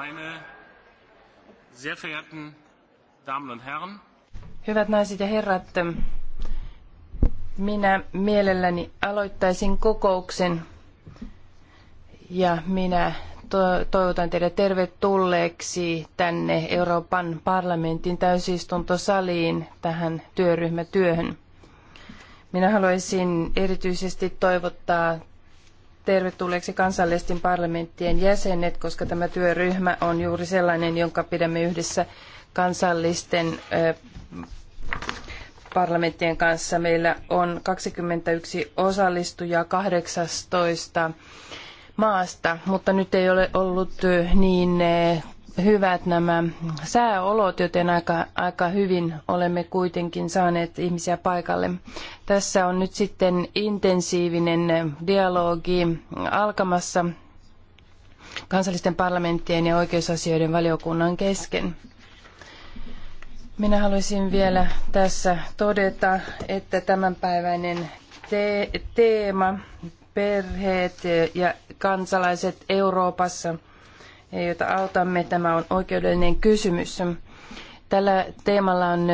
Meine sehr verehrten Damen und Herren. Hyvät naiset ja herrat, minä mielelläni aloittaisin kokouksen ja minä toivotan teidät tervetulleeksi tänne Euroopan parlamentin täysistuntosaliin tähän työryhmätyöhön. Minä haluaisin erityisesti toivottaa tervetulleeksi kansallisten parlamenttien jäsenet, koska tämä työryhmä on juuri sellainen, jonka pidämme yhdessä kansallisten parlamenttien kanssa. Meillä on 21 osallistujaa 18 maasta, mutta nyt ei ole ollut niin hyvät nämä sääolot, joten aika, aika hyvin olemme kuitenkin saaneet ihmisiä paikalle. Tässä on nyt sitten intensiivinen dialogi alkamassa kansallisten parlamenttien ja oikeusasioiden valiokunnan kesken. Minä haluaisin vielä tässä todeta, että tämänpäiväinen te- teema perheet ja kansalaiset Euroopassa – jota autamme. Tämä on oikeudellinen kysymys. Tällä teemalla on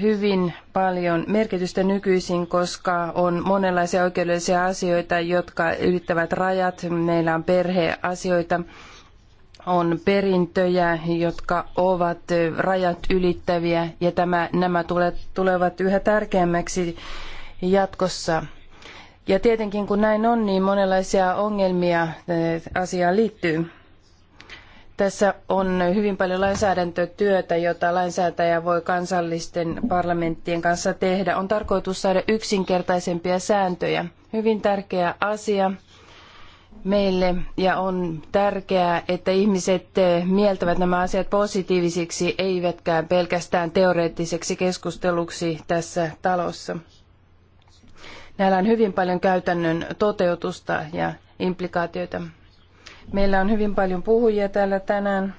hyvin paljon merkitystä nykyisin, koska on monenlaisia oikeudellisia asioita, jotka ylittävät rajat. Meillä on perheasioita, on perintöjä, jotka ovat rajat ylittäviä ja tämä, nämä tulevat yhä tärkeämmäksi jatkossa. Ja tietenkin kun näin on, niin monenlaisia ongelmia asiaan liittyy. Tässä on hyvin paljon lainsäädäntötyötä, jota lainsäätäjä voi kansallisten parlamenttien kanssa tehdä. On tarkoitus saada yksinkertaisempia sääntöjä. Hyvin tärkeä asia meille ja on tärkeää, että ihmiset mieltävät nämä asiat positiivisiksi, eivätkä pelkästään teoreettiseksi keskusteluksi tässä talossa. Näillä on hyvin paljon käytännön toteutusta ja implikaatioita. Meillä on hyvin paljon puhujia täällä tänään.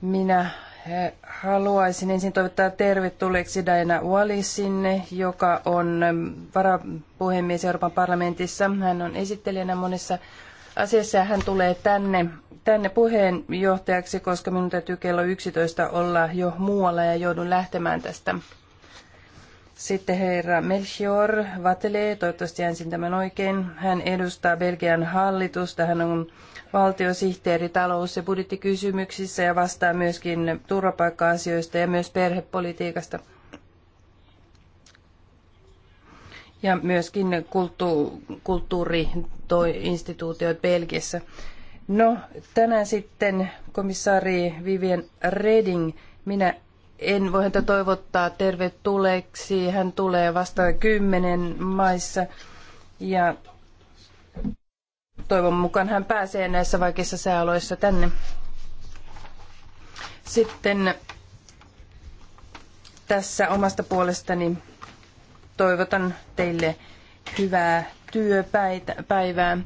Minä eh, haluaisin ensin toivottaa tervetulleeksi Diana Wallisinne, joka on mm, varapuhemies Euroopan parlamentissa. Hän on esittelijänä monessa asiassa ja hän tulee tänne, tänne puheenjohtajaksi, koska minun täytyy kello 11 olla jo muualla ja joudun lähtemään tästä sitten herra Melchior Vatelee, toivottavasti äänsin tämän oikein. Hän edustaa Belgian hallitusta. Hän on valtiosihteeri talous- ja budjettikysymyksissä ja vastaa myöskin turvapaikka-asioista ja myös perhepolitiikasta. Ja myöskin kulttu- kulttuuriinstituutiot Belgiassa. No, tänään sitten komissaari Vivien Reding, minä en voi häntä toivottaa tervetulleeksi. Hän tulee vasta kymmenen maissa ja toivon mukaan hän pääsee näissä vaikeissa sääoloissa tänne. Sitten tässä omasta puolestani toivotan teille hyvää työpäivää.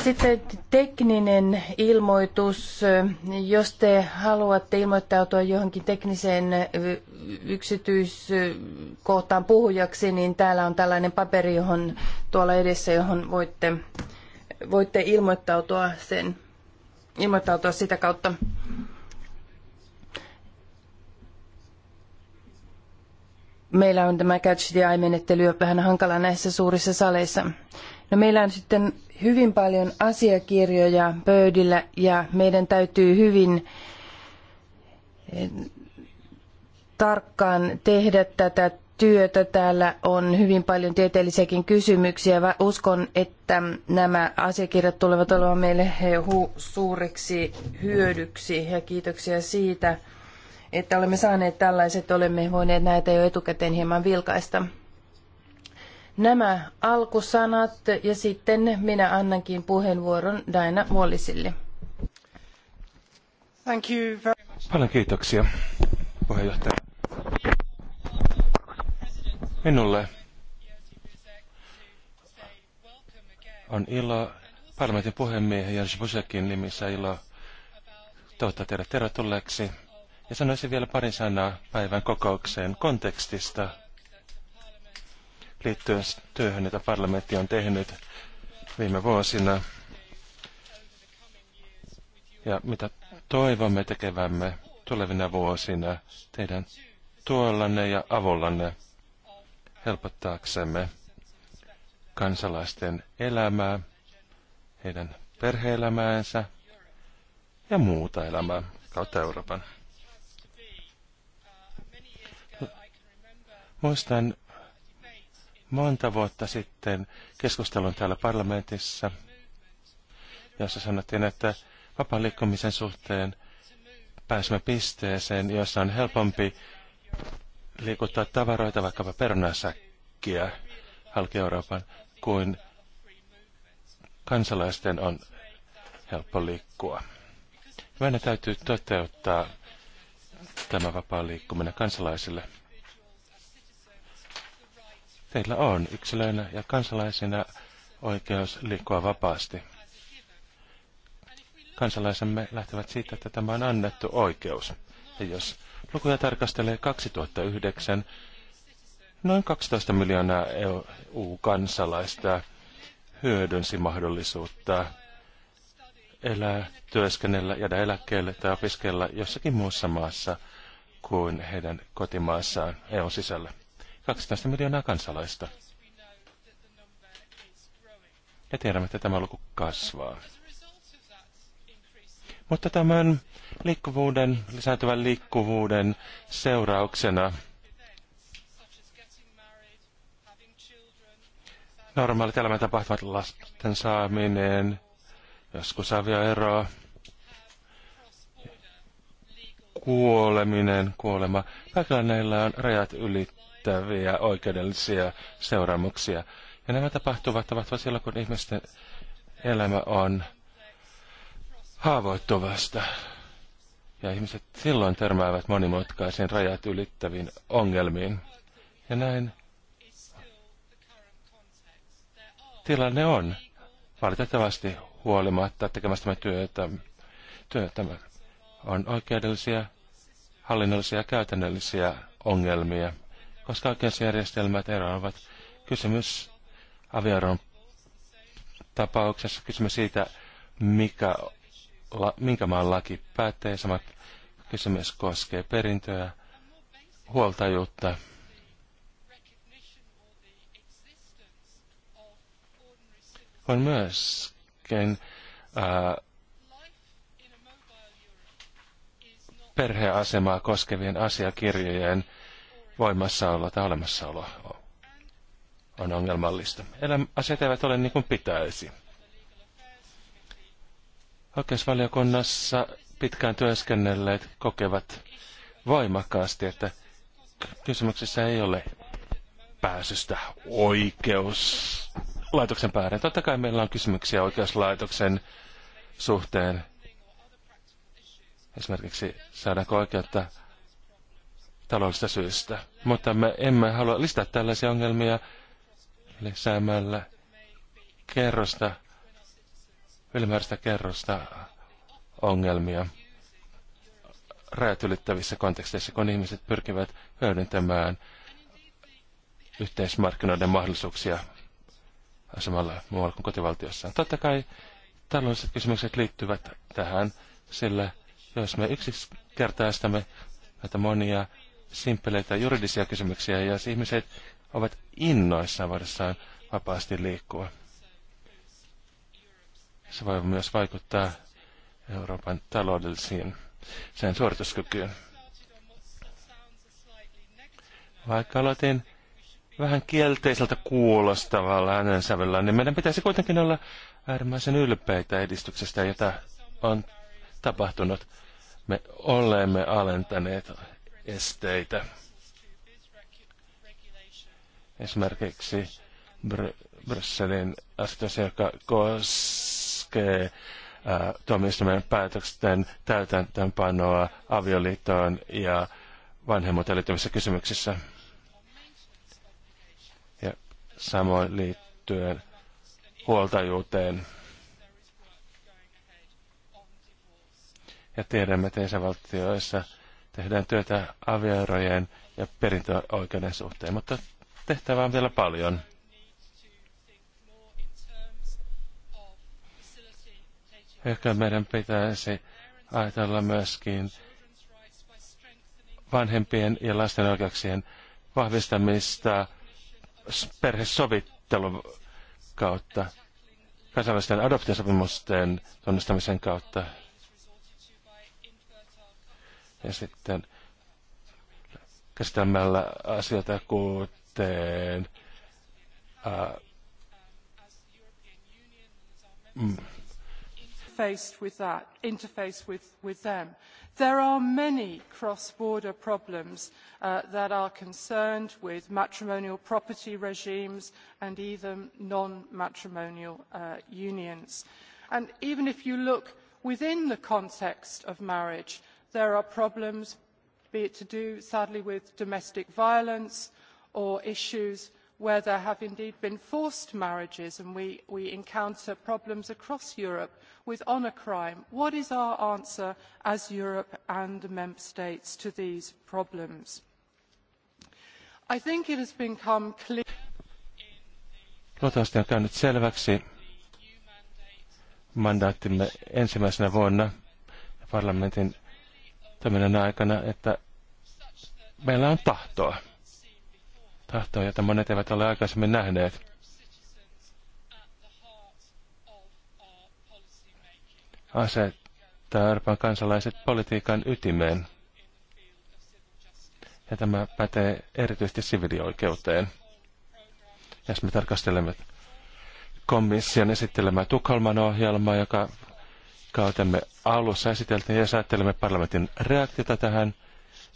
Sitten tekninen ilmoitus. Jos te haluatte ilmoittautua johonkin tekniseen yksityiskohtaan puhujaksi, niin täällä on tällainen paperi, johon tuolla edessä, johon voitte, voitte ilmoittautua sen, ilmoittautua sitä kautta. Meillä on tämä catch the eye-menettely vähän hankala näissä suurissa saleissa. No meillä on sitten hyvin paljon asiakirjoja pöydillä ja meidän täytyy hyvin eh, tarkkaan tehdä tätä työtä. Täällä on hyvin paljon tieteellisiäkin kysymyksiä. uskon, että nämä asiakirjat tulevat olemaan meille eh, suureksi hyödyksi ja kiitoksia siitä, että olemme saaneet tällaiset, olemme voineet näitä jo etukäteen hieman vilkaista nämä alkusanat ja sitten minä annankin puheenvuoron Daina Wallisille. Thank you very much. Paljon kiitoksia, puheenjohtaja. Minulle on ilo parlamentin puhemiehen Jens Busekin nimissä ilo toivottaa teidät tervetulleeksi ja sanoisin vielä pari sanaa päivän kokoukseen kontekstista – liittyen työhön, jota parlamentti on tehnyt viime vuosina. Ja mitä toivomme tekevämme tulevina vuosina teidän tuollanne ja avullanne helpottaaksemme kansalaisten elämää, heidän perheelämäänsä ja muuta elämää kautta Euroopan. Muistan monta vuotta sitten keskustelun täällä parlamentissa, jossa sanottiin, että vapaan liikkumisen suhteen pääsemme pisteeseen, jossa on helpompi liikuttaa tavaroita, vaikkapa perunasäkkiä halki Euroopan, kuin kansalaisten on helppo liikkua. Meidän täytyy toteuttaa tämä vapaa liikkuminen kansalaisille. Teillä on yksilöinä ja kansalaisina oikeus liikkua vapaasti. Kansalaisemme lähtevät siitä, että tämä on annettu oikeus. Ja jos lukuja tarkastelee 2009, noin 12 miljoonaa EU-kansalaista hyödynsi mahdollisuutta elää, työskennellä, jäädä eläkkeelle tai opiskella jossakin muussa maassa kuin heidän kotimaassaan eu sisällä. 12 miljoonaa kansalaista. Ja tiedämme, että tämä luku kasvaa. Mutta tämän liikkuvuuden, lisääntyvän liikkuvuuden seurauksena normaalit elämän tapahtumat lasten saaminen, joskus avioeroa, kuoleminen, kuolema. Kaikilla näillä on rajat ylittävä merkittäviä oikeudellisia seuraamuksia. Ja nämä tapahtuvat ovat vain silloin, kun ihmisten elämä on haavoittuvasta. Ja ihmiset silloin törmäävät monimutkaisiin rajat ylittäviin ongelmiin. Ja näin tilanne on. Valitettavasti huolimatta tekemästämme työtä, työtä on oikeudellisia, hallinnollisia ja käytännöllisiä ongelmia koska oikeusjärjestelmät eroavat. Kysymys avioron tapauksessa, kysymys siitä, mikä, la, minkä maan laki päättää, sama kysymys koskee perintöä, huoltajuutta, on myöskin ää, perheasemaa koskevien asiakirjojen voimassaolo tai olemassaolo on ongelmallista. Elämä, asiat eivät ole niin kuin pitäisi. Oikeusvaliokunnassa pitkään työskennelleet kokevat voimakkaasti, että kysymyksessä ei ole pääsystä oikeus laitoksen päälle. Totta kai meillä on kysymyksiä oikeuslaitoksen suhteen. Esimerkiksi saadaanko oikeutta taloudellisista syistä. Mutta me emme halua listata tällaisia ongelmia lisäämällä kerrosta, ylimääräistä kerrosta ongelmia rajat ylittävissä konteksteissa, kun ihmiset pyrkivät hyödyntämään yhteismarkkinoiden mahdollisuuksia asemalla muualla kuin kotivaltiossaan. Totta kai taloudelliset kysymykset liittyvät tähän, sillä jos me yksinkertaistamme näitä monia simpeleitä juridisia kysymyksiä ja ihmiset ovat innoissaan voidessaan vapaasti liikkua. Se voi myös vaikuttaa Euroopan taloudellisiin sen suorituskykyyn. Vaikka aloitin vähän kielteiseltä kuulostavalla äänensävellä, niin meidän pitäisi kuitenkin olla äärimmäisen ylpeitä edistyksestä, jota on tapahtunut. Me olemme alentaneet esteitä. Esimerkiksi Br- Brysselin asetus, joka koskee äh, tuomioistuimen päätösten täytäntöönpanoa avioliittoon ja vanhemmuuteen liittyvissä kysymyksissä. Ja samoin liittyen huoltajuuteen. Ja tiedämme, että isävaltioissa Tehdään työtä avioerojen ja perintöoikeuden suhteen, mutta tehtävää on vielä paljon. Ehkä meidän pitäisi ajatella myöskin vanhempien ja lasten oikeuksien vahvistamista perhesovittelun kautta, kansainvälisten adoptiosopimusten tunnistamisen kautta. Ja sitten käsittämällä asioita kuten äh, mm. faced with that, interface with, with them. There are many cross-border problems uh, that are concerned with matrimonial property regimes and even non-matrimonial uh, unions. And even if you look within the context of marriage, there are problems be it to do sadly with domestic violence or issues where there have indeed been forced marriages and we, encounter problems across Europe with honour crime. What is our answer as Europe and the Member States to these problems? I think it has become clear... Toivottavasti on käynyt selväksi mandaattimme ensimmäisenä vuonna parlamentin tämmöinen aikana, että meillä on tahtoa. Tahtoa, jota monet eivät ole aikaisemmin nähneet. Asettaa Euroopan kansalaiset politiikan ytimeen. Ja tämä pätee erityisesti sivilioikeuteen. Jos me tarkastelemme komission esittelemää Tukholman ohjelmaa, joka kautemme alussa esiteltiin, ja jos parlamentin reaktiota tähän,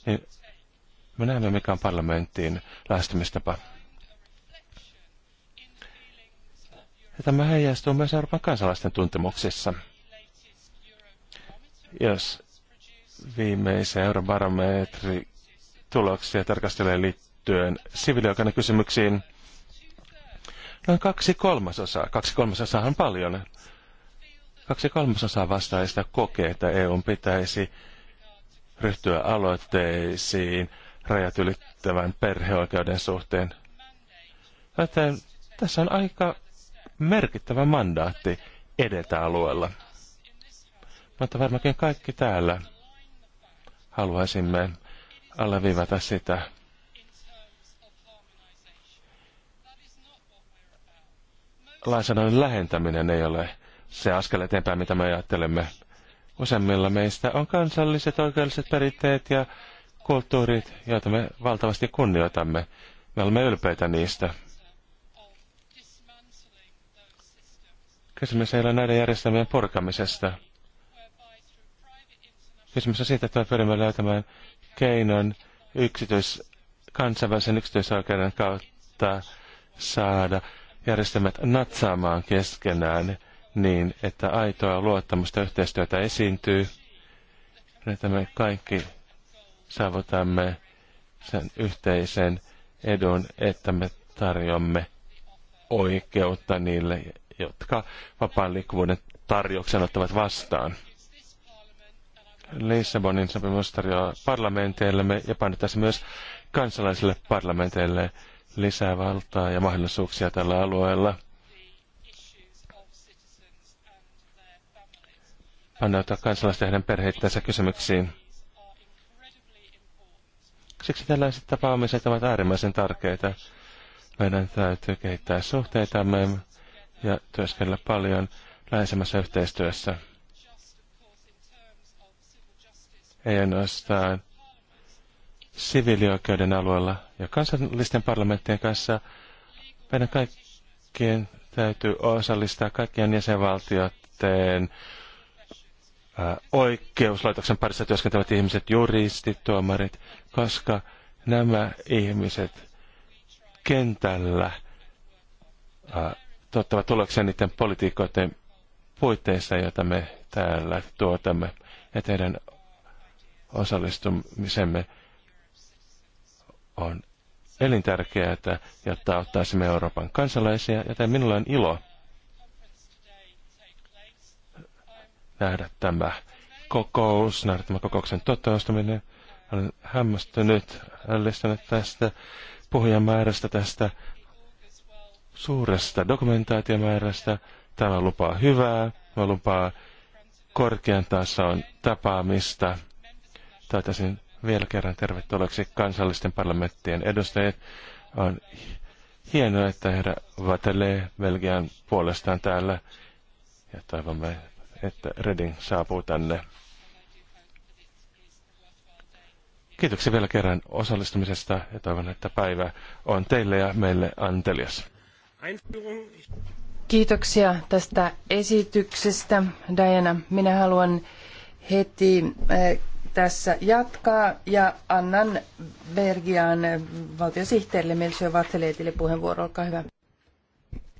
niin me näemme, mikä on parlamenttiin lähestymistapa. Ja tämä heijastuu myös Euroopan kansalaisten tuntemuksissa. Jos viimeisiä tuloksia tarkastelee liittyen siviilioikeuden kysymyksiin, noin kaksi kolmasosaa, kaksi kolmasosaa on paljon, Kaksi kolmasosaa vastaajista kokee, että EUn pitäisi ryhtyä aloitteisiin rajat ylittävän perheoikeuden suhteen. Joten tässä on aika merkittävä mandaatti edetä alueella. Mutta varmaankin kaikki täällä haluaisimme alleviivata sitä. Lainsäädännön lähentäminen ei ole se askel eteenpäin, mitä me ajattelemme. Useimmilla meistä on kansalliset oikeudelliset perinteet ja kulttuurit, joita me valtavasti kunnioitamme. Me olemme ylpeitä niistä. Kysymys ei ole näiden järjestelmien purkamisesta. Kysymys on siitä, että me pyrimme löytämään keinon yksityis, kansainvälisen yksityisoikeuden kautta saada järjestelmät natsaamaan keskenään niin, että aitoa luottamusta yhteistyötä esiintyy, että me kaikki saavutamme sen yhteisen edun, että me tarjoamme oikeutta niille, jotka vapaan liikkuvuuden tarjouksen ottavat vastaan. Lissabonin sopimus tarjoaa parlamenteillemme ja painottaisi myös kansalaisille parlamenteille lisää valtaa ja mahdollisuuksia tällä alueella – paneutua kansalaisten heidän perheittänsä kysymyksiin. Siksi tällaiset tapaamiset ovat äärimmäisen tärkeitä. Meidän täytyy kehittää suhteitamme ja työskennellä paljon läheisemmässä yhteistyössä. Ei ainoastaan siviilioikeuden alueella ja kansallisten parlamenttien kanssa meidän kaikkien täytyy osallistaa kaikkien jäsenvaltioiden oikeuslaitoksen parissa työskentelevät ihmiset, juristit, tuomarit, koska nämä ihmiset kentällä tuottavat tuloksia niiden politiikoiden puitteissa, joita me täällä tuotamme, ja teidän osallistumisemme on elintärkeää, jotta ottaisimme Euroopan kansalaisia, joten minulla on ilo nähdä tämä kokous, nähdä tämä kokouksen toteutuminen. Olen hämmästynyt, ällistänyt tästä puhujamäärästä, tästä suuresta dokumentaatiomäärästä. Tämä lupaa hyvää, tämä lupaa korkean tason tapaamista. Taitaisin vielä kerran tervetulleeksi kansallisten parlamenttien edustajat. On hienoa, että herra Vatelee Belgian puolestaan täällä ja toivomme että Redding saapuu tänne. Kiitoksia vielä kerran osallistumisesta ja toivon, että päivä on teille ja meille antelias. Kiitoksia tästä esityksestä, Diana. Minä haluan heti eh, tässä jatkaa ja annan Bergian valtiosihteerille Melchior Vatseleetille puheenvuoro. Olkaa hyvä.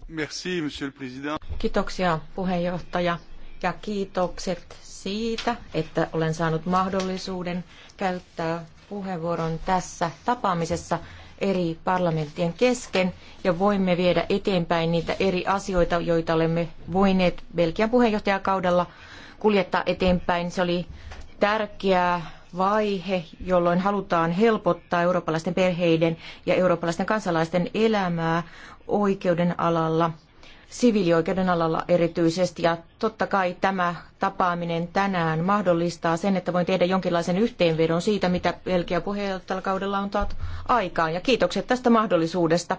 Merci, Kiitoksia puheenjohtaja ja kiitokset siitä, että olen saanut mahdollisuuden käyttää puheenvuoron tässä tapaamisessa eri parlamenttien kesken ja voimme viedä eteenpäin niitä eri asioita, joita olemme voineet Belgian puheenjohtajakaudella kuljettaa eteenpäin. Se oli tärkeä vaihe, jolloin halutaan helpottaa eurooppalaisten perheiden ja eurooppalaisten kansalaisten elämää oikeuden alalla – siviilioikeuden alalla erityisesti. Ja totta kai tämä tapaaminen tänään mahdollistaa sen, että voin tehdä jonkinlaisen yhteenvedon siitä, mitä Belgia puheenjohtajakaudella on saatu aikaan. Ja kiitokset tästä mahdollisuudesta.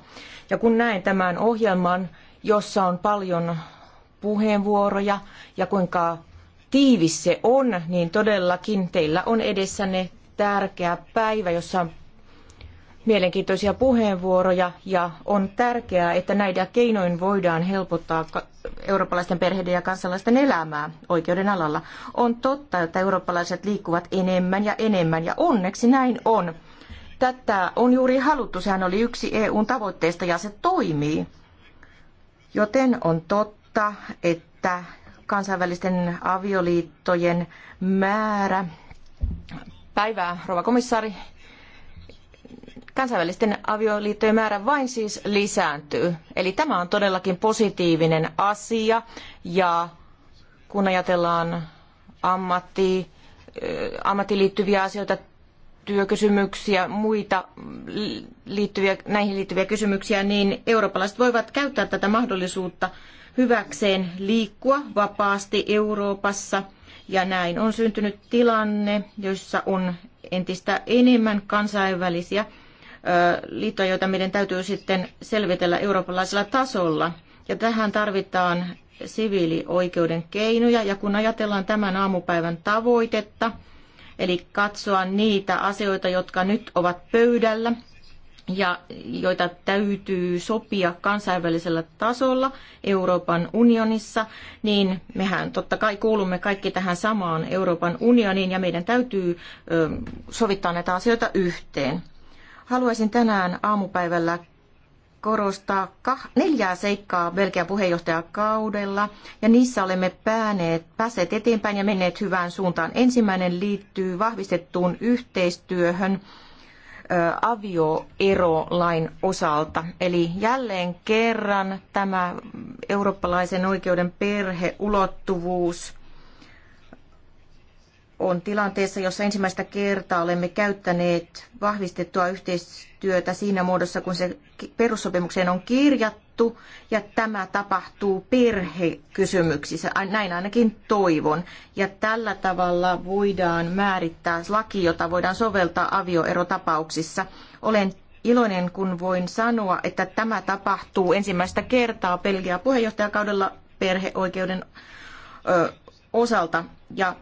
Ja kun näen tämän ohjelman, jossa on paljon puheenvuoroja ja kuinka tiivis se on, niin todellakin teillä on edessänne tärkeä päivä, jossa mielenkiintoisia puheenvuoroja ja on tärkeää, että näiden keinoin voidaan helpottaa eurooppalaisten perheiden ja kansalaisten elämää oikeuden alalla. On totta, että eurooppalaiset liikkuvat enemmän ja enemmän ja onneksi näin on. Tätä on juuri haluttu, sehän oli yksi EUn tavoitteista ja se toimii. Joten on totta, että kansainvälisten avioliittojen määrä päivää, rouva komissaari, Kansainvälisten avioliittojen määrä vain siis lisääntyy. Eli tämä on todellakin positiivinen asia ja kun ajatellaan ammatti, ammattiin liittyviä asioita, työkysymyksiä, muita liittyviä, näihin liittyviä kysymyksiä, niin eurooppalaiset voivat käyttää tätä mahdollisuutta hyväkseen liikkua vapaasti Euroopassa. Ja näin on syntynyt tilanne, jossa on entistä enemmän kansainvälisiä liittoja, joita meidän täytyy sitten selvitellä eurooppalaisella tasolla. Ja tähän tarvitaan siviilioikeuden keinoja. Ja kun ajatellaan tämän aamupäivän tavoitetta, eli katsoa niitä asioita, jotka nyt ovat pöydällä ja joita täytyy sopia kansainvälisellä tasolla Euroopan unionissa, niin mehän totta kai kuulumme kaikki tähän samaan Euroopan unioniin ja meidän täytyy sovittaa näitä asioita yhteen. Haluaisin tänään aamupäivällä korostaa neljää seikkaa Belgian puheenjohtajakaudella, ja niissä olemme pääneet, päässeet eteenpäin ja menneet hyvään suuntaan. Ensimmäinen liittyy vahvistettuun yhteistyöhön avioerolain osalta. Eli jälleen kerran tämä eurooppalaisen oikeuden perheulottuvuus on tilanteessa, jossa ensimmäistä kertaa olemme käyttäneet vahvistettua yhteistyötä siinä muodossa, kun se perussopimukseen on kirjattu, ja tämä tapahtuu perhekysymyksissä. Näin ainakin toivon. Ja tällä tavalla voidaan määrittää laki, jota voidaan soveltaa avioerotapauksissa. Olen iloinen, kun voin sanoa, että tämä tapahtuu ensimmäistä kertaa Belgia puheenjohtajakaudella perheoikeuden ö, osalta. Ja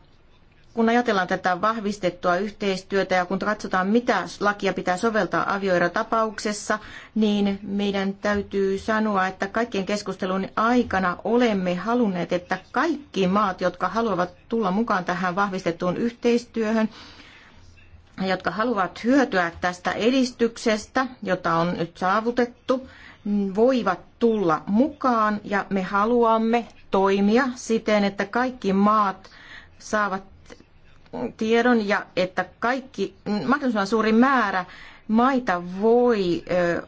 kun ajatellaan tätä vahvistettua yhteistyötä ja kun katsotaan, mitä lakia pitää soveltaa avioerotapauksessa, niin meidän täytyy sanoa, että kaikkien keskustelun aikana olemme halunneet, että kaikki maat, jotka haluavat tulla mukaan tähän vahvistettuun yhteistyöhön, jotka haluavat hyötyä tästä edistyksestä, jota on nyt saavutettu, voivat tulla mukaan ja me haluamme toimia siten, että kaikki maat saavat tiedon ja että kaikki, mahdollisimman suuri määrä maita voi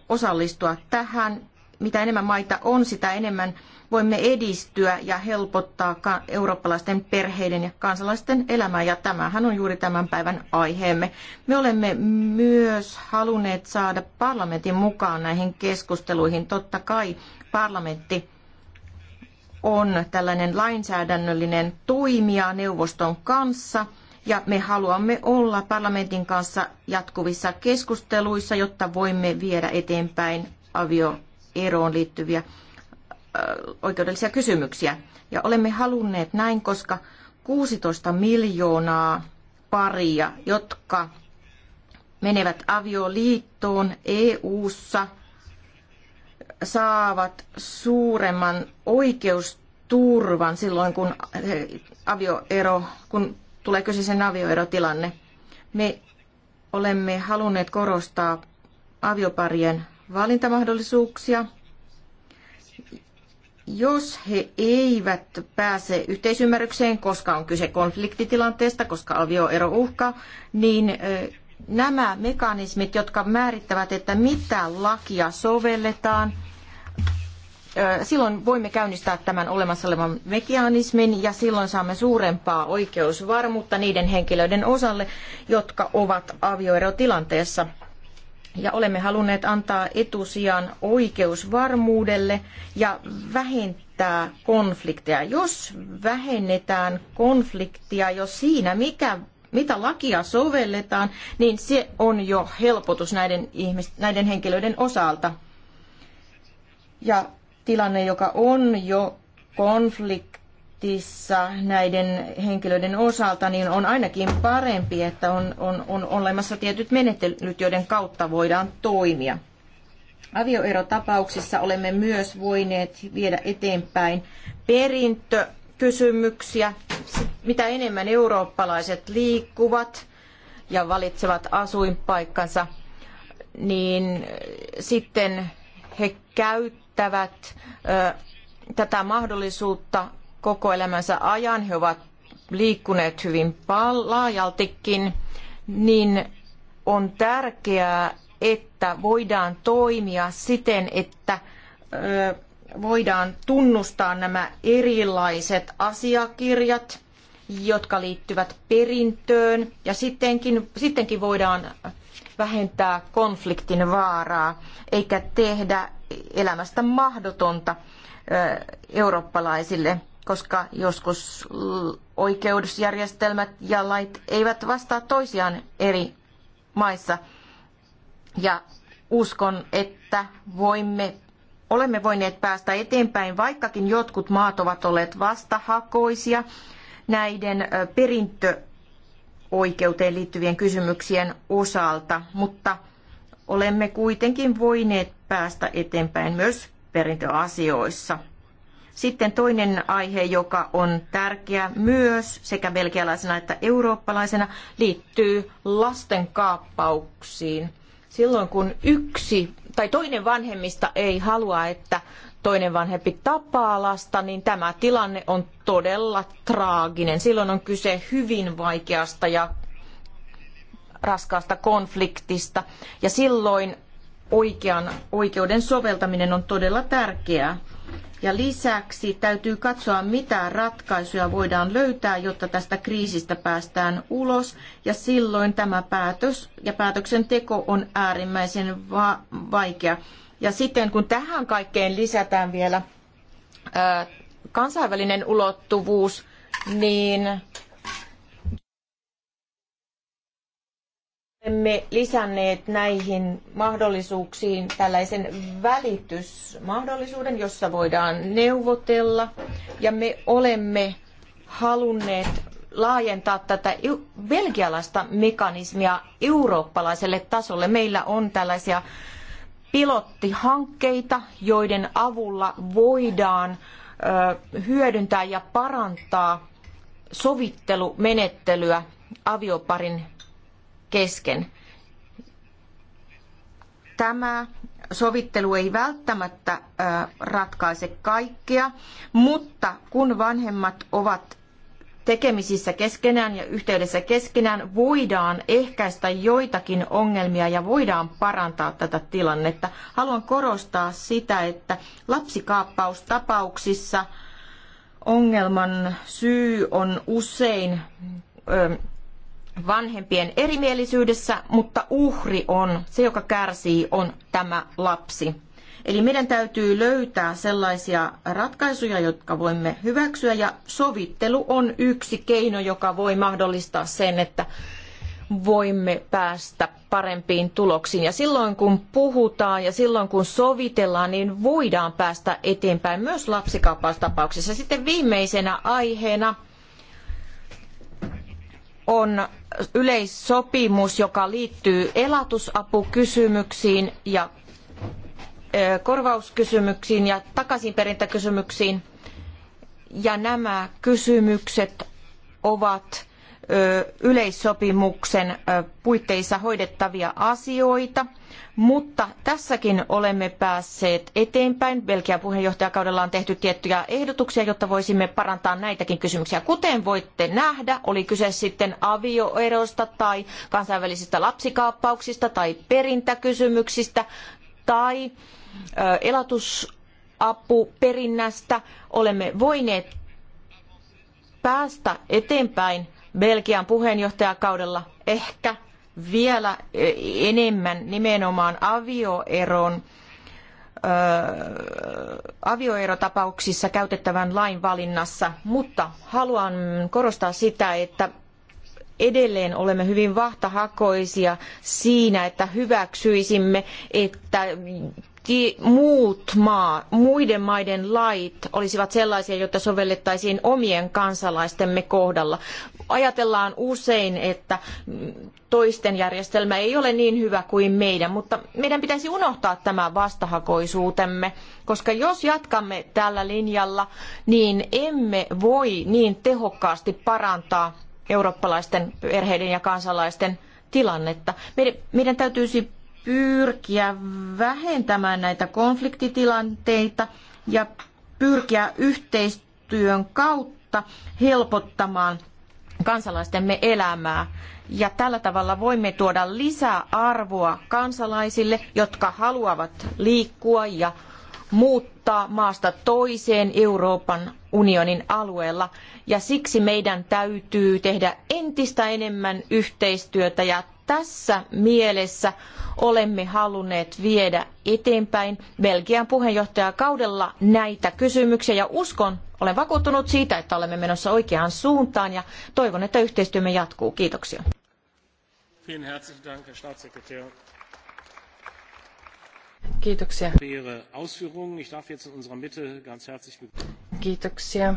osallistua tähän. Mitä enemmän maita on, sitä enemmän voimme edistyä ja helpottaa eurooppalaisten perheiden ja kansalaisten elämää, ja tämähän on juuri tämän päivän aiheemme. Me olemme myös halunneet saada parlamentin mukaan näihin keskusteluihin. Totta kai parlamentti on tällainen lainsäädännöllinen toimija neuvoston kanssa – ja me haluamme olla parlamentin kanssa jatkuvissa keskusteluissa, jotta voimme viedä eteenpäin avioeroon liittyviä oikeudellisia kysymyksiä. Ja olemme halunneet näin, koska 16 miljoonaa paria, jotka menevät avioliittoon EU-ssa, saavat suuremman oikeusturvan silloin, kun avioero, kun tulee kyseisen avioerotilanne. Me olemme halunneet korostaa avioparien valintamahdollisuuksia. Jos he eivät pääse yhteisymmärrykseen, koska on kyse konfliktitilanteesta, koska avioero uhka, niin nämä mekanismit, jotka määrittävät, että mitä lakia sovelletaan – silloin voimme käynnistää tämän olemassa olevan mekanismin ja silloin saamme suurempaa oikeusvarmuutta niiden henkilöiden osalle, jotka ovat avioerotilanteessa. Ja olemme halunneet antaa etusijan oikeusvarmuudelle ja vähentää konflikteja. Jos vähennetään konfliktia jo siinä, mikä mitä lakia sovelletaan, niin se on jo helpotus näiden, ihmis, näiden henkilöiden osalta. Ja tilanne, joka on jo konfliktissa näiden henkilöiden osalta, niin on ainakin parempi, että on, on, on olemassa tietyt menettelyt, joiden kautta voidaan toimia. Avioerotapauksissa olemme myös voineet viedä eteenpäin perintökysymyksiä. Mitä enemmän eurooppalaiset liikkuvat ja valitsevat asuinpaikkansa, niin sitten he käyttävät tätä mahdollisuutta koko elämänsä ajan. He ovat liikkuneet hyvin laajaltikin, niin on tärkeää, että voidaan toimia siten, että voidaan tunnustaa nämä erilaiset asiakirjat, jotka liittyvät perintöön, ja sittenkin, sittenkin voidaan vähentää konfliktin vaaraa eikä tehdä elämästä mahdotonta eurooppalaisille, koska joskus oikeusjärjestelmät ja lait eivät vastaa toisiaan eri maissa. Ja uskon, että voimme, olemme voineet päästä eteenpäin, vaikkakin jotkut maat ovat olleet vastahakoisia näiden perintö oikeuteen liittyvien kysymyksien osalta, mutta olemme kuitenkin voineet päästä eteenpäin myös perintöasioissa. Sitten toinen aihe, joka on tärkeä myös sekä belgialaisena että eurooppalaisena, liittyy lasten kaappauksiin. Silloin kun yksi tai toinen vanhemmista ei halua, että toinen vanhempi tapaa lasta, niin tämä tilanne on todella traaginen. Silloin on kyse hyvin vaikeasta ja raskaasta konfliktista ja silloin oikean, oikeuden soveltaminen on todella tärkeää. Ja lisäksi täytyy katsoa, mitä ratkaisuja voidaan löytää, jotta tästä kriisistä päästään ulos. Ja silloin tämä päätös ja päätöksenteko on äärimmäisen va- vaikea. Ja sitten kun tähän kaikkeen lisätään vielä kansainvälinen ulottuvuus, niin olemme lisänneet näihin mahdollisuuksiin tällaisen välitysmahdollisuuden, jossa voidaan neuvotella. Ja me olemme halunneet laajentaa tätä belgialaista mekanismia eurooppalaiselle tasolle. Meillä on tällaisia pilottihankkeita, joiden avulla voidaan hyödyntää ja parantaa sovittelumenettelyä avioparin kesken. Tämä sovittelu ei välttämättä ratkaise kaikkea, mutta kun vanhemmat ovat tekemisissä keskenään ja yhteydessä keskenään voidaan ehkäistä joitakin ongelmia ja voidaan parantaa tätä tilannetta. Haluan korostaa sitä, että lapsikaappaustapauksissa ongelman syy on usein vanhempien erimielisyydessä, mutta uhri on, se joka kärsii, on tämä lapsi. Eli meidän täytyy löytää sellaisia ratkaisuja, jotka voimme hyväksyä ja sovittelu on yksi keino, joka voi mahdollistaa sen, että voimme päästä parempiin tuloksiin. Ja silloin kun puhutaan ja silloin kun sovitellaan, niin voidaan päästä eteenpäin myös lapsikaappaustapauksissa. Sitten viimeisenä aiheena on yleissopimus, joka liittyy elatusapukysymyksiin ja korvauskysymyksiin ja takaisinperintäkysymyksiin. Ja nämä kysymykset ovat yleissopimuksen puitteissa hoidettavia asioita, mutta tässäkin olemme päässeet eteenpäin. Belgian puheenjohtajakaudella on tehty tiettyjä ehdotuksia, jotta voisimme parantaa näitäkin kysymyksiä. Kuten voitte nähdä, oli kyse sitten avioerosta tai kansainvälisistä lapsikaappauksista tai perintäkysymyksistä, tai elatusapuperinnästä olemme voineet päästä eteenpäin Belgian puheenjohtajakaudella ehkä vielä enemmän nimenomaan avioeron avioerotapauksissa käytettävän lain valinnassa, mutta haluan korostaa sitä, että edelleen olemme hyvin vahtahakoisia siinä, että hyväksyisimme, että muut maa, muiden maiden lait olisivat sellaisia, joita sovellettaisiin omien kansalaistemme kohdalla. Ajatellaan usein, että toisten järjestelmä ei ole niin hyvä kuin meidän, mutta meidän pitäisi unohtaa tämä vastahakoisuutemme, koska jos jatkamme tällä linjalla, niin emme voi niin tehokkaasti parantaa eurooppalaisten perheiden ja kansalaisten tilannetta. Meidän, meidän täytyisi pyrkiä vähentämään näitä konfliktitilanteita ja pyrkiä yhteistyön kautta helpottamaan kansalaistemme elämää. Ja tällä tavalla voimme tuoda lisää arvoa kansalaisille, jotka haluavat liikkua ja muuttaa maasta toiseen Euroopan unionin alueella ja siksi meidän täytyy tehdä entistä enemmän yhteistyötä ja tässä mielessä olemme halunneet viedä eteenpäin Belgian puheenjohtajakaudella näitä kysymyksiä ja uskon, olen vakuuttunut siitä, että olemme menossa oikeaan suuntaan ja toivon, että yhteistyömme jatkuu. Kiitoksia. Kiitoksia. Kiitoksia.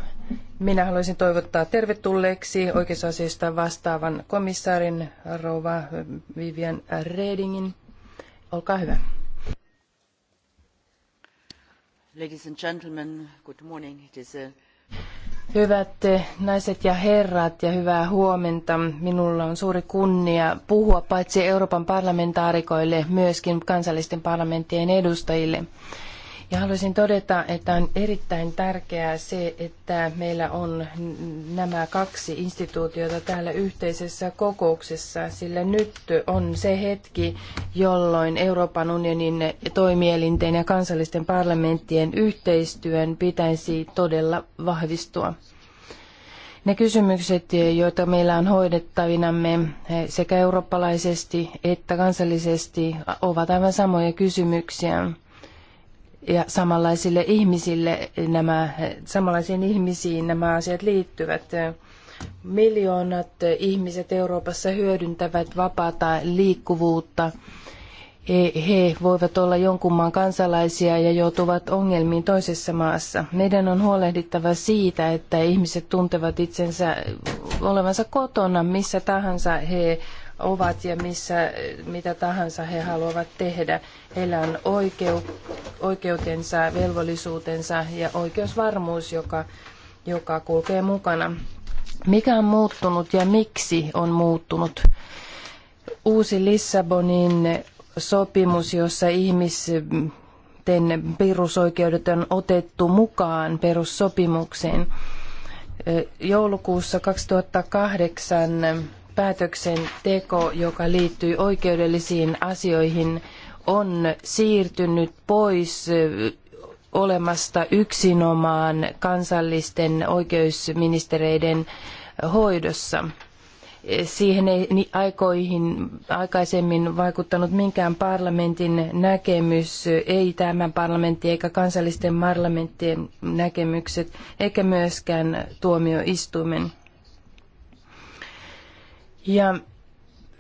Minä haluaisin toivottaa tervetulleeksi oikeusasioista vastaavan komissaarin rouva Vivian Redingin. Olkaa hyvä. Ladies and gentlemen, good morning. It is a Hyvät naiset ja herrat ja hyvää huomenta. Minulla on suuri kunnia puhua paitsi Euroopan parlamentaarikoille, myöskin kansallisten parlamenttien edustajille. Ja haluaisin todeta, että on erittäin tärkeää se, että meillä on nämä kaksi instituutiota täällä yhteisessä kokouksessa, sillä nyt on se hetki, jolloin Euroopan unionin toimielinten ja kansallisten parlamenttien yhteistyön pitäisi todella vahvistua. Ne kysymykset, joita meillä on hoidettavinamme sekä eurooppalaisesti että kansallisesti, ovat aivan samoja kysymyksiä ja samanlaisille ihmisille nämä, samanlaisiin ihmisiin nämä asiat liittyvät. Miljoonat ihmiset Euroopassa hyödyntävät vapaata liikkuvuutta. He, he voivat olla jonkun maan kansalaisia ja joutuvat ongelmiin toisessa maassa. Meidän on huolehdittava siitä, että ihmiset tuntevat itsensä olevansa kotona missä tahansa he ovat ja missä, mitä tahansa he haluavat tehdä. Heillä on oikeu, oikeutensa, velvollisuutensa ja oikeusvarmuus, joka, joka kulkee mukana. Mikä on muuttunut ja miksi on muuttunut? Uusi Lissabonin sopimus, jossa ihmisten perusoikeudet on otettu mukaan perussopimukseen. Joulukuussa 2008 päätöksenteko, joka liittyy oikeudellisiin asioihin, on siirtynyt pois olemasta yksinomaan kansallisten oikeusministereiden hoidossa. Siihen ei aikoihin aikaisemmin vaikuttanut minkään parlamentin näkemys, ei tämän parlamentin eikä kansallisten parlamenttien näkemykset, eikä myöskään tuomioistuimen ja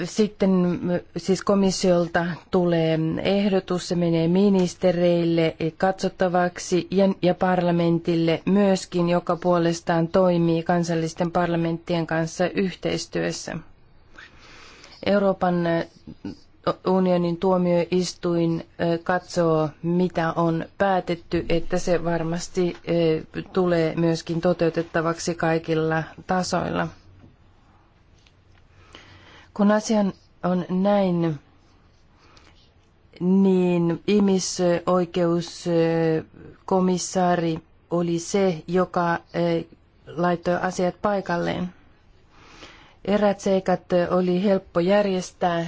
sitten siis komissiolta tulee ehdotus, se menee ministereille katsottavaksi ja, ja parlamentille myöskin, joka puolestaan toimii kansallisten parlamenttien kanssa yhteistyössä. Euroopan unionin tuomioistuin katsoo, mitä on päätetty, että se varmasti tulee myöskin toteutettavaksi kaikilla tasoilla. Kun asia on näin, niin ihmisoikeuskomissaari oli se, joka eh, laittoi asiat paikalleen. Erät seikat oli helppo järjestää.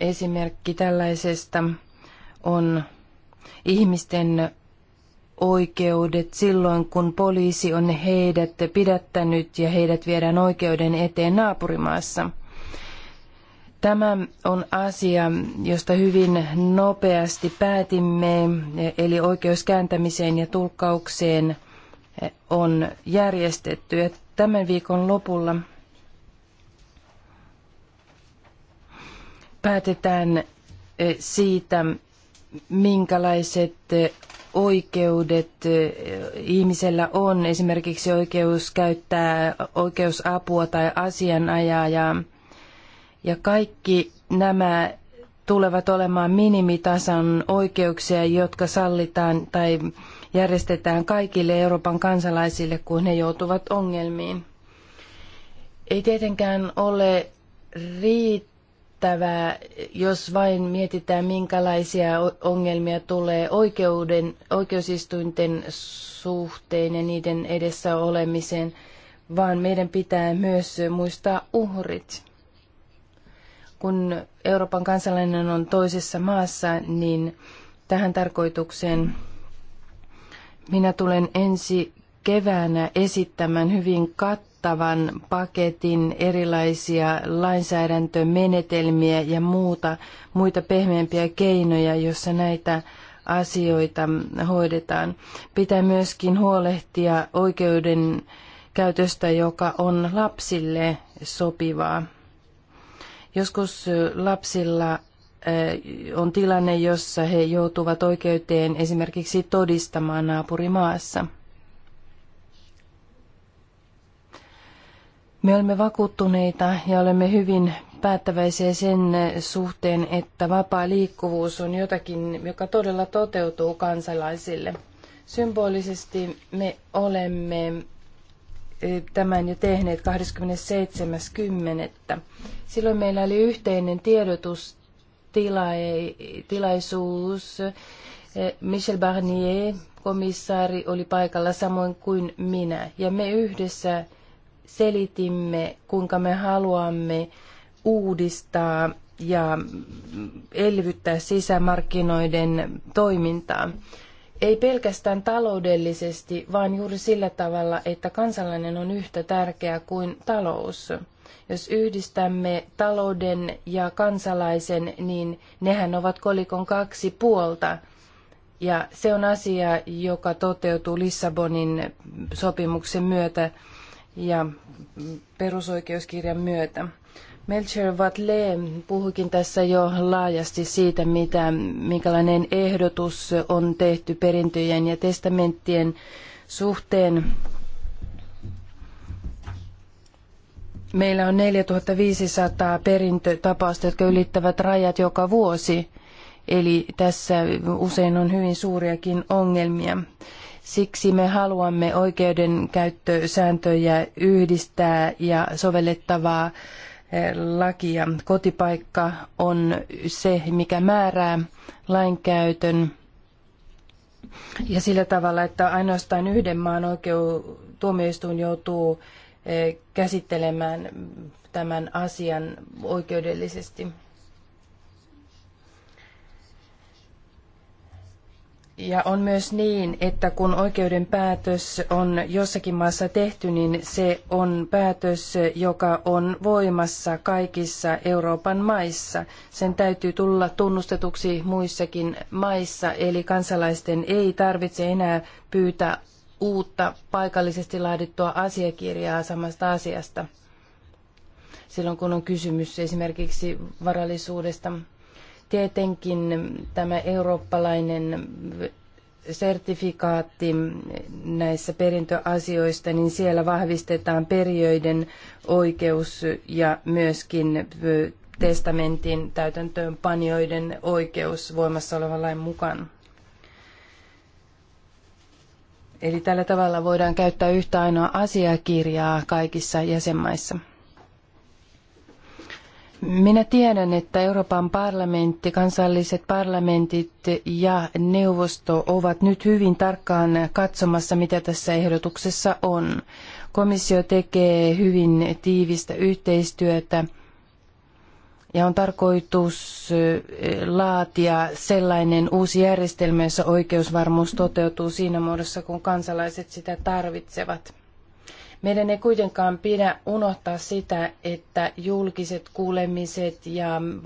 Esimerkki tällaisesta on ihmisten oikeudet silloin, kun poliisi on heidät pidättänyt ja heidät viedään oikeuden eteen naapurimaassa. Tämä on asia, josta hyvin nopeasti päätimme, eli oikeus kääntämiseen ja tulkkaukseen on järjestetty. Ja tämän viikon lopulla päätetään eh, siitä, minkälaiset eh, oikeudet eh, ihmisellä on, esimerkiksi oikeus käyttää oikeusapua tai asianajajaa. Ja kaikki nämä tulevat olemaan minimitason oikeuksia, jotka sallitaan tai järjestetään kaikille Euroopan kansalaisille, kun he joutuvat ongelmiin. Ei tietenkään ole riittävää, jos vain mietitään, minkälaisia ongelmia tulee oikeuden, oikeusistuinten suhteen ja niiden edessä olemiseen, vaan meidän pitää myös muistaa uhrit kun Euroopan kansalainen on toisessa maassa, niin tähän tarkoitukseen minä tulen ensi keväänä esittämään hyvin kattavan paketin erilaisia lainsäädäntömenetelmiä ja muuta, muita pehmeämpiä keinoja, jossa näitä asioita hoidetaan. Pitää myöskin huolehtia oikeuden käytöstä, joka on lapsille sopivaa. Joskus lapsilla on tilanne, jossa he joutuvat oikeuteen esimerkiksi todistamaan naapurimaassa. Me olemme vakuuttuneita ja olemme hyvin päättäväisiä sen suhteen, että vapaa liikkuvuus on jotakin, joka todella toteutuu kansalaisille. Symbolisesti me olemme tämän jo tehneet 27.10. Silloin meillä oli yhteinen tiedotustilaisuus. Michel Barnier, komissaari, oli paikalla samoin kuin minä. Ja me yhdessä selitimme, kuinka me haluamme uudistaa ja elvyttää sisämarkkinoiden toimintaa ei pelkästään taloudellisesti, vaan juuri sillä tavalla, että kansalainen on yhtä tärkeä kuin talous. Jos yhdistämme talouden ja kansalaisen, niin nehän ovat kolikon kaksi puolta. Ja se on asia, joka toteutuu Lissabonin sopimuksen myötä ja perusoikeuskirjan myötä. Melcher Vatle puhuikin tässä jo laajasti siitä, mitä, minkälainen ehdotus on tehty perintöjen ja testamenttien suhteen. Meillä on 4500 perintötapausta, jotka ylittävät rajat joka vuosi. Eli tässä usein on hyvin suuriakin ongelmia. Siksi me haluamme oikeudenkäyttösääntöjä yhdistää ja sovellettavaa Laki ja Kotipaikka on se, mikä määrää lainkäytön ja sillä tavalla, että ainoastaan yhden maan oikeu, tuomioistuin joutuu eh, käsittelemään tämän asian oikeudellisesti. Ja on myös niin, että kun oikeuden päätös on jossakin maassa tehty, niin se on päätös, joka on voimassa kaikissa Euroopan maissa. Sen täytyy tulla tunnustetuksi muissakin maissa, eli kansalaisten ei tarvitse enää pyytää uutta paikallisesti laadittua asiakirjaa samasta asiasta. Silloin kun on kysymys esimerkiksi varallisuudesta Tietenkin tämä eurooppalainen sertifikaatti näissä perintöasioista, niin siellä vahvistetaan perijöiden oikeus ja myöskin testamentin täytäntöönpanijoiden oikeus voimassa olevan lain mukaan. Eli tällä tavalla voidaan käyttää yhtä ainoa asiakirjaa kaikissa jäsenmaissa. Minä tiedän, että Euroopan parlamentti, kansalliset parlamentit ja neuvosto ovat nyt hyvin tarkkaan katsomassa, mitä tässä ehdotuksessa on. Komissio tekee hyvin tiivistä yhteistyötä ja on tarkoitus eh, laatia sellainen uusi järjestelmä, jossa oikeusvarmuus toteutuu siinä muodossa, kun kansalaiset sitä tarvitsevat. Meidän ei kuitenkaan pidä unohtaa sitä, että julkiset kuulemiset ja mm,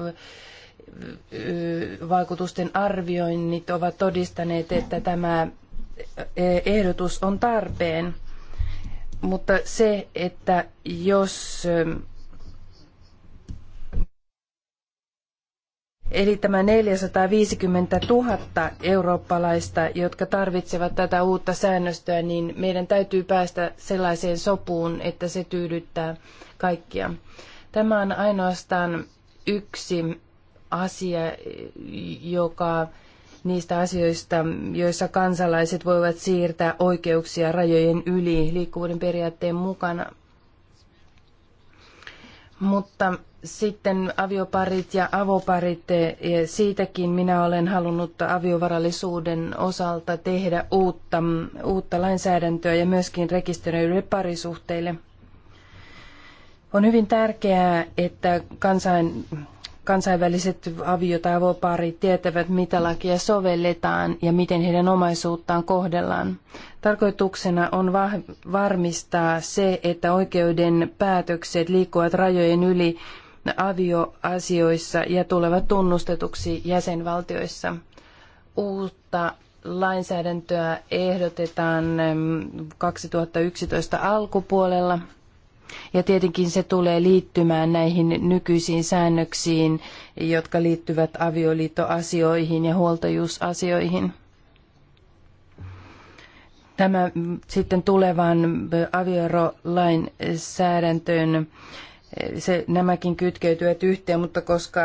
vaikutusten arvioinnit ovat todistaneet, että tämä e, ehdotus on tarpeen. Mutta se, että jos mm, Eli tämä 450 000 eurooppalaista, jotka tarvitsevat tätä uutta säännöstöä, niin meidän täytyy päästä sellaiseen sopuun, että se tyydyttää kaikkia. Tämä on ainoastaan yksi asia, joka niistä asioista, joissa kansalaiset voivat siirtää oikeuksia rajojen yli liikkuvuuden periaatteen mukana. Mutta sitten avioparit ja avoparit, ja e, e, siitäkin minä olen halunnut aviovarallisuuden osalta tehdä uutta, uutta lainsäädäntöä ja myöskin rekisteröidyille parisuhteille. On hyvin tärkeää, että kansain, kansainväliset avio- tai avoparit tietävät, mitä lakia sovelletaan ja miten heidän omaisuuttaan kohdellaan. Tarkoituksena on varmistaa se, että oikeuden päätökset liikkuvat rajojen yli avioasioissa ja tulevat tunnustetuksi jäsenvaltioissa. Uutta lainsäädäntöä ehdotetaan 2011 alkupuolella. Ja tietenkin se tulee liittymään näihin nykyisiin säännöksiin, jotka liittyvät avioliittoasioihin ja huoltajuusasioihin. Tämä sitten tulevan avioerolainsäädäntöön se, nämäkin kytkeytyvät yhteen, mutta koska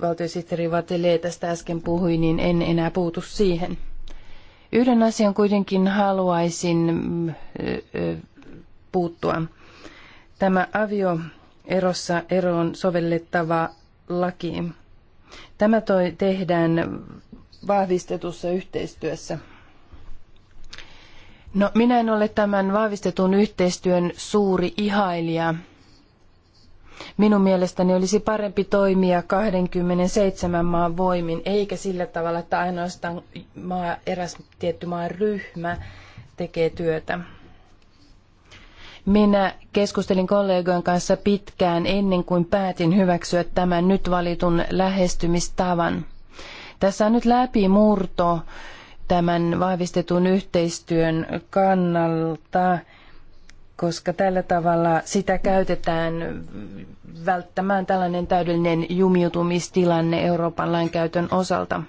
valtiosihteeri Vatelee tästä äsken puhui, niin en enää puutu siihen. Yhden asian kuitenkin haluaisin puuttua. Tämä avioerossa eroon sovellettava laki. Tämä toi, tehdään vahvistetussa yhteistyössä. No, minä en ole tämän vahvistetun yhteistyön suuri ihailija Minun mielestäni olisi parempi toimia 27 maan voimin, eikä sillä tavalla, että ainoastaan maa, eräs tietty maan ryhmä tekee työtä. Minä keskustelin kollegojen kanssa pitkään ennen kuin päätin hyväksyä tämän nyt valitun lähestymistavan. Tässä on nyt läpimurto tämän vahvistetun yhteistyön kannalta koska tällä tavalla sitä käytetään välttämään tällainen täydellinen jumiutumistilanne Euroopan lainkäytön osalta.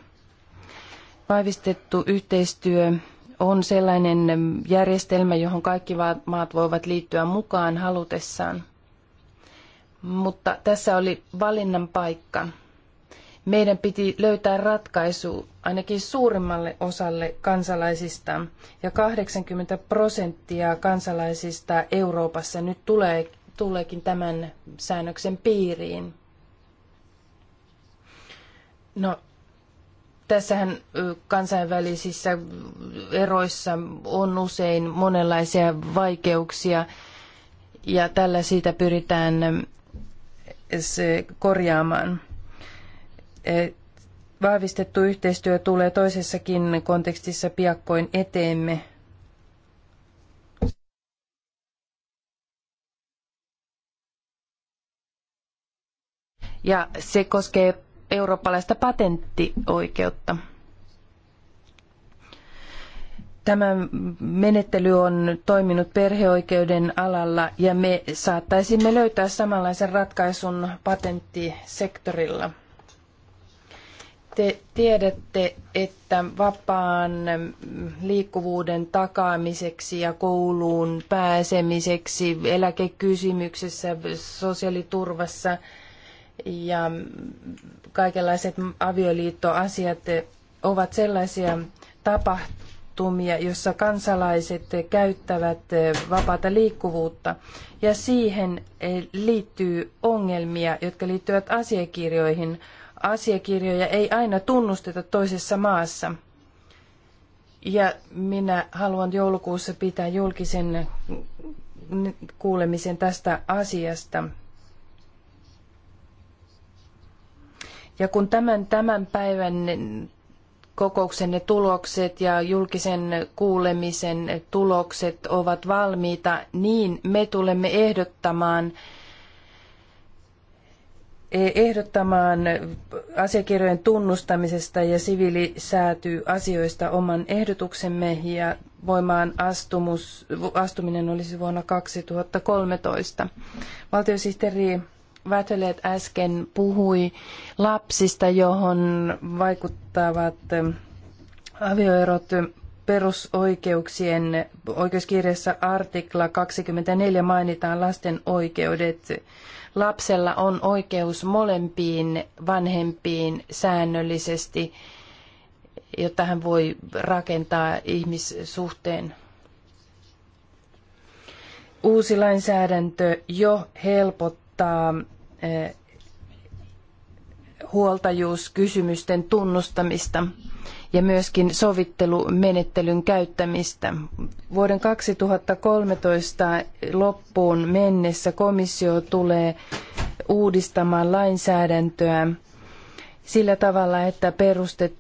Vaivistettu yhteistyö on sellainen järjestelmä, johon kaikki maat voivat liittyä mukaan halutessaan. Mutta tässä oli valinnan paikka meidän piti löytää ratkaisu ainakin suurimmalle osalle kansalaisista. Ja 80 prosenttia kansalaisista Euroopassa nyt tulee, tuleekin tämän säännöksen piiriin. No, tässähän kansainvälisissä eroissa on usein monenlaisia vaikeuksia ja tällä siitä pyritään se korjaamaan. Eh, vahvistettu yhteistyö tulee toisessakin kontekstissa piakkoin eteemme. Ja se koskee eurooppalaista patenttioikeutta. Tämä menettely on toiminut perheoikeuden alalla ja me saattaisimme löytää samanlaisen ratkaisun patenttisektorilla. Te tiedätte, että vapaan liikkuvuuden takaamiseksi ja kouluun pääsemiseksi eläkekysymyksessä, sosiaaliturvassa ja kaikenlaiset avioliittoasiat ovat sellaisia tapahtumia, jossa kansalaiset käyttävät vapaata liikkuvuutta ja siihen liittyy ongelmia, jotka liittyvät asiakirjoihin, asiakirjoja ei aina tunnusteta toisessa maassa. Ja minä haluan joulukuussa pitää julkisen kuulemisen tästä asiasta. Ja kun tämän, tämän päivän kokouksenne tulokset ja julkisen kuulemisen tulokset ovat valmiita, niin me tulemme ehdottamaan E, ehdottamaan asiakirjojen tunnustamisesta ja siviilisäätyy asioista oman ehdotuksemme ja voimaan astumus, astuminen olisi vuonna 2013. Valtiosihteeri Vätölet äsken puhui lapsista, johon vaikuttavat avioerot perusoikeuksien oikeuskirjassa artikla 24 mainitaan lasten oikeudet. Lapsella on oikeus molempiin vanhempiin säännöllisesti, jotta hän voi rakentaa ihmissuhteen. Uusi lainsäädäntö jo helpottaa eh, huoltajuuskysymysten tunnustamista ja myöskin sovittelumenettelyn käyttämistä. Vuoden 2013 loppuun mennessä komissio tulee uudistamaan lainsäädäntöä sillä tavalla, että perustet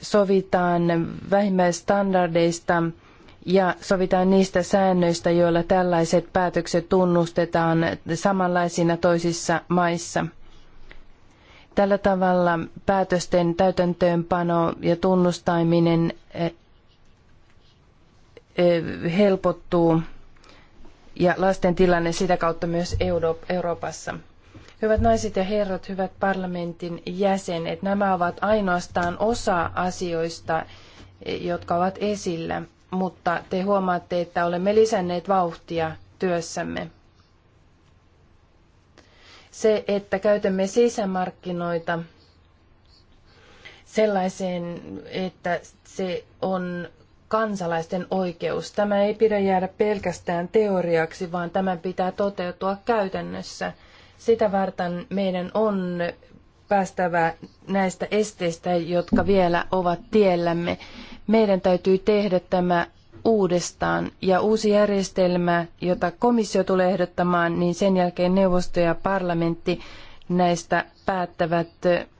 sovitaan vähimmäisstandardeista ja sovitaan niistä säännöistä, joilla tällaiset päätökset tunnustetaan samanlaisina toisissa maissa – Tällä tavalla päätösten täytäntöönpano ja tunnustaminen eh, eh, helpottuu ja lasten tilanne sitä kautta myös Euroopassa. Hyvät naiset ja herrat, hyvät parlamentin jäsenet, nämä ovat ainoastaan osa asioista, eh, jotka ovat esillä, mutta te huomaatte, että olemme lisänneet vauhtia työssämme se, että käytämme sisämarkkinoita sellaiseen, että se on kansalaisten oikeus. Tämä ei pidä jäädä pelkästään teoriaksi, vaan tämän pitää toteutua käytännössä. Sitä varten meidän on päästävä näistä esteistä, jotka vielä ovat tiellämme. Meidän täytyy tehdä tämä uudestaan ja uusi järjestelmä, jota komissio tulee ehdottamaan, niin sen jälkeen neuvosto ja parlamentti näistä päättävät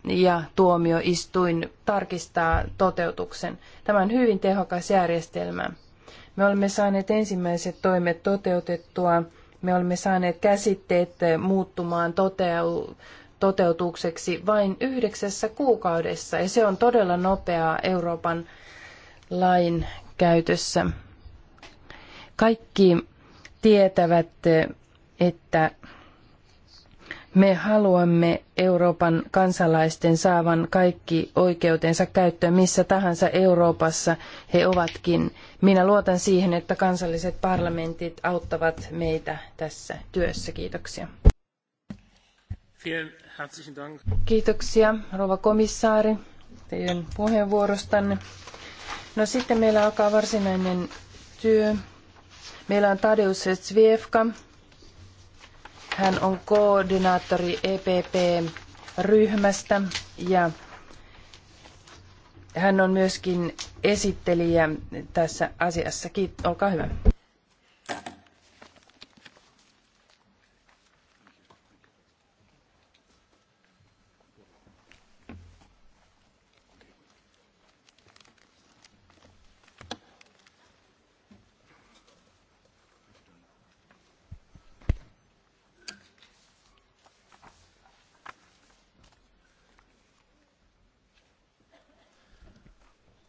ja tuomioistuin tarkistaa toteutuksen. Tämä on hyvin tehokas järjestelmä. Me olemme saaneet ensimmäiset toimet toteutettua. Me olemme saaneet käsitteet muuttumaan toteu- toteutukseksi vain yhdeksässä kuukaudessa, ja se on todella nopeaa Euroopan lain käytössä. Kaikki tietävät, että me haluamme Euroopan kansalaisten saavan kaikki oikeutensa käyttöön missä tahansa Euroopassa he ovatkin. Minä luotan siihen, että kansalliset parlamentit auttavat meitä tässä työssä. Kiitoksia. Kiitoksia, rouva komissaari, teidän puheenvuorostanne. No sitten meillä alkaa varsinainen työ. Meillä on Tadeusz Zviefka. Hän on koordinaattori EPP-ryhmästä ja hän on myöskin esittelijä tässä asiassa. Kiit- olkaa hyvä.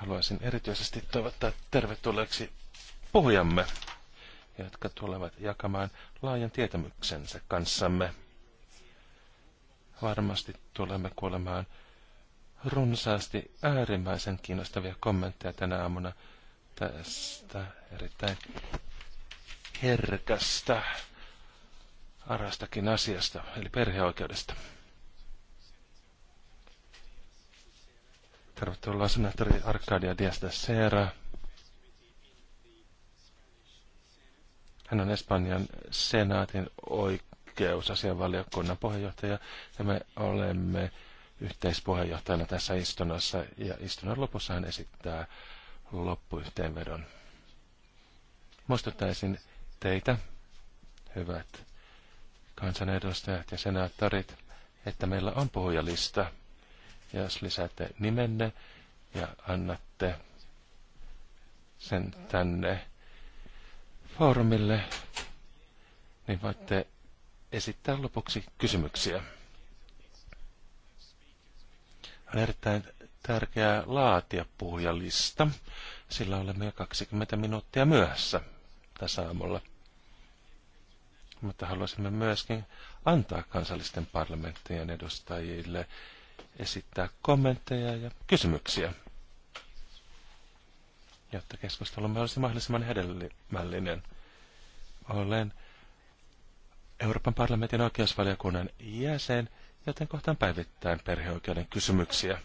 Haluaisin erityisesti toivottaa tervetulleeksi puhujamme, jotka tulevat jakamaan laajan tietämyksensä kanssamme. Varmasti tulemme kuulemaan runsaasti äärimmäisen kiinnostavia kommentteja tänä aamuna tästä erittäin herkästä arastakin asiasta, eli perheoikeudesta. Tervetuloa senaattori Arkadia Diaz de Sera. Hän on Espanjan senaatin oikeusasianvaliokunnan puheenjohtaja ja me olemme yhteispuheenjohtajana tässä istunnossa ja istunnon lopussa hän esittää loppuyhteenvedon. Muistuttaisin teitä, hyvät kansanedustajat ja senaattorit, että meillä on puhujalista. Jos lisäätte nimenne ja annatte sen tänne foorumille, niin voitte esittää lopuksi kysymyksiä. On erittäin tärkeää laatia puhujalista, sillä olemme jo 20 minuuttia myöhässä tässä aamulla. Mutta haluaisimme myöskin antaa kansallisten parlamenttien edustajille esittää kommentteja ja kysymyksiä, jotta keskustelumme olisi mahdollisimman hedelmällinen. Olen Euroopan parlamentin oikeusvaliokunnan jäsen, joten kohtaan päivittäin perheoikeuden kysymyksiä.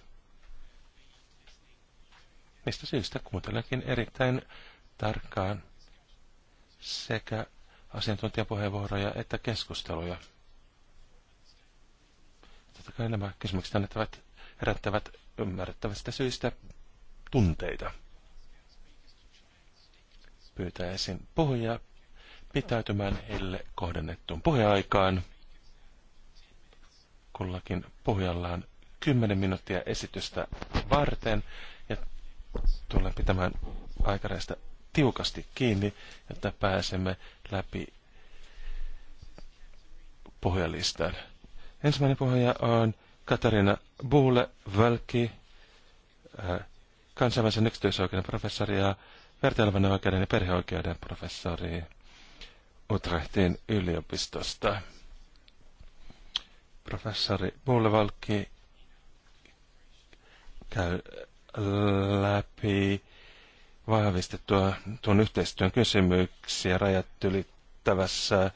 Mistä syystä kuuntelenkin erittäin tarkkaan sekä asiantuntijapuheenvuoroja että keskusteluja. Totta kai nämä kysymykset annettavat, herättävät ymmärrettävästä syystä tunteita. Pyytäisin puhujaa pitäytymään heille kohdennettuun puheaikaan. Kullakin puhujalla on 10 minuuttia esitystä varten ja tulen pitämään aikarajasta tiukasti kiinni, jotta pääsemme läpi pohjalistaan. Ensimmäinen puhuja on Katarina Buule Völki, äh, kansainvälisen yksityisoikeuden professori ja vertailevan oikeuden ja perheoikeuden professori Utrechtin yliopistosta. Professori Buule Völki käy läpi vahvistettua tuon yhteistyön kysymyksiä rajat ylittävässä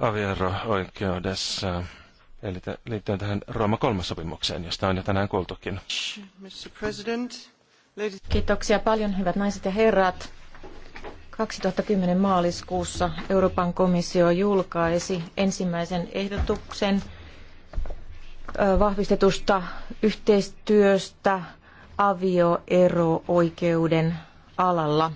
avioero oikeudessa Eli liittyen tähän Rooma 3 sopimukseen, josta on jo tänään kuultukin. Kiitoksia paljon, hyvät naiset ja herrat. 2010 maaliskuussa Euroopan komissio julkaisi ensimmäisen ehdotuksen vahvistetusta yhteistyöstä avioero-oikeuden alalla.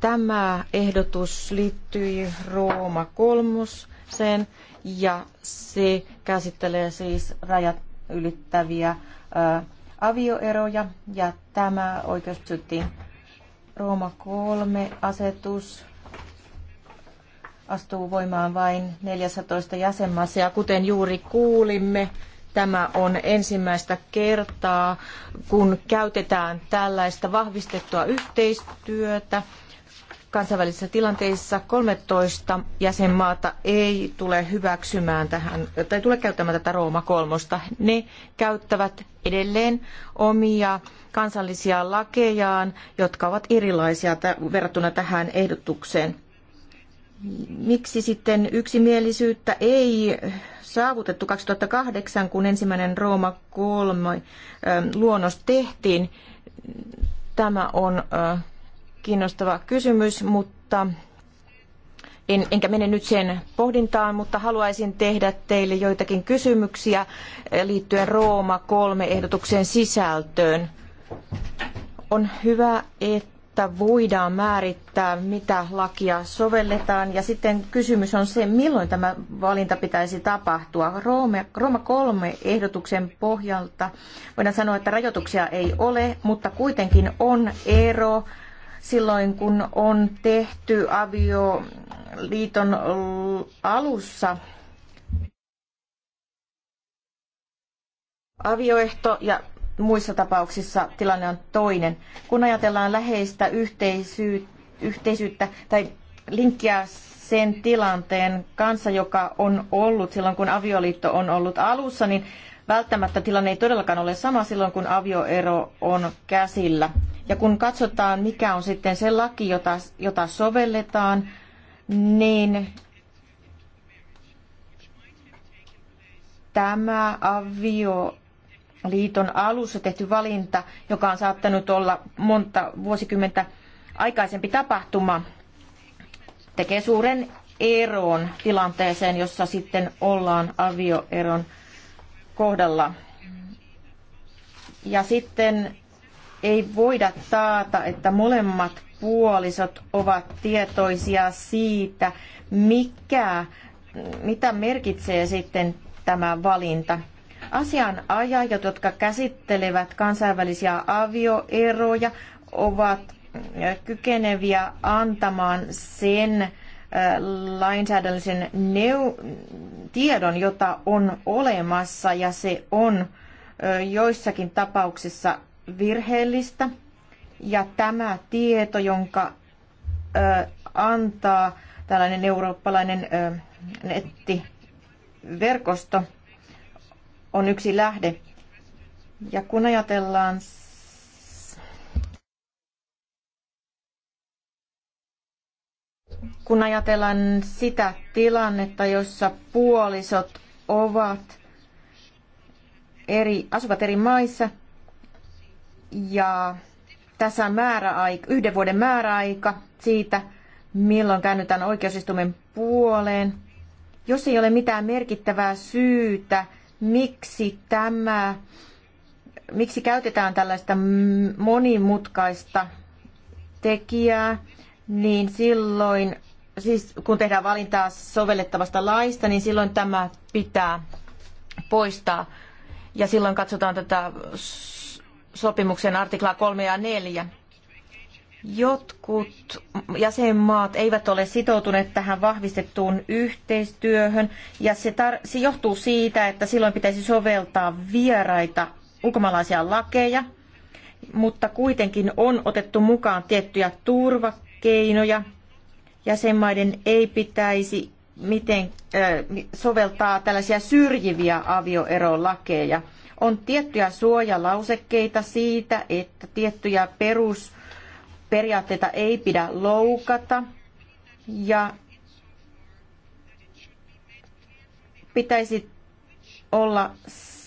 Tämä ehdotus liittyy Rooma kolmos sen ja se käsittelee siis rajat ylittäviä ää, avioeroja ja tämä oikeus pysyttiin Rooma 3 asetus astuu voimaan vain 14 jäsenmaassa ja kuten juuri kuulimme, tämä on ensimmäistä kertaa, kun käytetään tällaista vahvistettua yhteistyötä kansainvälisissä tilanteissa 13 jäsenmaata ei tule hyväksymään tähän, tai tule käyttämään tätä Rooma kolmosta. Ne käyttävät edelleen omia kansallisia lakejaan, jotka ovat erilaisia verrattuna tähän ehdotukseen. Miksi sitten yksimielisyyttä ei saavutettu 2008, kun ensimmäinen Rooma 3 luonnos tehtiin? Tämä on kiinnostava kysymys, mutta en, enkä mene nyt sen pohdintaan, mutta haluaisin tehdä teille joitakin kysymyksiä liittyen Rooma 3 ehdotuksen sisältöön. On hyvä, että voidaan määrittää, mitä lakia sovelletaan. Ja sitten kysymys on se, milloin tämä valinta pitäisi tapahtua. Rooma, Rooma 3 ehdotuksen pohjalta voidaan sanoa, että rajoituksia ei ole, mutta kuitenkin on ero silloin, kun on tehty avioliiton alussa avioehto ja muissa tapauksissa tilanne on toinen. Kun ajatellaan läheistä yhteisyyttä tai linkkiä sen tilanteen kanssa, joka on ollut silloin, kun avioliitto on ollut alussa, niin Välttämättä tilanne ei todellakaan ole sama silloin, kun avioero on käsillä. Ja kun katsotaan, mikä on sitten se laki, jota, jota sovelletaan, niin tämä avioliiton alussa tehty valinta, joka on saattanut olla monta vuosikymmentä aikaisempi tapahtuma, tekee suuren eron tilanteeseen, jossa sitten ollaan avioeron kohdalla. Ja sitten ei voida taata, että molemmat puolisot ovat tietoisia siitä, mikä, mitä merkitsee sitten tämä valinta. Asianajajat, jotka käsittelevät kansainvälisiä avioeroja, ovat kykeneviä antamaan sen lainsäädännöllisen neu- tiedon, jota on olemassa ja se on joissakin tapauksissa virheellistä. Ja tämä tieto, jonka antaa tällainen eurooppalainen nettiverkosto, on yksi lähde. Ja kun ajatellaan kun ajatellaan sitä tilannetta, jossa puolisot ovat eri, asuvat eri maissa ja tässä on määräaika, yhden vuoden määräaika siitä, milloin käännytään oikeusistuimen puoleen. Jos ei ole mitään merkittävää syytä, miksi tämä, miksi käytetään tällaista monimutkaista tekijää, niin silloin, siis kun tehdään valintaa sovellettavasta laista, niin silloin tämä pitää poistaa. Ja silloin katsotaan tätä sopimuksen artiklaa 3 ja 4. Jotkut jäsenmaat eivät ole sitoutuneet tähän vahvistettuun yhteistyöhön, ja se, tar se johtuu siitä, että silloin pitäisi soveltaa vieraita ulkomaalaisia lakeja, mutta kuitenkin on otettu mukaan tiettyjä turva- keinoja. Jäsenmaiden ei pitäisi miten soveltaa tällaisia syrjiviä avioerolakeja. On tiettyjä suojalausekkeita siitä, että tiettyjä perusperiaatteita ei pidä loukata ja pitäisi olla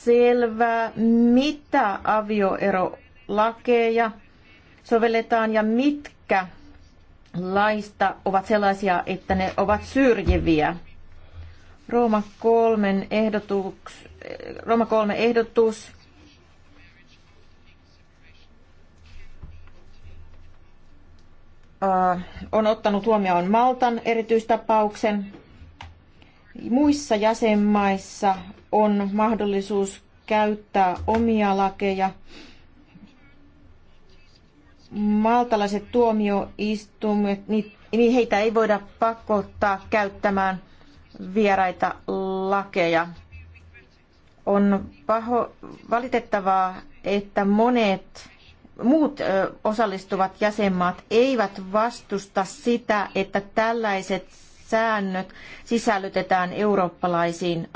selvää, mitä avioerolakeja sovelletaan ja mitkä laista ovat sellaisia, että ne ovat syrjiviä. Rooma 3 ehdotus, Rooma 3 ehdotus on ottanut huomioon Maltan erityistapauksen. Muissa jäsenmaissa on mahdollisuus käyttää omia lakeja maltalaiset tuomioistuimet, niin, niin heitä ei voida pakottaa käyttämään vieraita lakeja. On paho, valitettavaa, että monet muut osallistuvat jäsenmaat eivät vastusta sitä, että tällaiset säännöt sisällytetään eurooppalaisiin,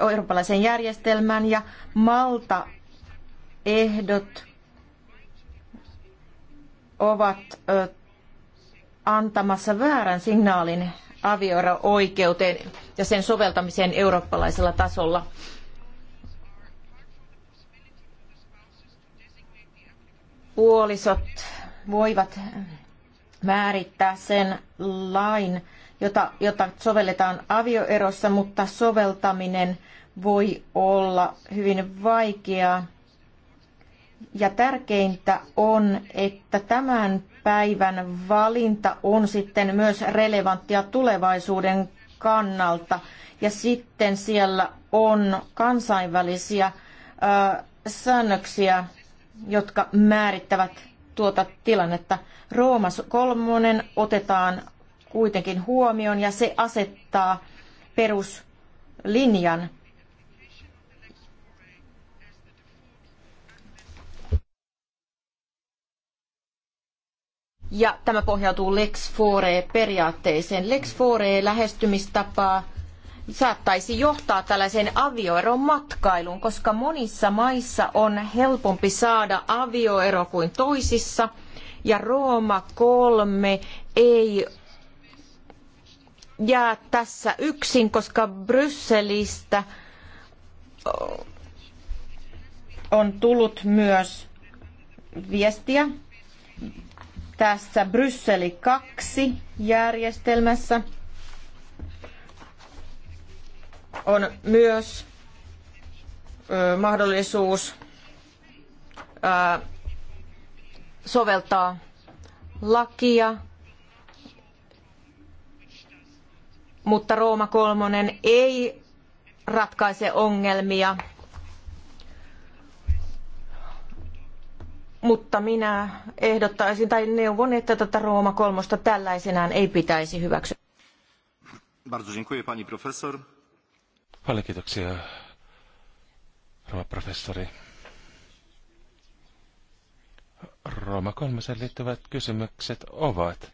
eurooppalaiseen järjestelmään ja Malta ehdot ovat antamassa väärän signaalin avioero-oikeuteen ja sen soveltamiseen eurooppalaisella tasolla. Puolisot voivat määrittää sen lain, jota, jota sovelletaan avioerossa, mutta soveltaminen voi olla hyvin vaikeaa ja tärkeintä on, että tämän päivän valinta on sitten myös relevanttia tulevaisuuden kannalta. Ja sitten siellä on kansainvälisiä ö, säännöksiä, jotka määrittävät tuota tilannetta. Roomas kolmonen otetaan kuitenkin huomioon ja se asettaa peruslinjan. Ja tämä pohjautuu Lex Fore-periaatteeseen. Lex Fore-lähestymistapaa saattaisi johtaa tällaiseen avioeron matkailuun, koska monissa maissa on helpompi saada avioero kuin toisissa. Ja Rooma 3 ei jää tässä yksin, koska Brysselistä on tullut myös viestiä tässä Brysseli 2 järjestelmässä on myös mahdollisuus soveltaa lakia, mutta Rooma kolmonen ei ratkaise ongelmia mutta minä ehdottaisin tai neuvon, että tätä Rooma kolmosta tällaisenaan ei pitäisi hyväksyä. Bardzo dziękuję, pani Paljon kiitoksia, rouva professori. Rooma kolmoseen liittyvät kysymykset ovat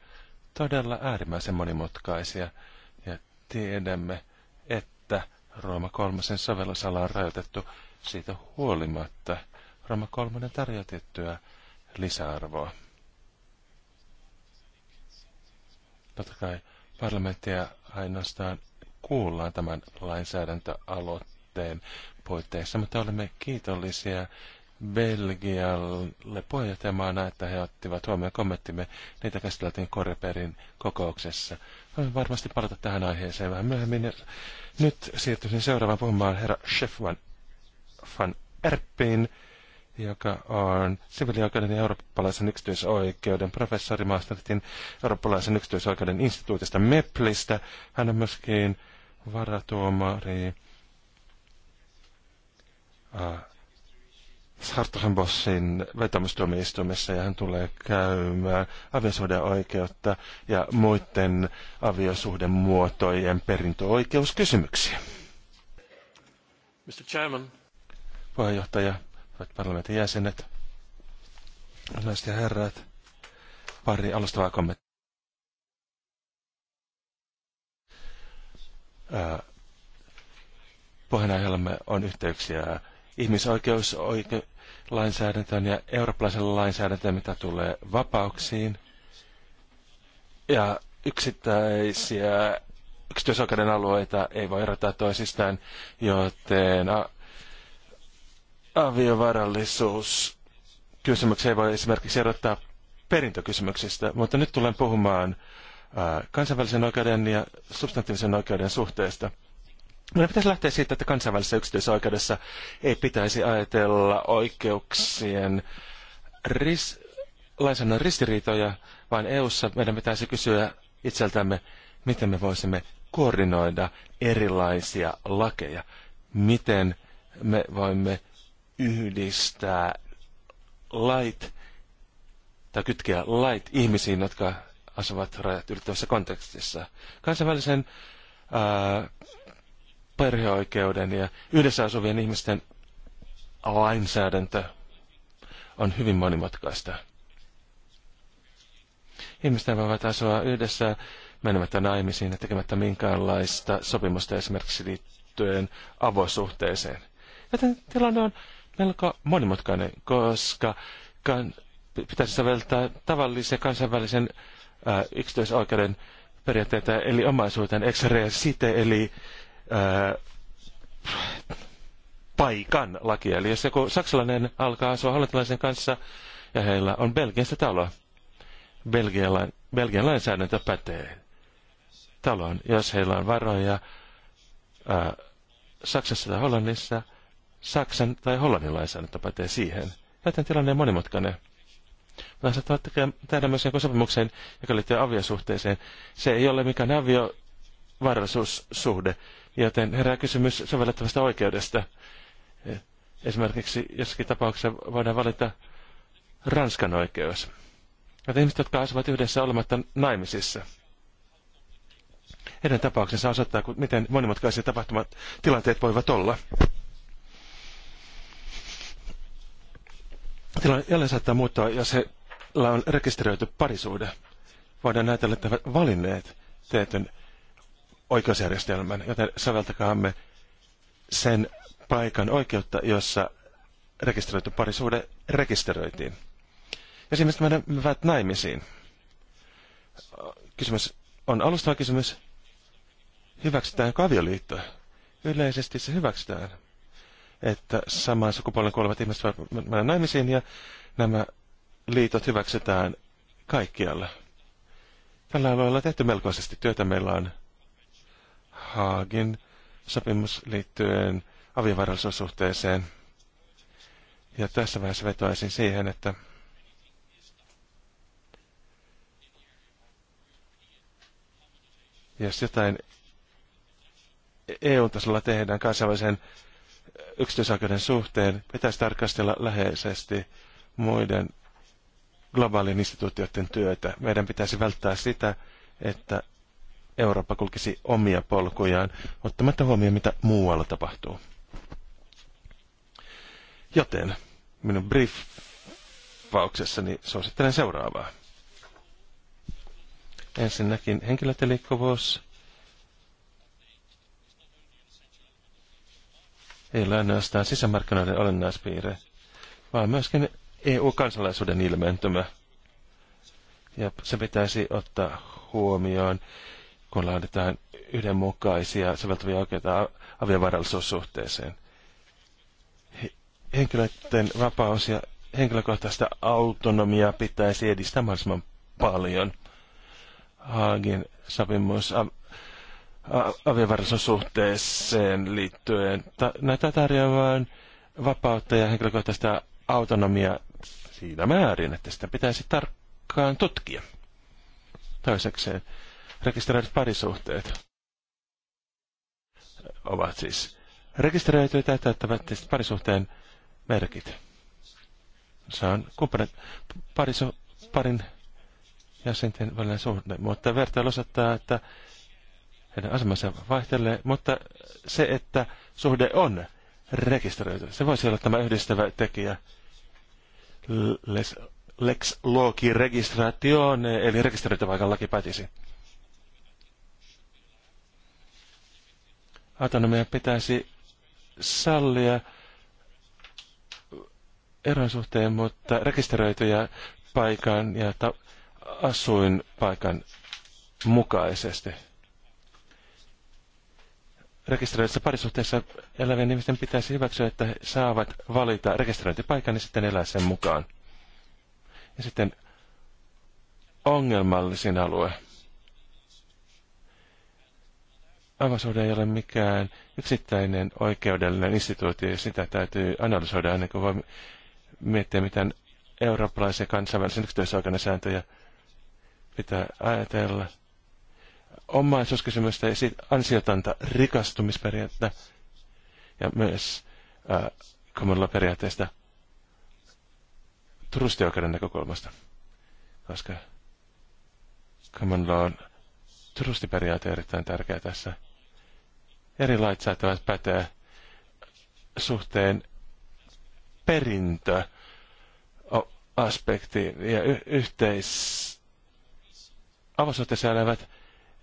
todella äärimmäisen monimutkaisia ja tiedämme, että Rooma kolmosen sovellusala on rajoitettu siitä huolimatta – Roma kolmonen tarjoaa tiettyä lisäarvoa. Totta kai parlamenttia ainoastaan kuullaan tämän lainsäädäntöaloitteen puitteissa, mutta olemme kiitollisia Belgialle puheenjohtajamaana, että he ottivat huomioon kommenttimme. Niitä käsiteltiin Korreperin kokouksessa. Voimme varmasti palata tähän aiheeseen vähän myöhemmin. Nyt siirtyisin seuraavaan puhumaan herra Chef van Erpin joka on siviilioikeuden ja eurooppalaisen yksityisoikeuden professori Maastrichtin eurooppalaisen yksityisoikeuden instituutista MEPListä. Hän on myöskin varatuomari äh, Sartogenbossin ja hän tulee käymään aviosuuden oikeutta ja muiden aviosuhden muotojen perintöoikeuskysymyksiä. Mr. Chairman. Puheenjohtaja, hyvät parlamentin jäsenet, naiset ja herrat, pari alustavaa kommenttia. Pohjanaihellamme on yhteyksiä ihmisoikeus, oike, lainsäädäntöön ja eurooppalaisella lainsäädäntöön, mitä tulee vapauksiin ja yksittäisiä yksityisoikeuden alueita ei voi erottaa toisistaan, joten aviovarallisuus kysymyksiä ei voi esimerkiksi erottaa perintökysymyksistä, mutta nyt tulen puhumaan äh, kansainvälisen oikeuden ja substantiivisen oikeuden suhteesta. Meidän pitäisi lähteä siitä, että kansainvälisessä yksityisoikeudessa ei pitäisi ajatella oikeuksien ris- lainsäädännön ristiriitoja, vaan EU:ssa meidän pitäisi kysyä itseltämme, miten me voisimme koordinoida erilaisia lakeja, miten me voimme yhdistää lait tai kytkeä lait ihmisiin, jotka asuvat rajat ylittävässä kontekstissa. Kansainvälisen ää, perheoikeuden ja yhdessä asuvien ihmisten lainsäädäntö on hyvin monimutkaista. Ihmisten voivat asua yhdessä menemättä naimisiin ja tekemättä minkäänlaista sopimusta esimerkiksi liittyen avosuhteeseen. Joten tilanne on melko monimutkainen, koska kan, pitäisi soveltaa tavallisen kansainvälisen ää, äh, yksityisoikeuden periaatteita, eli omaisuuteen ex site, eli ää, äh, paikan laki. Eli jos joku saksalainen alkaa asua hollantilaisen kanssa ja heillä on Belgiasta talo, Belgian, Belgian lainsäädäntö pätee taloon, jos heillä on varoja ää, äh, Saksassa tai Hollannissa – Saksan tai Hollannin lainsäädäntö pätee siihen. Näiden tilanne on monimutkainen. tämä saattavat tehdä myös sopimukseen, joka liittyy aviosuhteeseen. Se ei ole mikään aviovarallisuussuhde, joten herää kysymys sovellettavasta oikeudesta. Esimerkiksi jossakin tapauksessa voidaan valita Ranskan oikeus. Että ihmiset, jotka asuvat yhdessä olematta naimisissa. Heidän tapauksensa osoittaa, miten monimutkaisia tapahtumat tilanteet voivat olla. tilanne jälleen saattaa muuttua, jos heillä on rekisteröity parisuhde. Voidaan näytellä, että valinneet tietyn oikeusjärjestelmän, joten soveltakaamme sen paikan oikeutta, jossa rekisteröity parisuhde rekisteröitiin. Ja meidän menevät naimisiin. Kysymys on alustava kysymys. Hyväksytäänkö avioliitto? Yleisesti se hyväksytään että samaan sukupuolen kuolevat ihmiset voivat mennä naimisiin ja nämä liitot hyväksytään kaikkialla. Tällä alueella on tehty melkoisesti työtä. Meillä on Haagin sopimus liittyen aviovarallisuussuhteeseen. Ja tässä vaiheessa vetoaisin siihen, että jos jotain EU-tasolla tehdään kansainvälisen yksityisoikeuden suhteen pitäisi tarkastella läheisesti muiden globaalien instituutioiden työtä. Meidän pitäisi välttää sitä, että Eurooppa kulkisi omia polkujaan, ottamatta huomioon, mitä muualla tapahtuu. Joten minun briefauksessani suosittelen seuraavaa. Ensinnäkin henkilöteliikkuvuus, ei ole ainoastaan sisämarkkinoiden olennaispiirre, vaan myöskin EU-kansalaisuuden ilmentymä. Ja se pitäisi ottaa huomioon, kun laaditaan yhdenmukaisia soveltuvia oikeita aviovarallisuussuhteeseen. Henkilöiden vapaus ja henkilökohtaista autonomiaa pitäisi edistää mahdollisimman paljon. Haagin sopimus suhteeseen liittyen ta, näitä tarjoavan vapautta ja henkilökohtaista autonomia siinä määrin, että sitä pitäisi tarkkaan tutkia. Toisekseen rekisteröidyt parisuhteet ovat siis rekisteröityjä ja täyttävät parisuhteen merkit. Se on kumppanet, parin jäsenten välinen suhde, mutta vertailu osoittaa, että heidän asemansa vaihtelee, mutta se, että suhde on rekisteröity, se voisi olla tämä yhdistävä tekijä. Les, lex loci registratione, eli rekisteröity vaikka laki pätisi. Autonomia pitäisi sallia eron suhteen, mutta rekisteröityjä paikan ja asuinpaikan mukaisesti rekisteröidyssä parisuhteessa elävien ihmisten pitäisi hyväksyä, että he saavat valita rekisteröintipaikan ja sitten elää sen mukaan. Ja sitten ongelmallisin alue. Avaisuuden ei ole mikään yksittäinen oikeudellinen instituutio, ja sitä täytyy analysoida ennen kuin voi miettiä, miten eurooppalaisia kansainvälisen yksityisoikeuden sääntöjä pitää ajatella – omaisuuskysymystä ja ansiotonta rikastumisperiaatetta ja myös äh, kommunilla periaatteesta trustioikeuden näkökulmasta, koska kommunilla on trustiperiaate erittäin tärkeä tässä. Eri lait saattavat päteä suhteen perintöaspektiin ja y- yhteis avosuhteessa elävät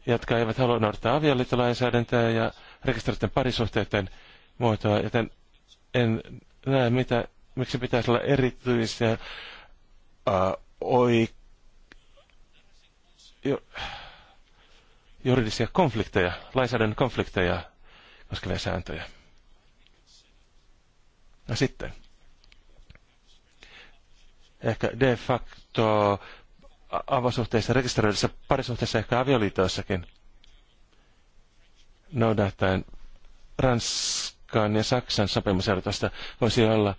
jotka eivät halua noudattaa avioliittolainsäädäntöä ja rekisteröiden parisuhteiden muotoa, joten en näe, mitä, miksi pitäisi olla erityisiä ää, äh, oi, ju, juridisia konflikteja, lainsäädännön konflikteja koskevia sääntöjä. Ja no sitten ehkä de facto avosuhteissa, rekisteröidyssä parisuhteessa, ehkä avioliitoissakin noudattaen Ranskan ja Saksan sopimusehdotusta voisi olla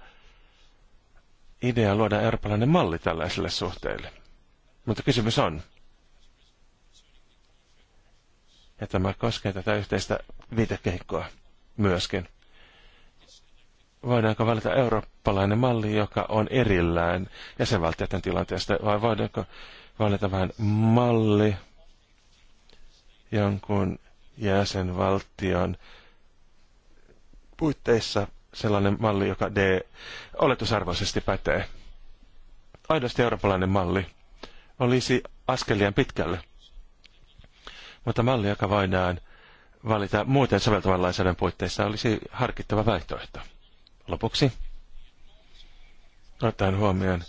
idea luoda eurooppalainen malli tällaisille suhteille. Mutta kysymys on, ja tämä koskee tätä yhteistä viitekehikkoa myöskin. Voidaanko valita eurooppalainen malli, joka on erillään jäsenvaltioiden tilanteesta, vai voidaanko valita vähän malli jonkun jäsenvaltion puitteissa sellainen malli, joka D oletusarvoisesti pätee. Aidosti eurooppalainen malli olisi askelien pitkälle, mutta malli, joka voidaan valita muuten soveltavan lainsäädännön puitteissa, olisi harkittava vaihtoehto. Lopuksi, ottaen huomioon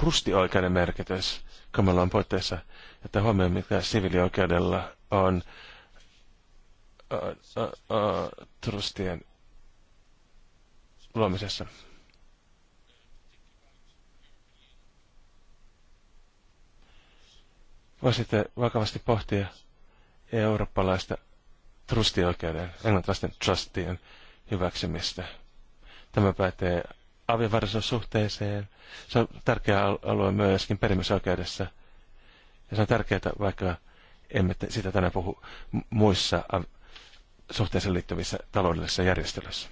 trustioikeuden merkitys Kamelan puitteissa, että huomioon mitä siviilioikeudella on ä, trustien luomisessa. Voisitte vakavasti pohtia eurooppalaista trustioikeuden, englantilaisten trustien hyväksymistä. Tämä pätee suhteeseen. Se on tärkeä alue myöskin perimysoikeudessa. Ja se on tärkeää, vaikka emme sitä tänään puhu muissa suhteeseen liittyvissä taloudellisissa järjestelyissä.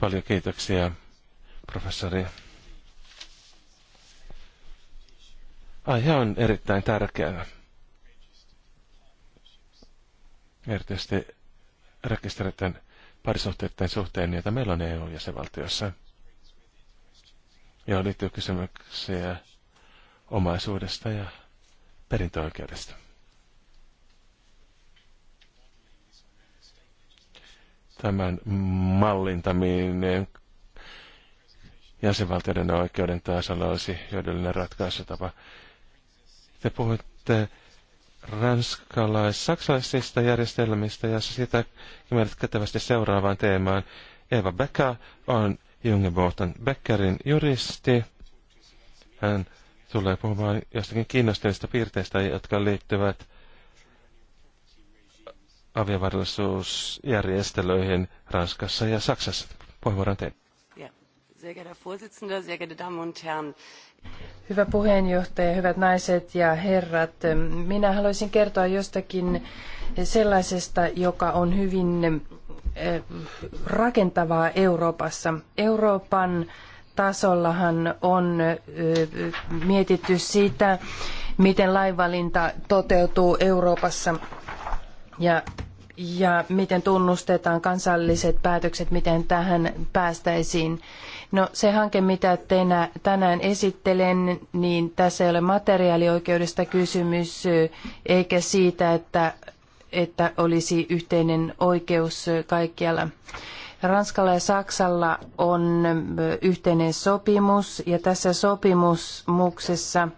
Paljon kiitoksia, professori. Aihe on erittäin tärkeä. Erityisesti rekisteröiden parisuhteiden suhteen, joita meillä on EU-jäsenvaltiossa. Ja liittyy kysymyksiä omaisuudesta ja perintöoikeudesta. Tämän mallintaminen jäsenvaltioiden oikeuden tasolla olisi hyödyllinen ratkaisutapa. Te puhutte ranskalais-saksalaisista järjestelmistä ja sitä meidät kätevästi seuraavaan teemaan. Eva Becker on Jungebohtan Beckerin juristi. Hän tulee puhumaan jostakin kiinnostavista piirteistä, jotka liittyvät aviovarallisuusjärjestelyihin Ranskassa ja Saksassa. Puheenvuoron teille. Hyvä puheenjohtaja, hyvät naiset ja herrat. Minä haluaisin kertoa jostakin sellaisesta, joka on hyvin eh, rakentavaa Euroopassa. Euroopan tasollahan on eh, mietitty sitä, miten lainvalinta toteutuu Euroopassa ja, ja miten tunnustetaan kansalliset päätökset, miten tähän päästäisiin. No se hanke, mitä teinä, tänään esittelen, niin tässä ei ole materiaalioikeudesta kysymys, eikä siitä, että, että olisi yhteinen oikeus kaikkialla. Ranskalla ja Saksalla on yhteinen sopimus ja tässä sopimusmuksessa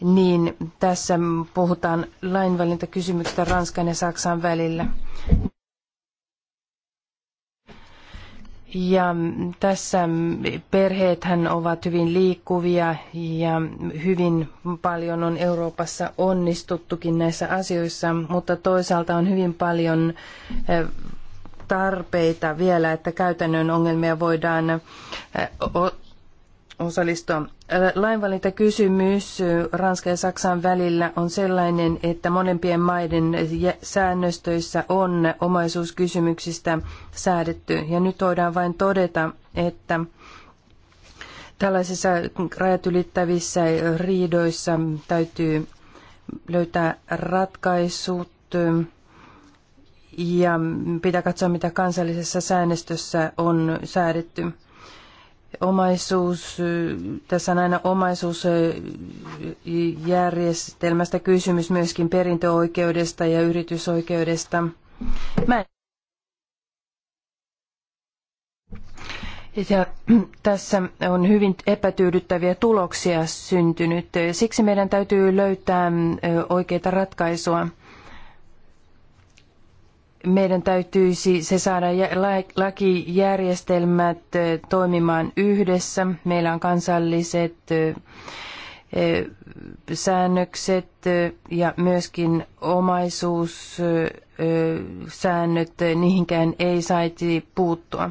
niin tässä puhutaan lainvalintakysymyksistä Ranskan ja Saksan välillä. Ja tässä perheethän ovat hyvin liikkuvia ja hyvin paljon on Euroopassa onnistuttukin näissä asioissa, mutta toisaalta on hyvin paljon eh, tarpeita vielä, että käytännön ongelmia voidaan eh, osallistua. Lainvalintakysymys Ranskan ja Saksan välillä on sellainen, että molempien maiden säännöstöissä on omaisuuskysymyksistä säädetty. Ja nyt voidaan vain todeta, että tällaisissa rajat ylittävissä riidoissa täytyy löytää ratkaisut ja pitää katsoa, mitä kansallisessa säännöstössä on säädetty omaisuus, tässä on aina omaisuusjärjestelmästä kysymys myöskin perintöoikeudesta ja yritysoikeudesta. Mä en... Ja tässä on hyvin epätyydyttäviä tuloksia syntynyt. Siksi meidän täytyy löytää oikeita ratkaisua meidän täytyisi se saada lakijärjestelmät toimimaan yhdessä. Meillä on kansalliset säännökset ja myöskin omaisuussäännöt, niihinkään ei saisi puuttua.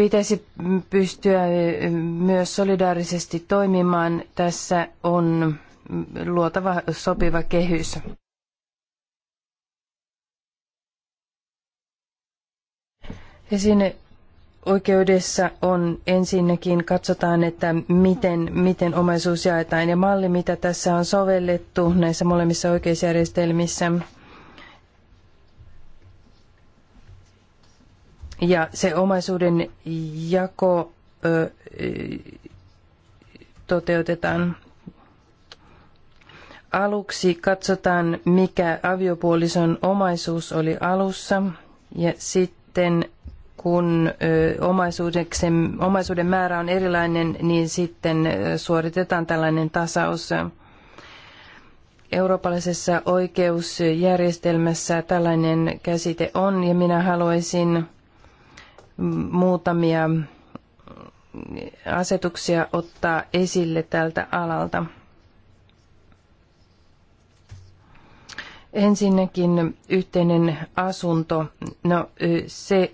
Pitäisi pystyä myös solidaarisesti toimimaan. Tässä on luotava sopiva kehys. Esine oikeudessa on ensinnäkin katsotaan, että miten, miten omaisuus jaetaan ja malli, mitä tässä on sovellettu näissä molemmissa oikeusjärjestelmissä – Ja se omaisuuden jako ö, toteutetaan aluksi katsotaan, mikä aviopuolison omaisuus oli alussa ja sitten kun omaisuuden määrä on erilainen, niin sitten suoritetaan tällainen tasaus. Eurooppalaisessa oikeusjärjestelmässä tällainen käsite on ja minä haluaisin muutamia asetuksia ottaa esille tältä alalta. Ensinnäkin yhteinen asunto. No, se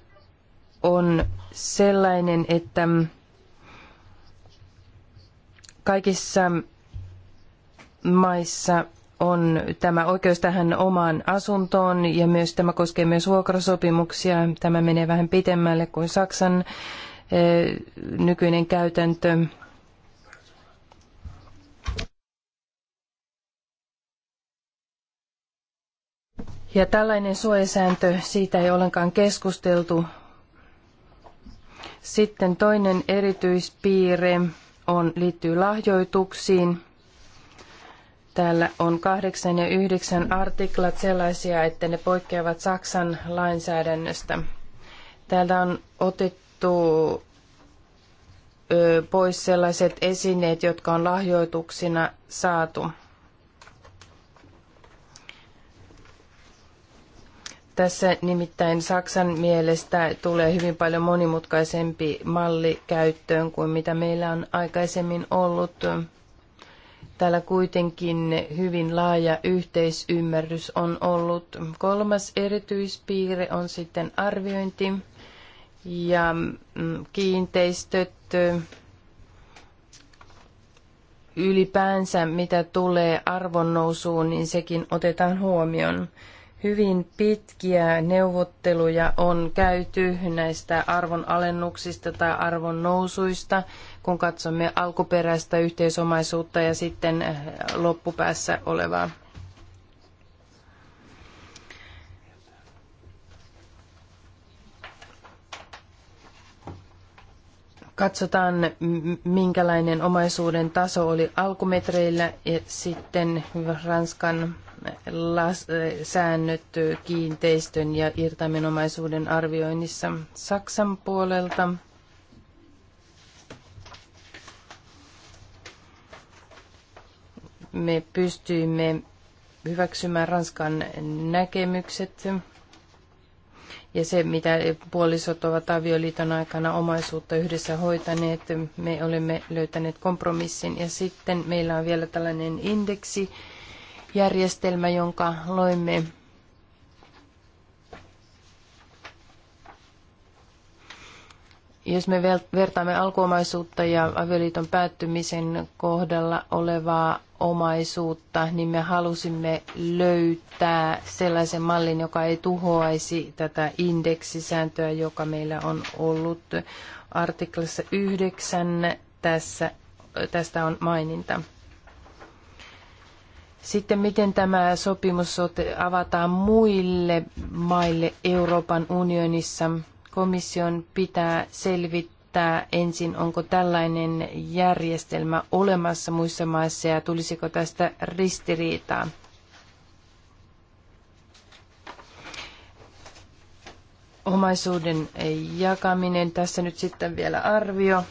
on sellainen, että kaikissa maissa on tämä oikeus tähän omaan asuntoon ja myös tämä koskee myös vuokrasopimuksia. Tämä menee vähän pitemmälle kuin Saksan eh, nykyinen käytäntö. Ja tällainen suojasääntö, siitä ei ollenkaan keskusteltu. Sitten toinen erityispiirre on, liittyy lahjoituksiin. Täällä on kahdeksan ja yhdeksän artiklat sellaisia, että ne poikkeavat Saksan lainsäädännöstä. Täältä on otettu pois sellaiset esineet, jotka on lahjoituksina saatu. Tässä nimittäin Saksan mielestä tulee hyvin paljon monimutkaisempi malli käyttöön kuin mitä meillä on aikaisemmin ollut. Täällä kuitenkin hyvin laaja yhteisymmärrys on ollut. Kolmas erityispiirre on sitten arviointi ja mm, kiinteistöt ylipäänsä, mitä tulee arvonnousuun, niin sekin otetaan huomioon. Hyvin pitkiä neuvotteluja on käyty näistä arvonalennuksista tai arvon nousuista, kun katsomme alkuperäistä yhteisomaisuutta ja sitten eh, loppupäässä olevaa. Katsotaan, minkälainen omaisuuden taso oli alkumetreillä ja sitten Ranskan las, säännöt kiinteistön ja irtaimenomaisuuden arvioinnissa Saksan puolelta. Me pystyimme hyväksymään Ranskan näkemykset ja se, mitä puolisot ovat avioliiton aikana omaisuutta yhdessä hoitaneet, me olemme löytäneet kompromissin. Ja sitten meillä on vielä tällainen indeksi, järjestelmä, jonka loimme jos me vertaamme alkuomaisuutta ja avioliiton päättymisen kohdalla olevaa omaisuutta, niin me halusimme löytää sellaisen mallin, joka ei tuhoaisi tätä indeksisääntöä, joka meillä on ollut artiklassa 9. Tässä, tästä on maininta. Sitten miten tämä sopimus avataan muille maille Euroopan unionissa? Komission pitää selvittää ensin, onko tällainen järjestelmä olemassa muissa maissa ja tulisiko tästä ristiriitaa. Omaisuuden jakaminen, tässä nyt sitten vielä arvio.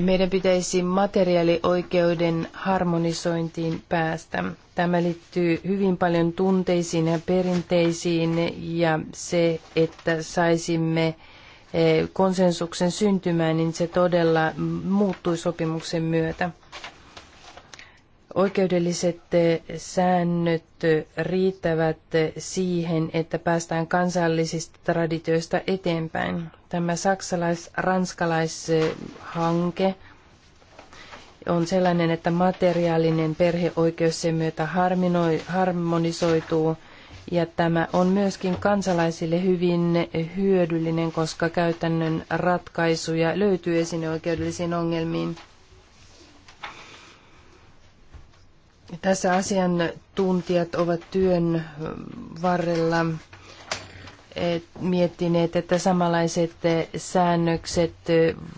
meidän pitäisi materiaalioikeuden harmonisointiin päästä. Tämä liittyy hyvin paljon tunteisiin ja perinteisiin ja se, että saisimme eh, konsensuksen syntymään, niin se todella muuttui sopimuksen myötä. Oikeudelliset eh, säännöt riittävät eh, siihen, että päästään kansallisista traditioista eteenpäin. Tämä saksalais-ranskalaishanke on sellainen, että materiaalinen perheoikeus sen myötä harmonisoituu ja tämä on myöskin kansalaisille hyvin hyödyllinen, koska käytännön ratkaisuja löytyy esineoikeudellisiin ongelmiin. Tässä asiantuntijat ovat työn varrella miettineet, että samanlaiset säännökset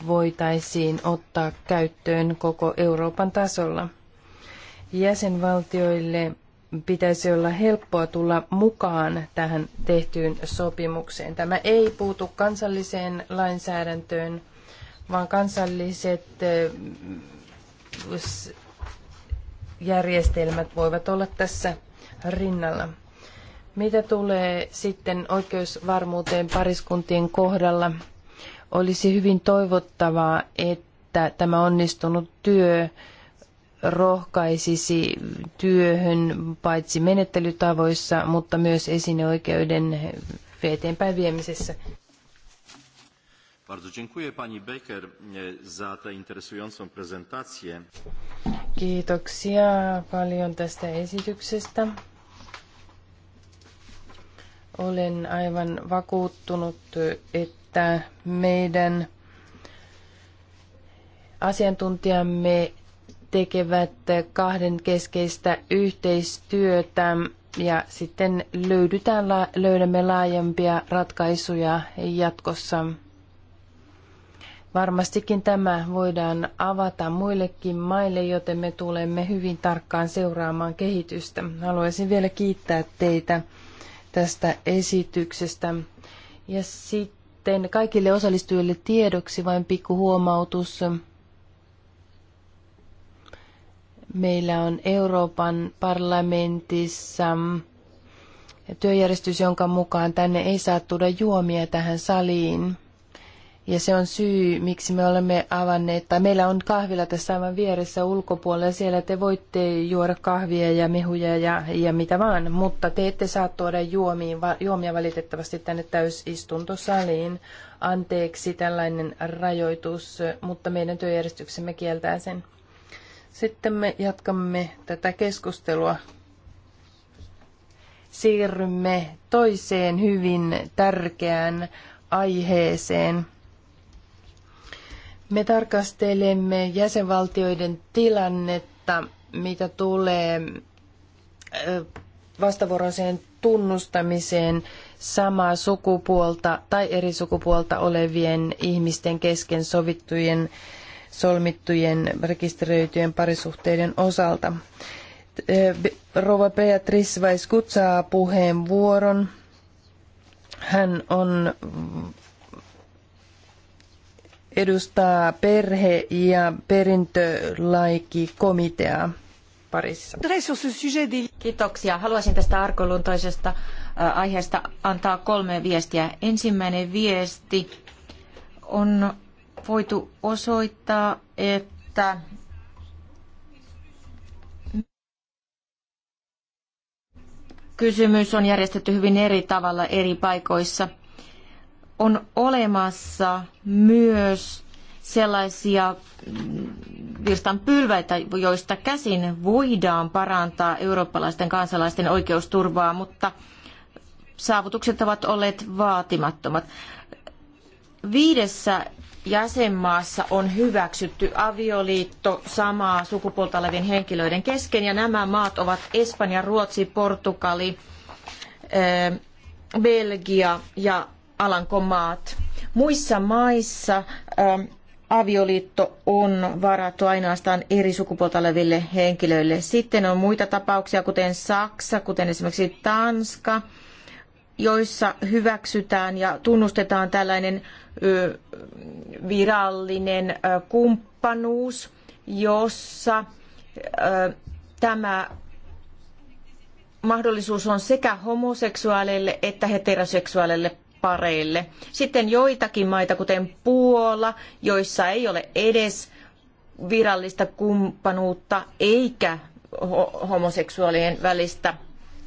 voitaisiin ottaa käyttöön koko Euroopan tasolla. Jäsenvaltioille pitäisi olla helppoa tulla mukaan tähän tehtyyn sopimukseen. Tämä ei puutu kansalliseen lainsäädäntöön, vaan kansalliset äh, järjestelmät voivat olla tässä rinnalla. Mitä tulee sitten oikeusvarmuuteen pariskuntien kohdalla, olisi hyvin toivottavaa, että tämä onnistunut työ rohkaisisi työhön paitsi menettelytavoissa, mutta myös esineoikeuden eteenpäin viemisessä. Bardzo dziękuję pani Baker e, za tę interesującą prezentację. Kiitoksia paljon tästä esityksestä. Olen aivan vakuuttunut, että meidän asiantuntijamme tekevät kahden keskeistä yhteistyötä ja sitten löydetään, löydämme laajempia ratkaisuja jatkossa. Varmastikin tämä voidaan avata muillekin maille, joten me tulemme hyvin tarkkaan seuraamaan kehitystä. Haluaisin vielä kiittää teitä tästä esityksestä. Ja sitten kaikille osallistujille tiedoksi vain pikku huomautus. Meillä on Euroopan parlamentissa työjärjestys, jonka mukaan tänne ei saa tuoda juomia tähän saliin. Ja se on syy, miksi me olemme avanneet, tai meillä on kahvila tässä aivan vieressä ulkopuolella, siellä te voitte juoda kahvia ja mehuja ja, ja mitä vaan, mutta te ette saa tuoda juomiin, juomia valitettavasti tänne täysistuntosaliin. Anteeksi tällainen rajoitus, mutta meidän työjärjestyksemme kieltää sen. Sitten me jatkamme tätä keskustelua. Siirrymme toiseen hyvin tärkeään aiheeseen. Me tarkastelemme jäsenvaltioiden tilannetta, mitä tulee vastavuoroiseen tunnustamiseen samaa sukupuolta tai eri sukupuolta olevien ihmisten kesken sovittujen, solmittujen, rekisteröityjen parisuhteiden osalta. Rova Beatrice Weiss kutsaa puheenvuoron. Hän on edustaa perhe- ja perintölaikikomiteaa. Parissa. Kiitoksia. Haluaisin tästä arkaluontoisesta äh, aiheesta antaa kolme viestiä. Ensimmäinen viesti on voitu osoittaa, että kysymys on järjestetty hyvin eri tavalla eri paikoissa – on olemassa myös sellaisia virstanpylväitä, joista käsin voidaan parantaa eurooppalaisten kansalaisten oikeusturvaa, mutta saavutukset ovat olleet vaatimattomat. Viidessä jäsenmaassa on hyväksytty avioliitto samaa sukupuolta olevien henkilöiden kesken, ja nämä maat ovat Espanja, Ruotsi, Portugali, eh, Belgia ja Alankomaat. Muissa maissa ähm, avioliitto on varattu ainoastaan eri sukupuolta oleville henkilöille. Sitten on muita tapauksia, kuten Saksa, kuten esimerkiksi Tanska, joissa hyväksytään ja tunnustetaan tällainen virallinen kumppanuus, jossa tämä mahdollisuus on sekä homoseksuaaleille että heteroseksuaaleille pareille. Sitten joitakin maita, kuten Puola, joissa ei ole edes virallista kumppanuutta eikä homoseksuaalien välistä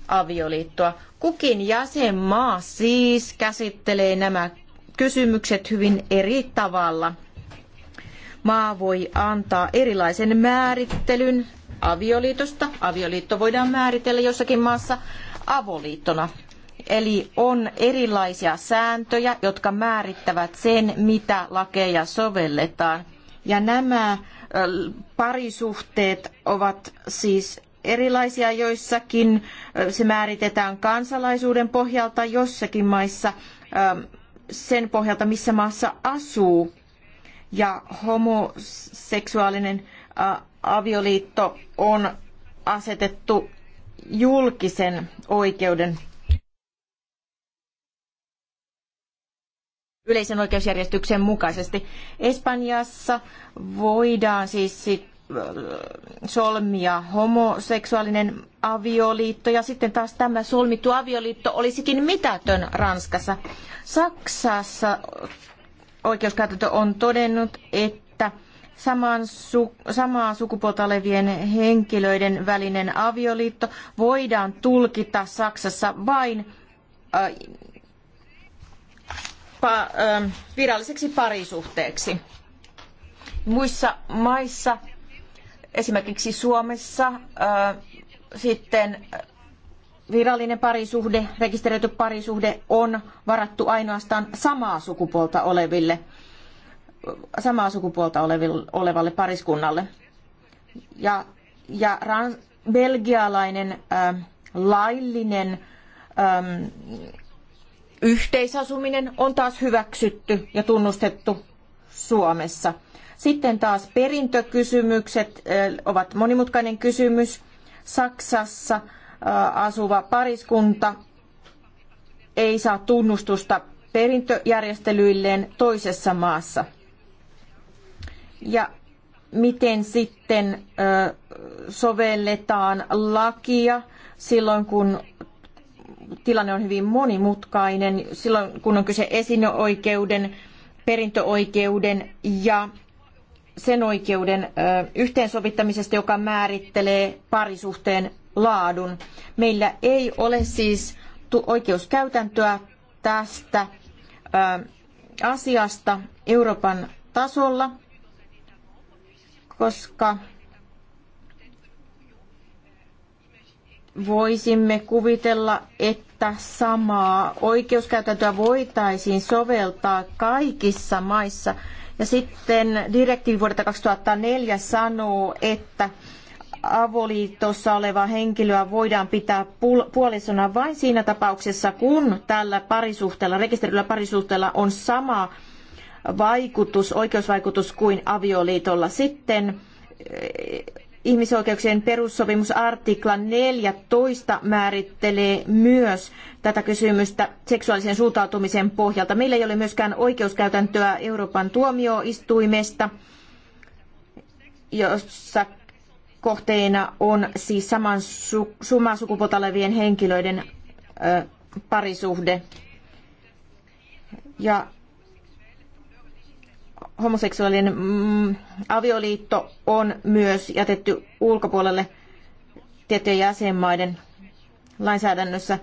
avioliittoa. Kukin jäsenmaa siis käsittelee nämä kysymykset hyvin eri tavalla. Maa voi antaa erilaisen määrittelyn avioliitosta. Avioliitto voidaan määritellä jossakin maassa avoliittona Eli on erilaisia sääntöjä, jotka määrittävät sen, mitä lakeja sovelletaan. Ja nämä parisuhteet ovat siis erilaisia joissakin. Se määritetään kansalaisuuden pohjalta jossakin maissa sen pohjalta, missä maassa asuu. Ja homoseksuaalinen avioliitto on asetettu julkisen oikeuden yleisen oikeusjärjestyksen mukaisesti. Espanjassa voidaan siis solmia homoseksuaalinen avioliitto ja sitten taas tämä solmittu avioliitto olisikin mitätön Ranskassa. Saksassa oikeuskäytäntö on todennut, että saman su- samaa sukupuolta olevien henkilöiden välinen avioliitto voidaan tulkita Saksassa vain Ähm, viralliseksi parisuhteeksi. Muissa maissa, esimerkiksi Suomessa, äh, sitten virallinen parisuhde, rekisteröity parisuhde on varattu ainoastaan samaa sukupuolta oleville samaa sukupuolta olevalle pariskunnalle. Ja, ja belgialainen ä, ähm, laillinen ähm, Yhteisasuminen on taas hyväksytty ja tunnustettu Suomessa. Sitten taas perintökysymykset ovat monimutkainen kysymys. Saksassa asuva pariskunta ei saa tunnustusta perintöjärjestelyilleen toisessa maassa. Ja miten sitten sovelletaan lakia silloin, kun tilanne on hyvin monimutkainen silloin, kun on kyse esineoikeuden, perintöoikeuden ja sen oikeuden yhteensovittamisesta, joka määrittelee parisuhteen laadun. Meillä ei ole siis oikeuskäytäntöä tästä asiasta Euroopan tasolla, koska voisimme kuvitella, että samaa oikeuskäytäntöä voitaisiin soveltaa kaikissa maissa. Ja sitten direktiivi vuodelta 2004 sanoo, että avoliitossa olevaa henkilöä voidaan pitää puolisona vain siinä tapauksessa, kun tällä parisuhteella, rekisteröidyllä parisuhteella on sama vaikutus, oikeusvaikutus kuin avioliitolla. Sitten ihmisoikeuksien perussopimusartiklan 14 määrittelee myös tätä kysymystä seksuaalisen suuntautumisen pohjalta. Meillä ei ole myöskään oikeuskäytäntöä Euroopan tuomioistuimesta, jossa kohteena on siis saman su- samaa sukupuolta olevien henkilöiden ö, parisuhde. Ja homoseksuaalinen mm, avioliitto on myös jätetty ulkopuolelle tiettyjen jäsenmaiden lainsäädännössä.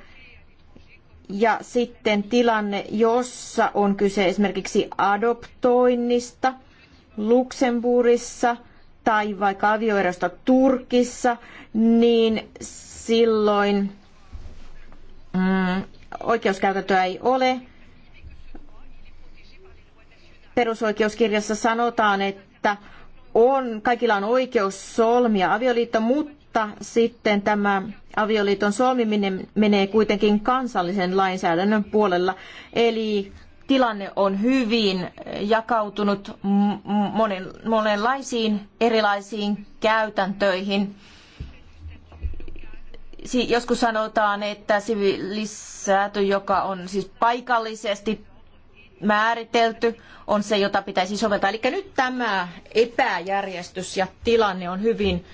Ja sitten tilanne, jossa on kyse esimerkiksi adoptoinnista Luxemburgissa tai vaikka avioerosta Turkissa, niin silloin mm, oikeuskäytäntöä ei ole perusoikeuskirjassa sanotaan, että on, kaikilla on oikeus solmia avioliitto, mutta sitten tämä avioliiton solmiminen menee kuitenkin kansallisen lainsäädännön puolella. Eli tilanne on hyvin jakautunut monen, monenlaisiin erilaisiin käytäntöihin. Joskus sanotaan, että sivilisäty, joka on siis paikallisesti määritelty, on se, jota pitäisi soveltaa. Eli nyt tämä epäjärjestys ja tilanne on hyvin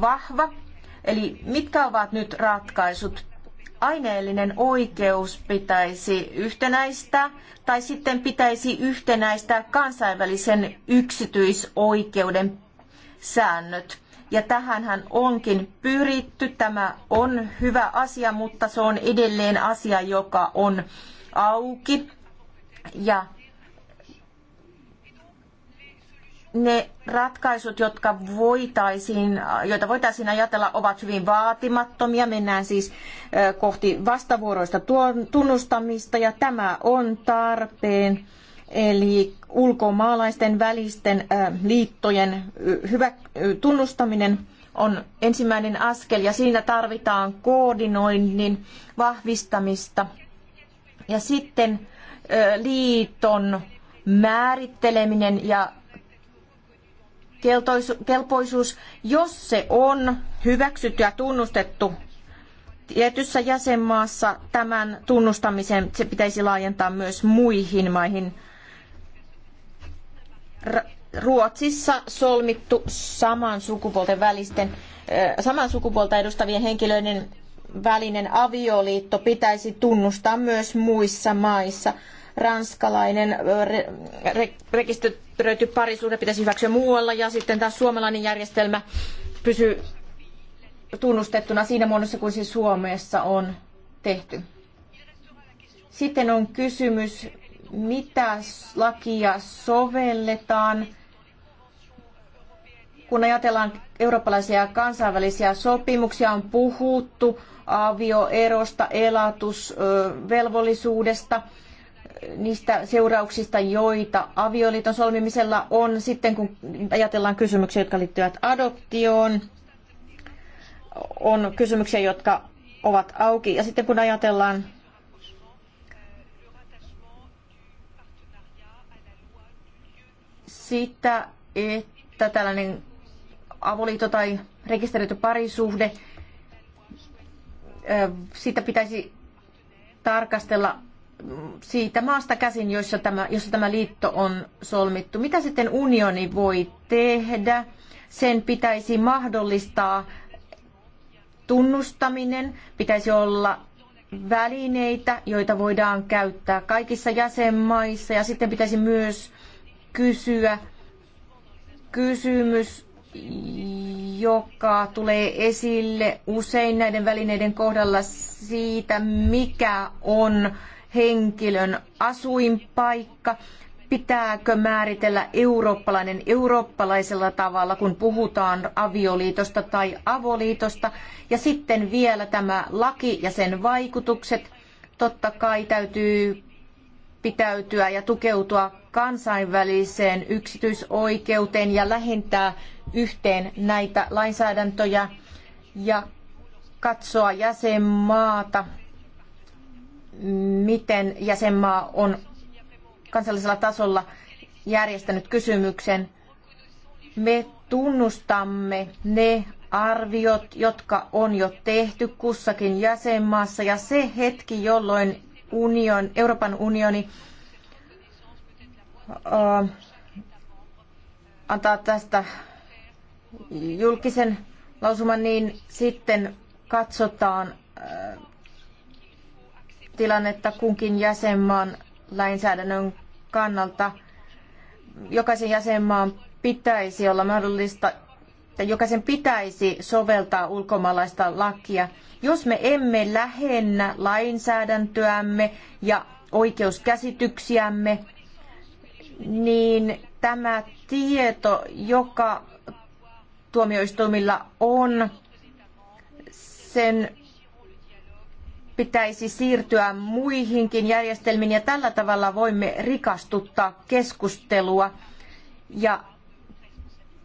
vahva. Eli mitkä ovat nyt ratkaisut? Aineellinen oikeus pitäisi yhtenäistää tai sitten pitäisi yhtenäistää kansainvälisen yksityisoikeuden säännöt. Ja tähänhän onkin pyritty. Tämä on hyvä asia, mutta se on edelleen asia, joka on auki ja ne ratkaisut, jotka voitaisiin, joita voitaisiin ajatella, ovat hyvin vaatimattomia. Mennään siis kohti vastavuoroista tunnustamista ja tämä on tarpeen. Eli ulkomaalaisten välisten liittojen hyvä tunnustaminen on ensimmäinen askel ja siinä tarvitaan koordinoinnin vahvistamista. Ja sitten liiton määritteleminen ja kelpoisuus, jos se on hyväksytty ja tunnustettu tietyssä jäsenmaassa, tämän tunnustamisen se pitäisi laajentaa myös muihin maihin. Ruotsissa solmittu saman sukupuolten välisten, saman sukupuolta edustavien henkilöiden välinen avioliitto pitäisi tunnustaa myös muissa maissa ranskalainen re- rekisteröity parisuhde pitäisi hyväksyä muualla ja sitten taas suomalainen järjestelmä pysyy tunnustettuna siinä muodossa kuin se Suomessa on tehty. Sitten on kysymys, mitä lakia sovelletaan, kun ajatellaan eurooppalaisia kansainvälisiä sopimuksia, on puhuttu avioerosta, elatusvelvollisuudesta – niistä seurauksista, joita avioliiton solmimisella on sitten, kun ajatellaan kysymyksiä, jotka liittyvät adoptioon. On kysymyksiä, jotka ovat auki. Ja sitten kun ajatellaan sitä, että tällainen avoliitto tai rekisteröity parisuhde, sitä pitäisi tarkastella siitä maasta käsin, jossa tämä, jossa tämä liitto on solmittu. Mitä sitten unioni voi tehdä? Sen pitäisi mahdollistaa tunnustaminen, pitäisi olla välineitä, joita voidaan käyttää kaikissa jäsenmaissa ja sitten pitäisi myös kysyä kysymys, joka tulee esille usein näiden välineiden kohdalla siitä, mikä on henkilön asuinpaikka, pitääkö määritellä eurooppalainen eurooppalaisella tavalla, kun puhutaan avioliitosta tai avoliitosta. Ja sitten vielä tämä laki ja sen vaikutukset. Totta kai täytyy pitäytyä ja tukeutua kansainväliseen yksityisoikeuteen ja lähentää yhteen näitä lainsäädäntöjä ja katsoa jäsenmaata miten jäsenmaa on kansallisella tasolla järjestänyt kysymyksen. Me tunnustamme ne arviot, jotka on jo tehty kussakin jäsenmaassa ja se hetki, jolloin union, Euroopan unioni äh, antaa tästä julkisen lausuman, niin sitten katsotaan äh, tilannetta kunkin jäsenmaan lainsäädännön kannalta. Jokaisen jäsenmaan pitäisi olla mahdollista, että jokaisen pitäisi soveltaa ulkomaalaista lakia. Jos me emme lähennä lainsäädäntöämme ja oikeuskäsityksiämme, niin tämä tieto, joka tuomioistuimilla on, sen pitäisi siirtyä muihinkin järjestelmiin ja tällä tavalla voimme rikastuttaa keskustelua ja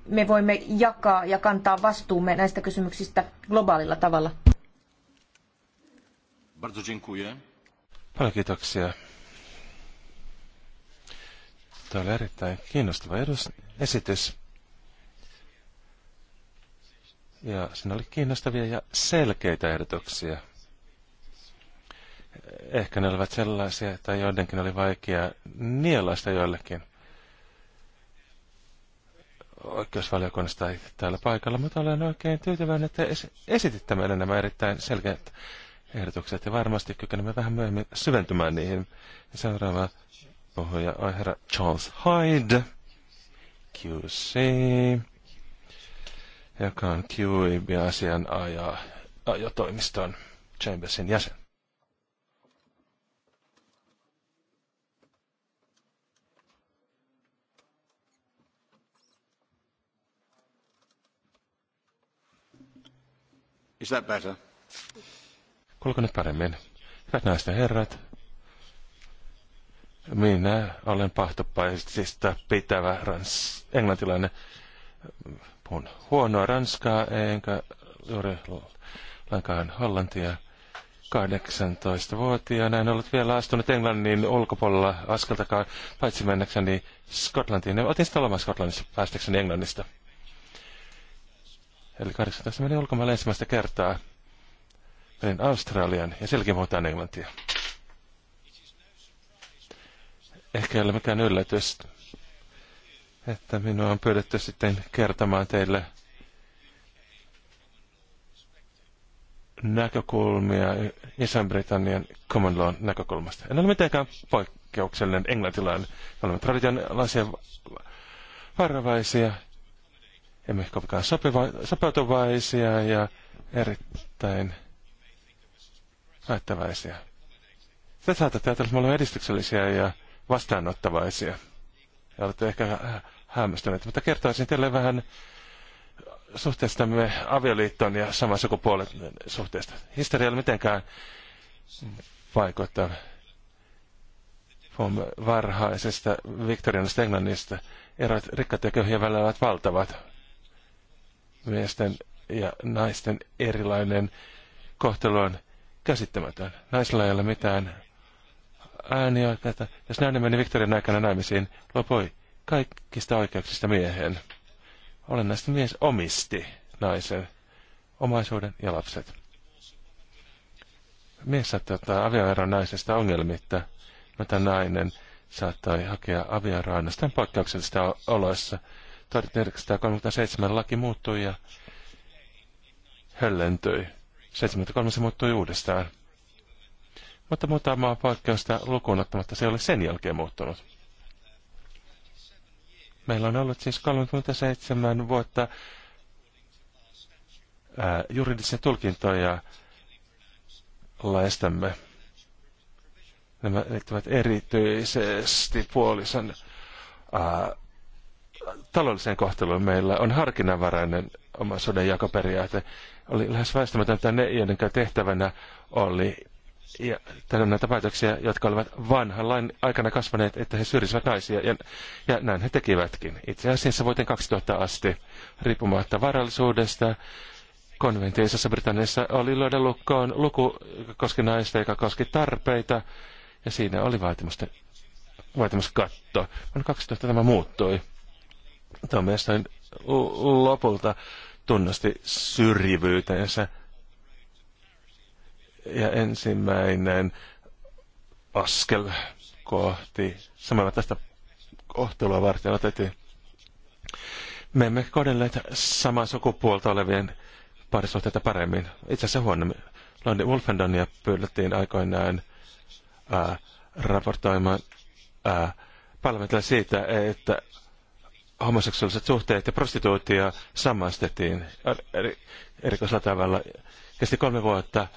me voimme jakaa ja kantaa vastuumme näistä kysymyksistä globaalilla tavalla. Bardzo dziękuję. Paljon kiitoksia. Tämä oli erittäin kiinnostava esitys. Ja siinä oli kiinnostavia ja selkeitä ehdotuksia. Ehkä ne olivat sellaisia, tai joidenkin oli vaikea nielaista joillekin. Oikeusvaliokunnasta ei täällä paikalla, mutta olen oikein tyytyväinen, että esititte meille nämä erittäin selkeät ehdotukset. Ja varmasti kykenemme vähän myöhemmin syventymään niihin. Ja seuraava puhuja on herra Charles Hyde, QC, joka on QIB-asian ajotoimiston Chambersin jäsen. Is that better? Kuuluuko nyt paremmin? Hyvät naiset ja herrat, minä olen pahtopaisista pitävä rans, englantilainen. Puhun huonoa ranskaa, enkä juuri lainkaan hollantia. 18-vuotiaana en ollut vielä astunut Englannin ulkopuolella askeltakaan, paitsi mennäkseni Skotlantiin. Otin sitä lomaa Skotlannissa päästäkseni Englannista. Eli 18 menin ulkomaille ensimmäistä kertaa. Menin Australian ja sielläkin puhutaan englantia. Ehkä ei ole mikään yllätys, että minua on pyydetty sitten kertomaan teille näkökulmia Iso-Britannian common law näkökulmasta. En ole mitenkään poikkeuksellinen englantilainen. Olemme traditionlaisia varovaisia emme kovinkaan sopeutuvaisia ja erittäin päättäväisiä. Sitä saatatte ajatella, että me olemme edistyksellisiä ja vastaanottavaisia. Ja olette ehkä hämmästyneet, mutta kertoisin teille vähän suhteestamme avioliittoon ja saman sukupuolen suhteesta. Historia ei ole mitenkään vaikuttaa. varhaisesta Victorianista Englannista. Erot rikkaat ja köyhien välillä ovat valtavat miesten ja naisten erilainen kohtelu on käsittämätön. Naisilla ei ole mitään äänioikeutta. Jos nainen meni Victorian aikana naimisiin, lopoi kaikista oikeuksista miehen. näistä mies omisti naisen, omaisuuden ja lapset. Mies saattoi ottaa avioeron naisesta ongelmitta, mutta nainen saattoi hakea avioeroa ainoastaan poikkeuksellisista oloissa – 1937 laki muuttui ja höllentyi. 73 se muuttui uudestaan. Mutta muutamaa poikkeusta lukuun ottamatta se ei ole sen jälkeen muuttunut. Meillä on ollut siis 37 vuotta ää, juridisia tulkintoja laistamme. Nämä liittyvät erityisesti puolison ää, taloudelliseen kohteluun meillä on harkinnanvarainen soden jakoperiaate. Oli lähes väistämätöntä ne, joiden tehtävänä oli ja tehdä näitä päätöksiä, jotka olivat vanhan lain aikana kasvaneet, että he syrjisivät naisia, ja, ja näin he tekivätkin. Itse asiassa vuoteen 2000 asti, riippumatta varallisuudesta, konventio Britanniassa oli löydä lukkoon luku, joka koski naista, joka koski tarpeita, ja siinä oli vaatimusten, vaatimuskatto. Vuonna 2000 tämä muuttui tuomioistuin lopulta tunnusti syrjivyytensä. Ja ensimmäinen askel kohti samalla tästä kohtelua varten otettiin. Me emme kohdelleet samaa sukupuolta olevien parisuhteita paremmin. Itse asiassa huonommin. London Wolfendonia pyydettiin aikoinaan ää, raportoimaan ää, siitä, että homoseksuaaliset suhteet ja prostituutio samastettiin er, erikoisella tavalla. Kesti kolme vuotta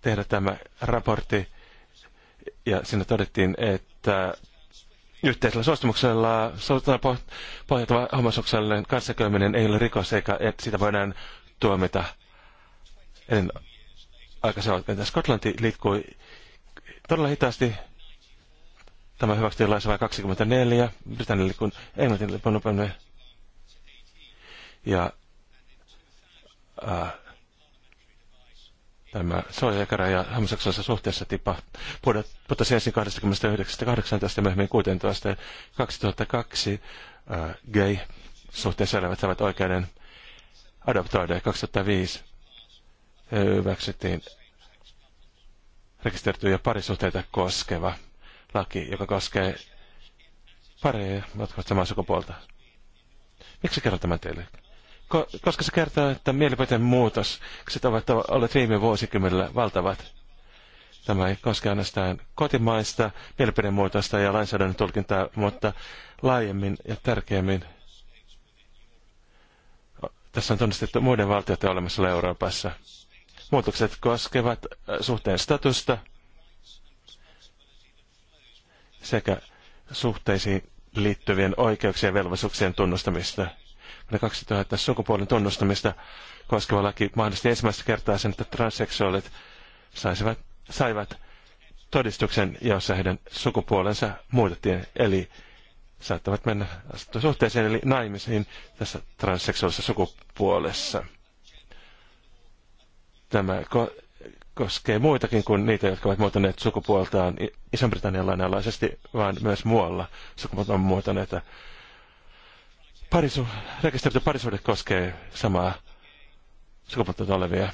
tehdä tämä raportti ja siinä todettiin, että yhteisellä suostumuksella pohjautuva homoseksuaalinen kanssakäyminen ei ole rikos eikä että sitä voidaan tuomita. aika se on. Skotlanti liikkui todella hitaasti Tämä hyväksyttiin lain 24, Britannian kun Englantin lipun Ja ää, tämä ja homoseksuaalisessa suhteessa tipa putosi ensin 29.18 ja myöhemmin 16. 2002 äh, gay suhteessa elävät saavat oikeuden adoptoida ja 2005 hyväksyttiin rekisteröityjä parisuhteita koskeva laki, joka koskee pareja, jotka ovat samaa sukupuolta. Miksi kerron tämän teille? Ko- koska se kertoo, että mielipiteen muutokset ovat olleet viime vuosikymmenellä valtavat. Tämä ei koske ainoastaan kotimaista mielipidemuutosta ja lainsäädännön tulkintaa, mutta laajemmin ja tärkeämmin. Tässä on tunnistettu muiden valtioiden olemassa Euroopassa. Muutokset koskevat äh, suhteen statusta, sekä suhteisiin liittyvien oikeuksien ja velvollisuuksien tunnustamista. Vuonna 2000 sukupuolen tunnustamista koskeva laki mahdollisti ensimmäistä kertaa sen, että transseksuaalit saisivat, saivat todistuksen, jossa heidän sukupuolensa muutettiin, eli saattavat mennä suhteeseen, eli naimisiin tässä transseksuaalisessa sukupuolessa. Tämä koskee muitakin kuin niitä, jotka ovat muotoneet sukupuoltaan Iso-Britannian lainalaisesti, vaan myös muualla sukupuolta on muotoneita. Parisu, rekisteröity parisuudet koskee samaa sukupuolta olevia.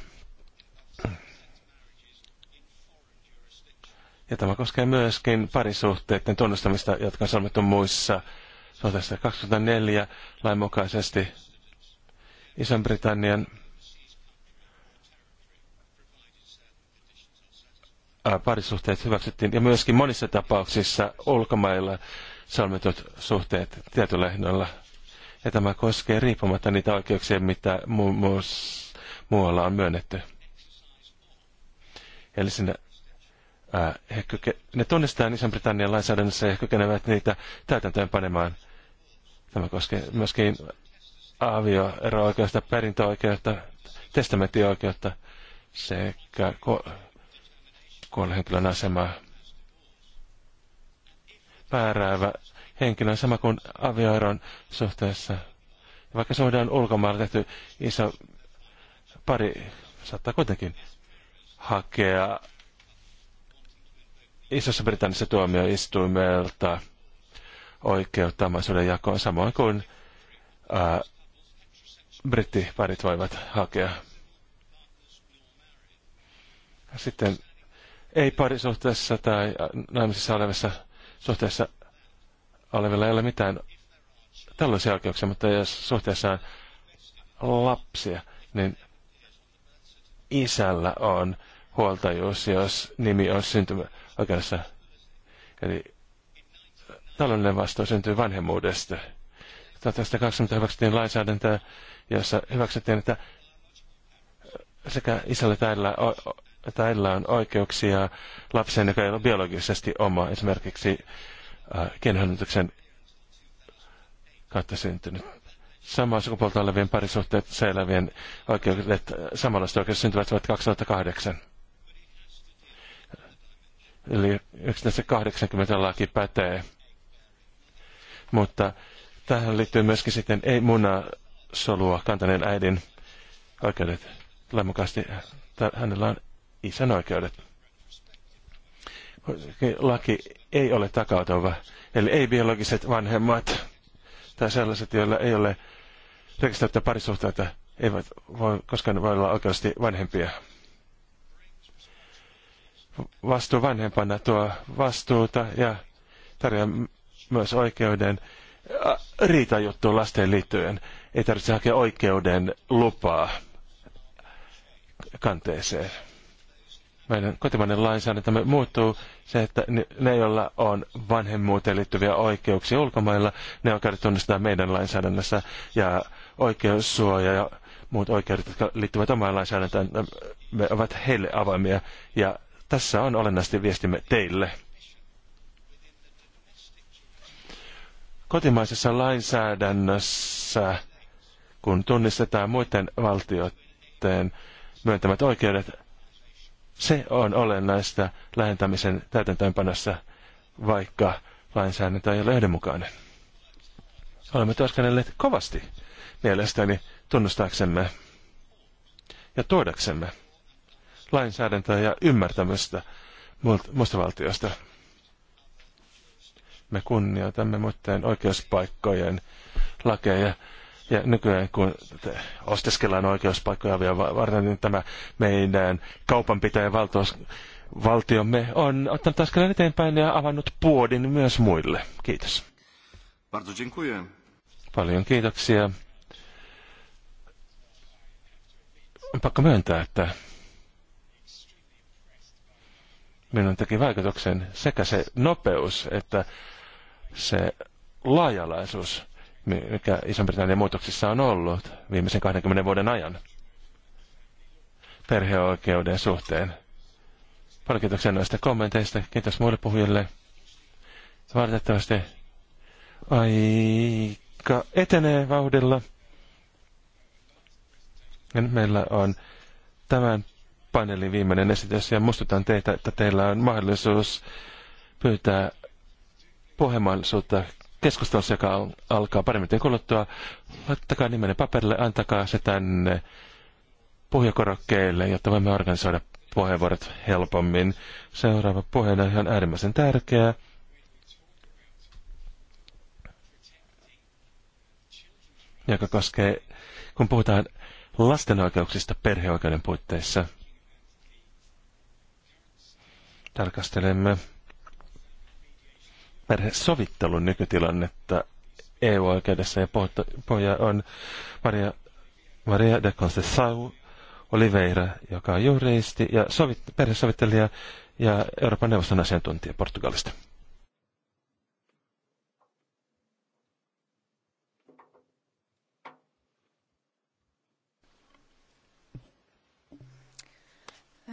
Ja tämä koskee myöskin parisuhteiden tunnustamista, jotka on solmittu muissa tässä 24 lain mukaisesti Iso-Britannian parisuhteet hyväksyttiin ja myöskin monissa tapauksissa ulkomailla solmitut suhteet tietyllä ehdoilla. Ja tämä koskee riippumatta niitä oikeuksia, mitä mu- mu- muualla on myönnetty. Eli sinne, ää, he kyke- ne tunnistetaan iso britannian lainsäädännössä ja he kykenevät niitä täytäntöön panemaan. Tämä koskee myöskin avioero-oikeutta, perintöoikeutta, testamenttioikeutta sekä ko- henkilön asemaa. Pääräävä henkilö on sama kuin avioeron suhteessa. Ja vaikka se on ulkomailla tehty iso pari, saattaa kuitenkin hakea Isossa Britannissa tuomioistuimelta oikeutta omaisuuden jakoon, samoin kuin ää, brittiparit voivat hakea. Sitten ei parisuhteessa tai äh, naimisissa olevassa suhteessa olevilla ei ole mitään tällaisia oikeuksia, mutta jos suhteessa on lapsia, niin isällä on huoltajuus, jos nimi on syntymäoikeudessa. Eli taloudellinen vastuu syntyy vanhemmuudesta. 1920 hyväksyttiin lainsäädäntöä, jossa hyväksyttiin, että sekä isällä täällä. äidillä että äidillä on oikeuksia lapseen, joka ei ole biologisesti oma, esimerkiksi äh, genhannutuksen kautta syntynyt. Samaa sukupuolta olevien parisuhteet säilävien oikeudet, äh, samanlaista oikeudet syntyvät vuonna 2008. Eli 1980 laki pätee. Mutta tähän liittyy myöskin sitten ei munasolua kantaneen äidin oikeudet. Lämmökkäästi hänellä on isän oikeudet. Laki ei ole takautuva, eli ei-biologiset vanhemmat tai sellaiset, joilla ei ole rekisteröitä parisuhteita, eivät voi koskaan voi olla oikeasti vanhempia. Vastuu vanhempana tuo vastuuta ja tarjoaa myös oikeuden riitajuttuun lasten liittyen. Ei tarvitse hakea oikeuden lupaa kanteeseen meidän kotimainen lainsäädäntömme muuttuu se, että ne, joilla on vanhemmuuteen liittyviä oikeuksia ulkomailla, ne oikeudet tunnistetaan meidän lainsäädännössä ja oikeussuoja ja muut oikeudet, jotka liittyvät omaan lainsäädäntöön, me ovat heille avaimia. Ja tässä on olennaisesti viestimme teille. Kotimaisessa lainsäädännössä, kun tunnistetaan muiden valtioiden myöntämät oikeudet, se on olennaista lähentämisen täytäntöönpanossa, vaikka lainsäädäntö ei ole yhdenmukainen. Olemme työskennelleet kovasti mielestäni tunnustaaksemme ja tuodaksemme lainsäädäntöä ja ymmärtämystä mustavaltiosta. Me kunnioitamme muiden oikeuspaikkojen lakeja ja nykyään kun osteskellaan oikeuspaikkoja vielä varten, niin tämä meidän kaupanpitäjä valtuus, valtiomme on ottanut askeleen eteenpäin ja avannut puodin myös muille. Kiitos. Bardzo dziękuję. Paljon kiitoksia. On pakko myöntää, että minun teki vaikutuksen sekä se nopeus että se laajalaisuus mikä Iso-Britannian muutoksissa on ollut viimeisen 20 vuoden ajan perheoikeuden suhteen. Paljon kiitoksia noista kommenteista. Kiitos muille puhujille. Valitettavasti aika etenee vauhdilla. Ja nyt meillä on tämän paneelin viimeinen esitys ja muistutan teitä, että teillä on mahdollisuus pyytää puhemallisuutta keskustelussa, joka alkaa paremmin minuutin kuluttua. Laittakaa nimenne paperille, antakaa se tänne puhujakorokkeille, jotta voimme organisoida puheenvuorot helpommin. Seuraava puheenaihe on äärimmäisen tärkeä. joka koskee, kun puhutaan lasten oikeuksista perheoikeuden puitteissa. Tarkastelemme perhesovittelun nykytilannetta EU-oikeudessa ja pohja on Maria, Maria de Concesau Oliveira, joka on juristi ja sovit, perhesovittelija ja Euroopan neuvoston asiantuntija Portugalista.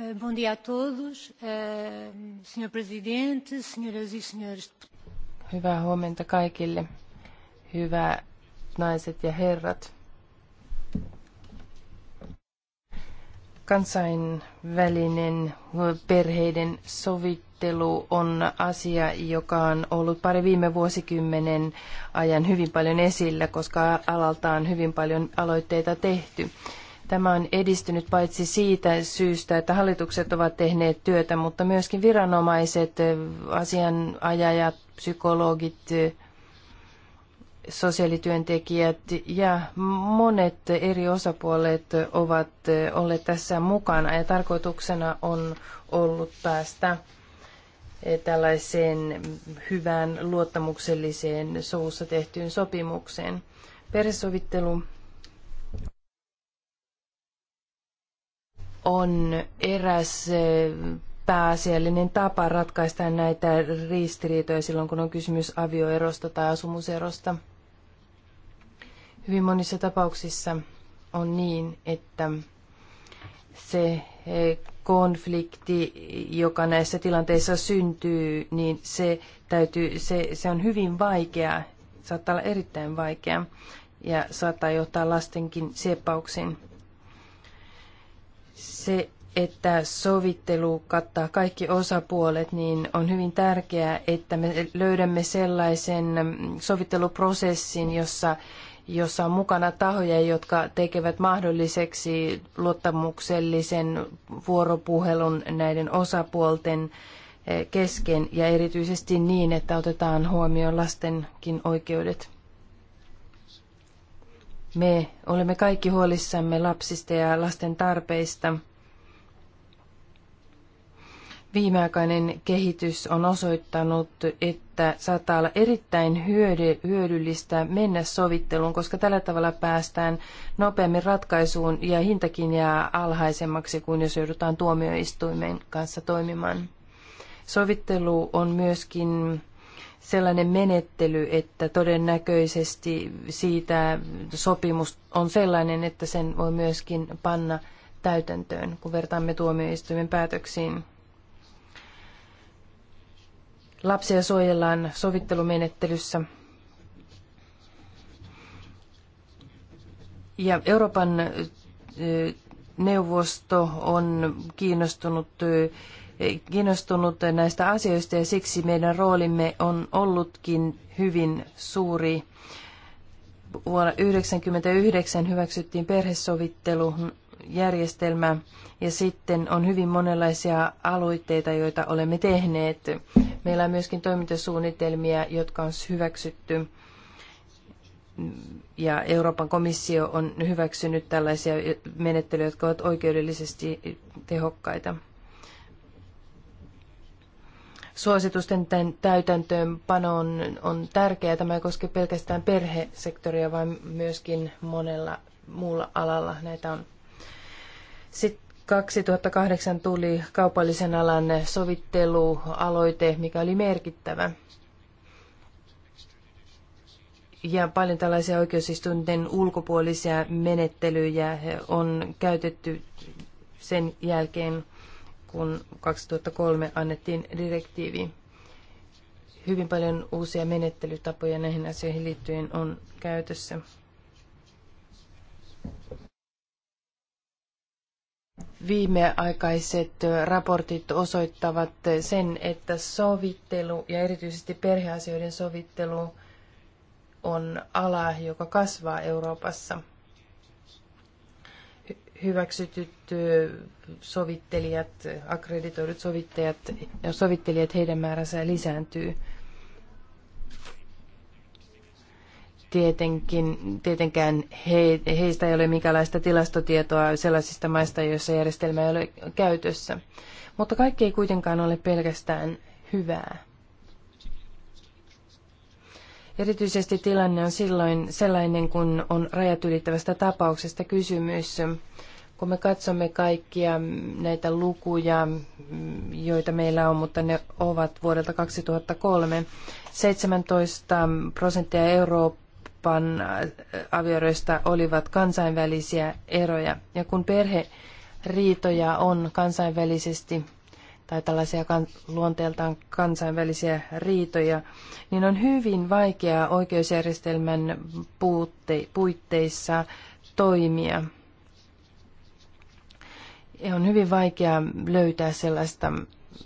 Eh, bom dia a todos, uh, eh, Sr. Presidente, senhoras e senhores deputados. Hyvää huomenta kaikille. Hyvää naiset ja herrat. Kansainvälinen perheiden sovittelu on asia, joka on ollut pari viime vuosikymmenen ajan hyvin paljon esillä, koska alaltaan hyvin paljon aloitteita tehty. Tämä on edistynyt paitsi siitä syystä, että hallitukset ovat tehneet työtä, mutta myöskin viranomaiset, asianajajat, psykologit, sosiaalityöntekijät ja monet eri osapuolet ovat olleet tässä mukana ja tarkoituksena on ollut päästä tällaiseen hyvään luottamukselliseen sovussa tehtyyn sopimukseen. Perhesovittelu on eräs eh, pääasiallinen tapa ratkaista näitä ristiriitoja silloin, kun on kysymys avioerosta tai asumuserosta. Hyvin monissa tapauksissa on niin, että se eh, konflikti, joka näissä tilanteissa syntyy, niin se, täytyy, se, se on hyvin vaikea, saattaa olla erittäin vaikea ja saattaa johtaa lastenkin sieppauksiin. Se, että sovittelu kattaa kaikki osapuolet, niin on hyvin tärkeää, että me löydämme sellaisen sovitteluprosessin, jossa, jossa on mukana tahoja, jotka tekevät mahdolliseksi luottamuksellisen vuoropuhelun näiden osapuolten eh, kesken ja erityisesti niin, että otetaan huomioon lastenkin oikeudet. Me olemme kaikki huolissamme lapsista ja lasten tarpeista. Viimeaikainen kehitys on osoittanut, että saattaa olla erittäin hyödyllistä mennä sovitteluun, koska tällä tavalla päästään nopeammin ratkaisuun ja hintakin jää alhaisemmaksi kuin jos joudutaan tuomioistuimen kanssa toimimaan. Sovittelu on myöskin sellainen menettely, että todennäköisesti siitä sopimus on sellainen, että sen voi myöskin panna täytäntöön, kun vertaamme tuomioistuimen päätöksiin. Lapsia suojellaan sovittelumenettelyssä. Ja Euroopan neuvosto on kiinnostunut kiinnostunut näistä asioista ja siksi meidän roolimme on ollutkin hyvin suuri. Vuonna 1999 hyväksyttiin perhesovittelun järjestelmä ja sitten on hyvin monenlaisia aloitteita, joita olemme tehneet. Meillä on myöskin toimintasuunnitelmia, jotka on hyväksytty ja Euroopan komissio on hyväksynyt tällaisia menettelyjä, jotka ovat oikeudellisesti tehokkaita suositusten täytäntöönpanoon on tärkeää. Tämä ei koske pelkästään perhesektoria, vaan myöskin monella muulla alalla näitä on. Sitten 2008 tuli kaupallisen alan sovittelualoite, mikä oli merkittävä. Ja paljon tällaisia oikeusistuinten ulkopuolisia menettelyjä on käytetty sen jälkeen kun 2003 annettiin direktiivi. Hyvin paljon uusia menettelytapoja näihin asioihin liittyen on käytössä. viimeaikaiset raportit osoittavat sen, että sovittelu ja erityisesti perheasioiden sovittelu on ala, joka kasvaa Euroopassa hyväksytyt sovittelijat, akkreditoidut sovittajat, sovittelijat, heidän määränsä lisääntyy. Tietenkin, tietenkään he, heistä ei ole minkäänlaista tilastotietoa sellaisista maista, joissa järjestelmä ei ole käytössä. Mutta kaikki ei kuitenkaan ole pelkästään hyvää. Erityisesti tilanne on silloin sellainen, kun on rajat ylittävästä tapauksesta kysymys. Kun me katsomme kaikkia näitä lukuja, joita meillä on, mutta ne ovat vuodelta 2003, 17 prosenttia Euroopan avioroista olivat kansainvälisiä eroja. Ja kun perheriitoja on kansainvälisesti tai tällaisia kan- luonteeltaan kansainvälisiä riitoja, niin on hyvin vaikeaa oikeusjärjestelmän puutte- puitteissa toimia on hyvin vaikea löytää sellaista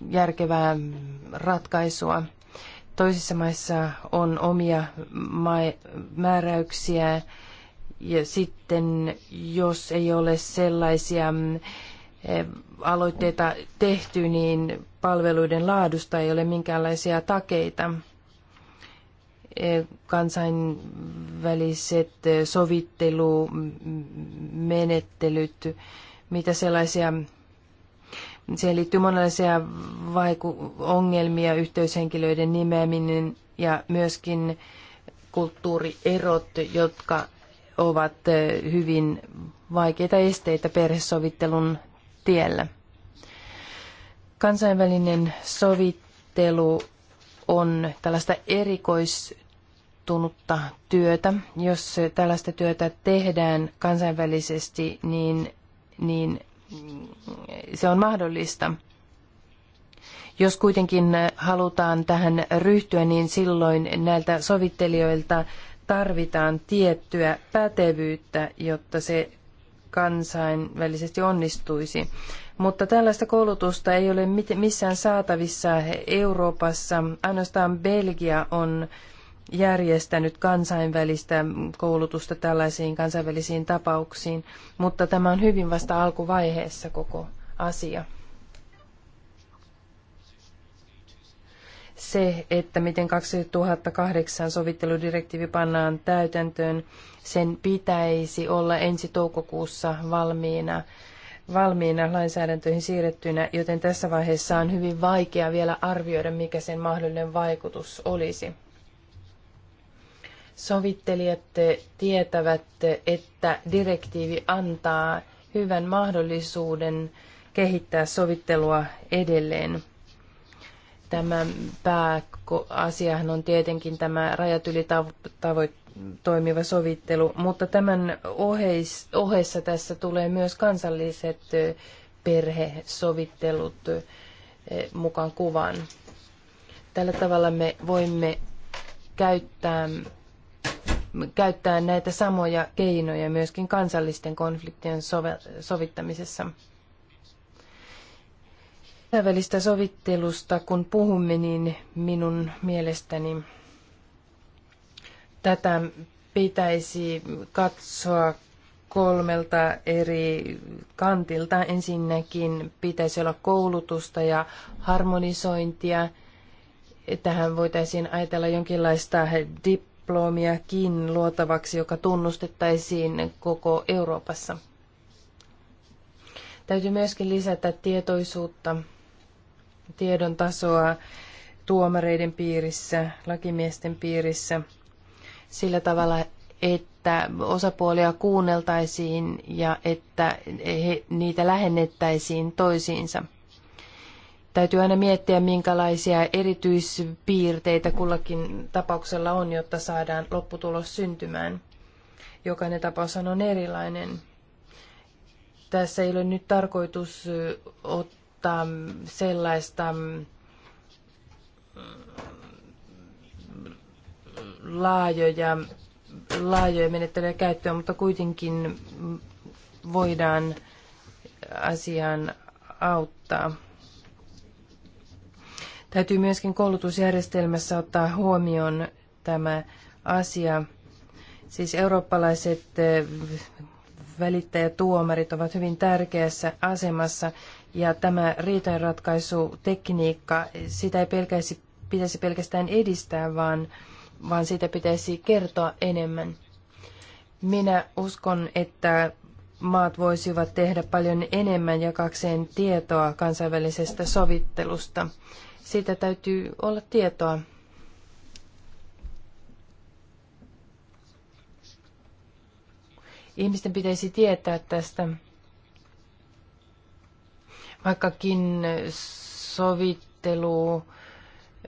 järkevää ratkaisua. Toisissa maissa on omia määräyksiä ja sitten jos ei ole sellaisia mm, eh, aloitteita tehty, niin palveluiden laadusta ei ole minkäänlaisia takeita. Eh, kansainväliset eh, sovittelumenettelyt menettelyt mitä sellaisia, siihen liittyy monenlaisia vaiku- ongelmia, yhteyshenkilöiden nimeäminen ja myöskin kulttuurierot, jotka ovat hyvin vaikeita esteitä perhesovittelun tiellä. Kansainvälinen sovittelu on tällaista erikoistunutta työtä. Jos tällaista työtä tehdään kansainvälisesti, niin niin se on mahdollista. Jos kuitenkin halutaan tähän ryhtyä, niin silloin näiltä sovittelijoilta tarvitaan tiettyä pätevyyttä, jotta se kansainvälisesti onnistuisi. Mutta tällaista koulutusta ei ole missään saatavissa Euroopassa. Ainoastaan Belgia on järjestänyt kansainvälistä koulutusta tällaisiin kansainvälisiin tapauksiin, mutta tämä on hyvin vasta alkuvaiheessa koko asia. Se, että miten 2008 sovitteludirektiivi pannaan täytäntöön, sen pitäisi olla ensi toukokuussa valmiina valmiina lainsäädäntöihin siirrettynä, joten tässä vaiheessa on hyvin vaikea vielä arvioida, mikä sen mahdollinen vaikutus olisi sovittelijat tietävät, että direktiivi antaa hyvän mahdollisuuden kehittää sovittelua edelleen. Tämä pääasiahan on tietenkin tämä rajat yli toimiva sovittelu, mutta tämän oheis, ohessa tässä tulee myös kansalliset perhesovittelut mukaan kuvaan. Tällä tavalla me voimme käyttää käyttää näitä samoja keinoja myöskin kansallisten konfliktien sovittamisessa. Kansainvälistä sovittelusta, kun puhumme, niin minun mielestäni tätä pitäisi katsoa kolmelta eri kantilta. Ensinnäkin pitäisi olla koulutusta ja harmonisointia. Tähän voitaisiin ajatella jonkinlaista dip diplomiakin luotavaksi, joka tunnustettaisiin koko Euroopassa. Täytyy myöskin lisätä tietoisuutta, tiedon tasoa tuomareiden piirissä, lakimiesten piirissä sillä tavalla, että osapuolia kuunneltaisiin ja että he, niitä lähennettäisiin toisiinsa – Täytyy aina miettiä, minkälaisia erityispiirteitä kullakin tapauksella on, jotta saadaan lopputulos syntymään. Jokainen tapaus on erilainen. Tässä ei ole nyt tarkoitus ottaa sellaista mm, laajoja, laajoja menettelyjä käyttöön, mutta kuitenkin voidaan asiaan auttaa. Täytyy myöskin koulutusjärjestelmässä ottaa huomioon tämä asia. Siis eurooppalaiset eh, välittäjätuomarit ovat hyvin tärkeässä asemassa ja tämä riitojenratkaisutekniikka, sitä ei pelkäisi, pitäisi pelkästään edistää, vaan, vaan siitä pitäisi kertoa enemmän. Minä uskon, että maat voisivat tehdä paljon enemmän jakakseen tietoa kansainvälisestä sovittelusta. Siitä täytyy olla tietoa. Ihmisten pitäisi tietää tästä, vaikkakin sovittelu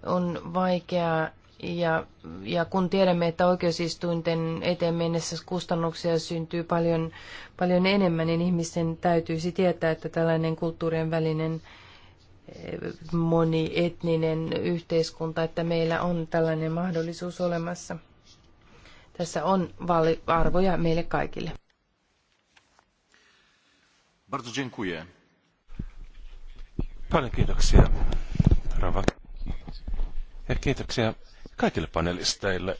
on vaikeaa ja, ja kun tiedämme, että oikeusistuinten eteen mennessä kustannuksia syntyy paljon, paljon enemmän, niin ihmisten täytyisi tietää, että tällainen kulttuurien välinen äh, monietninen yhteiskunta, että meillä on tällainen mahdollisuus olemassa. Tässä on arvoja meille kaikille. Bardzo dziękuję. Paljon kiitoksia, Rava. Ja kiitoksia kaikille panelisteille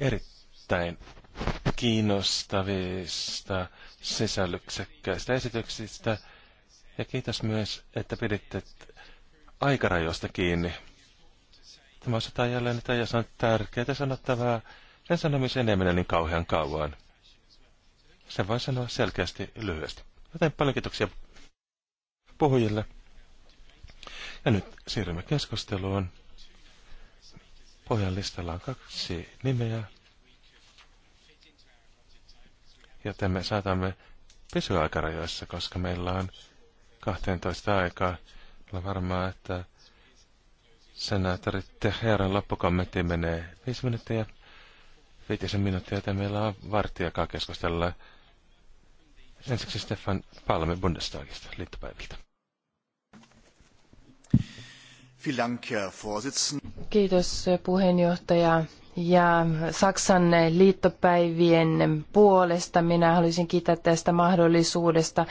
erittäin kiinnostavista, sisällyksekkäistä esityksistä. Ja kiitos myös, että piditte aikarajoista kiinni. Tämä sitä jälleen, että jos on tärkeää sanottavaa, en sanomis enemmän niin kauhean kauan. Sen voi sanoa selkeästi lyhyesti. Joten paljon kiitoksia puhujille. Ja nyt siirrymme keskusteluun. Pohjan listalla on kaksi nimeä, joten me saatamme pysyä aikarajoissa, koska meillä on 12 aikaa. Olen varmaa, että senaattori Teheran loppukommentti menee 5 minuuttia, 5 minuuttia, että meillä on vartijakaan keskustella. Ensiksi Stefan Palme Bundestagista liittopäiviltä. Kiitos puheenjohtaja ja Saksan liittopäivien puolesta minä haluaisin kiittää tästä mahdollisuudesta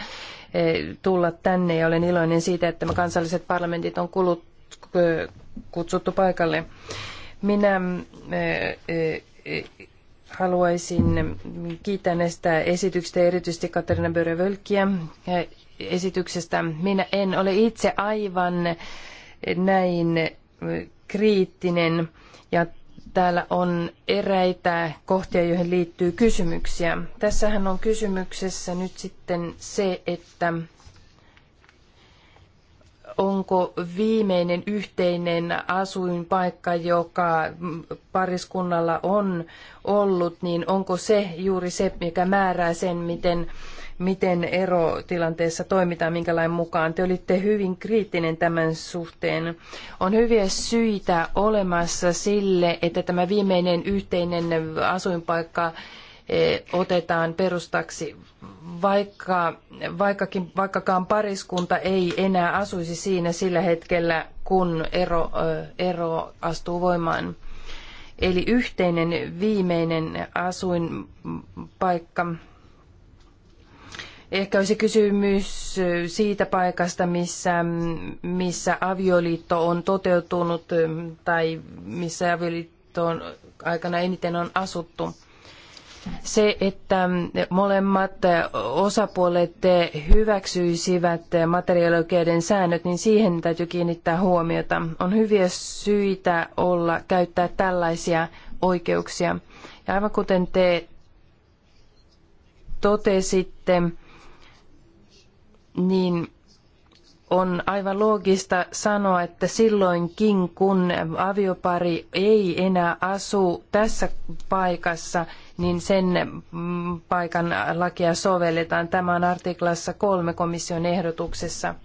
eh, tulla tänne ja olen iloinen siitä, että kansalliset parlamentit on kulut, eh, kutsuttu paikalle. Minä eh, haluaisin kiittää näistä esityksistä erityisesti Katarina Börövölkkiä esityksestä. Minä en ole itse aivan näin kriittinen ja täällä on eräitä kohtia, joihin liittyy kysymyksiä. Tässähän on kysymyksessä nyt sitten se, että onko viimeinen yhteinen asuinpaikka, joka pariskunnalla on ollut, niin onko se juuri se, mikä määrää sen, miten, miten erotilanteessa toimitaan, minkälain mukaan. Te olitte hyvin kriittinen tämän suhteen. On hyviä syitä olemassa sille, että tämä viimeinen yhteinen asuinpaikka E, otetaan perustaksi, vaikka, vaikkakin, vaikkakaan pariskunta ei enää asuisi siinä sillä hetkellä, kun ero, ero astuu voimaan. Eli yhteinen viimeinen asuinpaikka. Ehkä olisi kysymys siitä paikasta, missä, missä avioliitto on toteutunut tai missä on aikana eniten on asuttu. Se, että molemmat osapuolet hyväksyisivät materiaalioikeuden säännöt, niin siihen täytyy kiinnittää huomiota. On hyviä syitä olla käyttää tällaisia oikeuksia. Ja aivan kuten te totesitte, niin on aivan loogista sanoa, että silloinkin kun aviopari ei enää asu tässä paikassa, niin sen mm, paikan lakia sovelletaan. Tämä on artiklassa kolme komission ehdotuksessa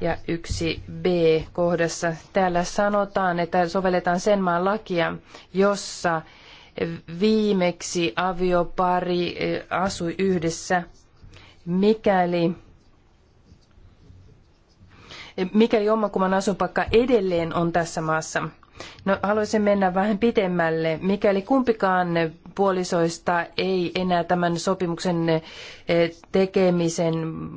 ja yksi b kohdassa. Täällä sanotaan, että sovelletaan sen maan lakia, jossa viimeksi aviopari eh, asui yhdessä, mikäli eh, mikäli omakuman asupakka edelleen on tässä maassa. No, haluaisin mennä vähän pitemmälle. Mikäli kumpikaan puolisoista ei enää tämän sopimuksen eh, tekemisen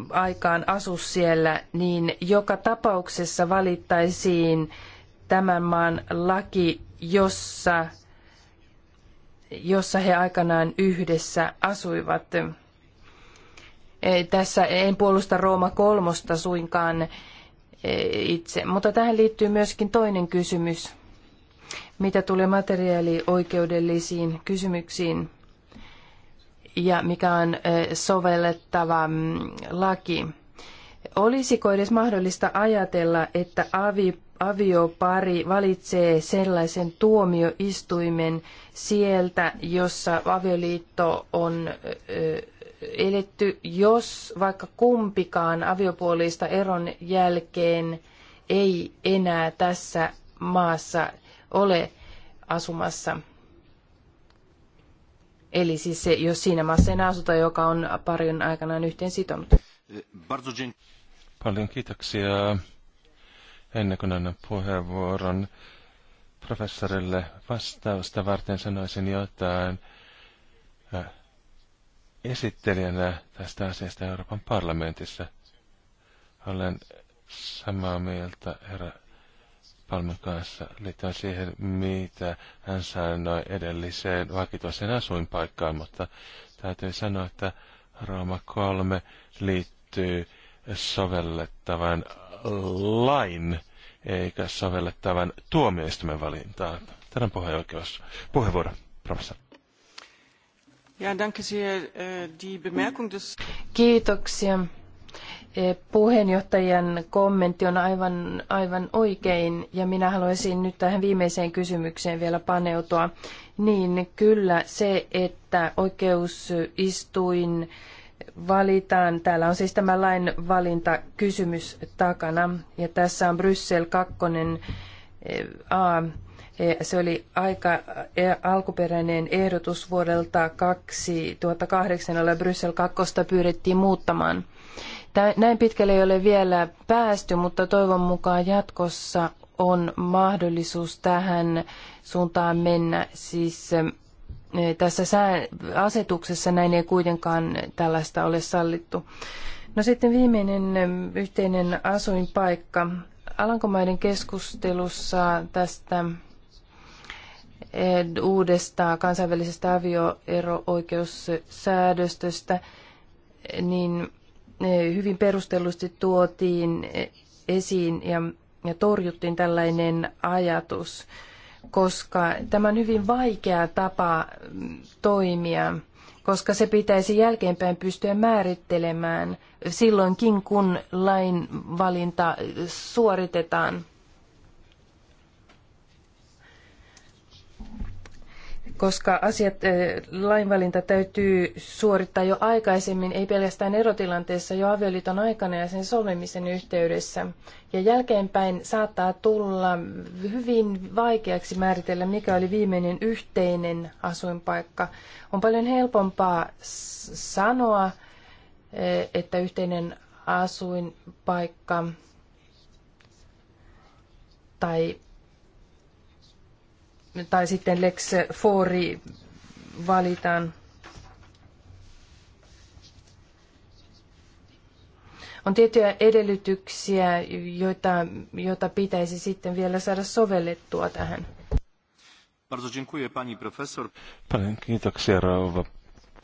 aikaan asu siellä, niin joka tapauksessa valittaisiin tämän maan laki, jossa, jossa he aikanaan yhdessä asuivat. Eh, tässä en puolusta Rooma kolmosta suinkaan eh, itse, mutta tähän liittyy myöskin toinen kysymys mitä tulee materiaalioikeudellisiin kysymyksiin ja mikä on sovellettava mm, laki. Olisiko edes mahdollista ajatella, että avi, aviopari valitsee sellaisen tuomioistuimen sieltä, jossa avioliitto on eletty, jos vaikka kumpikaan aviopuolista eron jälkeen ei enää tässä maassa ole asumassa. Eli siis se, jos siinä maassa enää asuta, joka on parin aikanaan yhteen sitonut. Paljon kiitoksia. Ennen kuin annan puheenvuoron professorille vastausta varten sanoisin jotain äh, esittelijänä tästä asiasta Euroopan parlamentissa. Olen samaa mieltä herra Palmen kanssa liittyen siihen, mitä hän sanoi edelliseen vakituiseen asuinpaikkaan, mutta täytyy sanoa, että Rooma 3 liittyy sovellettavan lain eikä sovellettavan tuomioistuimen valintaan. Tänään puheenjoikeus. Puheenvuoro, professori. Ja, danke sehr, äh, die Bemerkung des... Kiitoksia. Puheenjohtajan kommentti on aivan, aivan oikein ja minä haluaisin nyt tähän viimeiseen kysymykseen vielä paneutua. Niin kyllä se, että oikeusistuin valitaan. Täällä on siis tämä lain valinta kysymys takana ja tässä on Bryssel 2 eh, A. Eh, se oli aika eh, alkuperäinen ehdotus vuodelta 2008, jolla Bryssel 2 pyydettiin muuttamaan. Näin pitkälle ei ole vielä päästy, mutta toivon mukaan jatkossa on mahdollisuus tähän suuntaan mennä. Siis tässä asetuksessa näin ei kuitenkaan tällaista ole sallittu. No sitten viimeinen yhteinen asuinpaikka. Alankomaiden keskustelussa tästä uudesta kansainvälisestä avioero-oikeussäädöstöstä, niin hyvin perustellusti tuotiin esiin ja, ja torjuttiin tällainen ajatus, koska tämä on hyvin vaikea tapa mm, toimia, koska se pitäisi jälkeenpäin pystyä määrittelemään silloinkin, kun lain valinta suoritetaan. koska asiat, eh, lainvalinta täytyy suorittaa jo aikaisemmin, ei pelkästään erotilanteessa, jo avioliiton aikana ja sen solmimisen yhteydessä. Ja jälkeenpäin saattaa tulla hyvin vaikeaksi määritellä, mikä oli viimeinen yhteinen asuinpaikka. On paljon helpompaa sanoa, eh, että yhteinen asuinpaikka tai tai sitten Lex Fori valitaan. On tiettyjä edellytyksiä, joita, joita pitäisi sitten vielä saada sovellettua tähän. Bardzo dziękuję pani profesor. Paljon kiitoksia rouva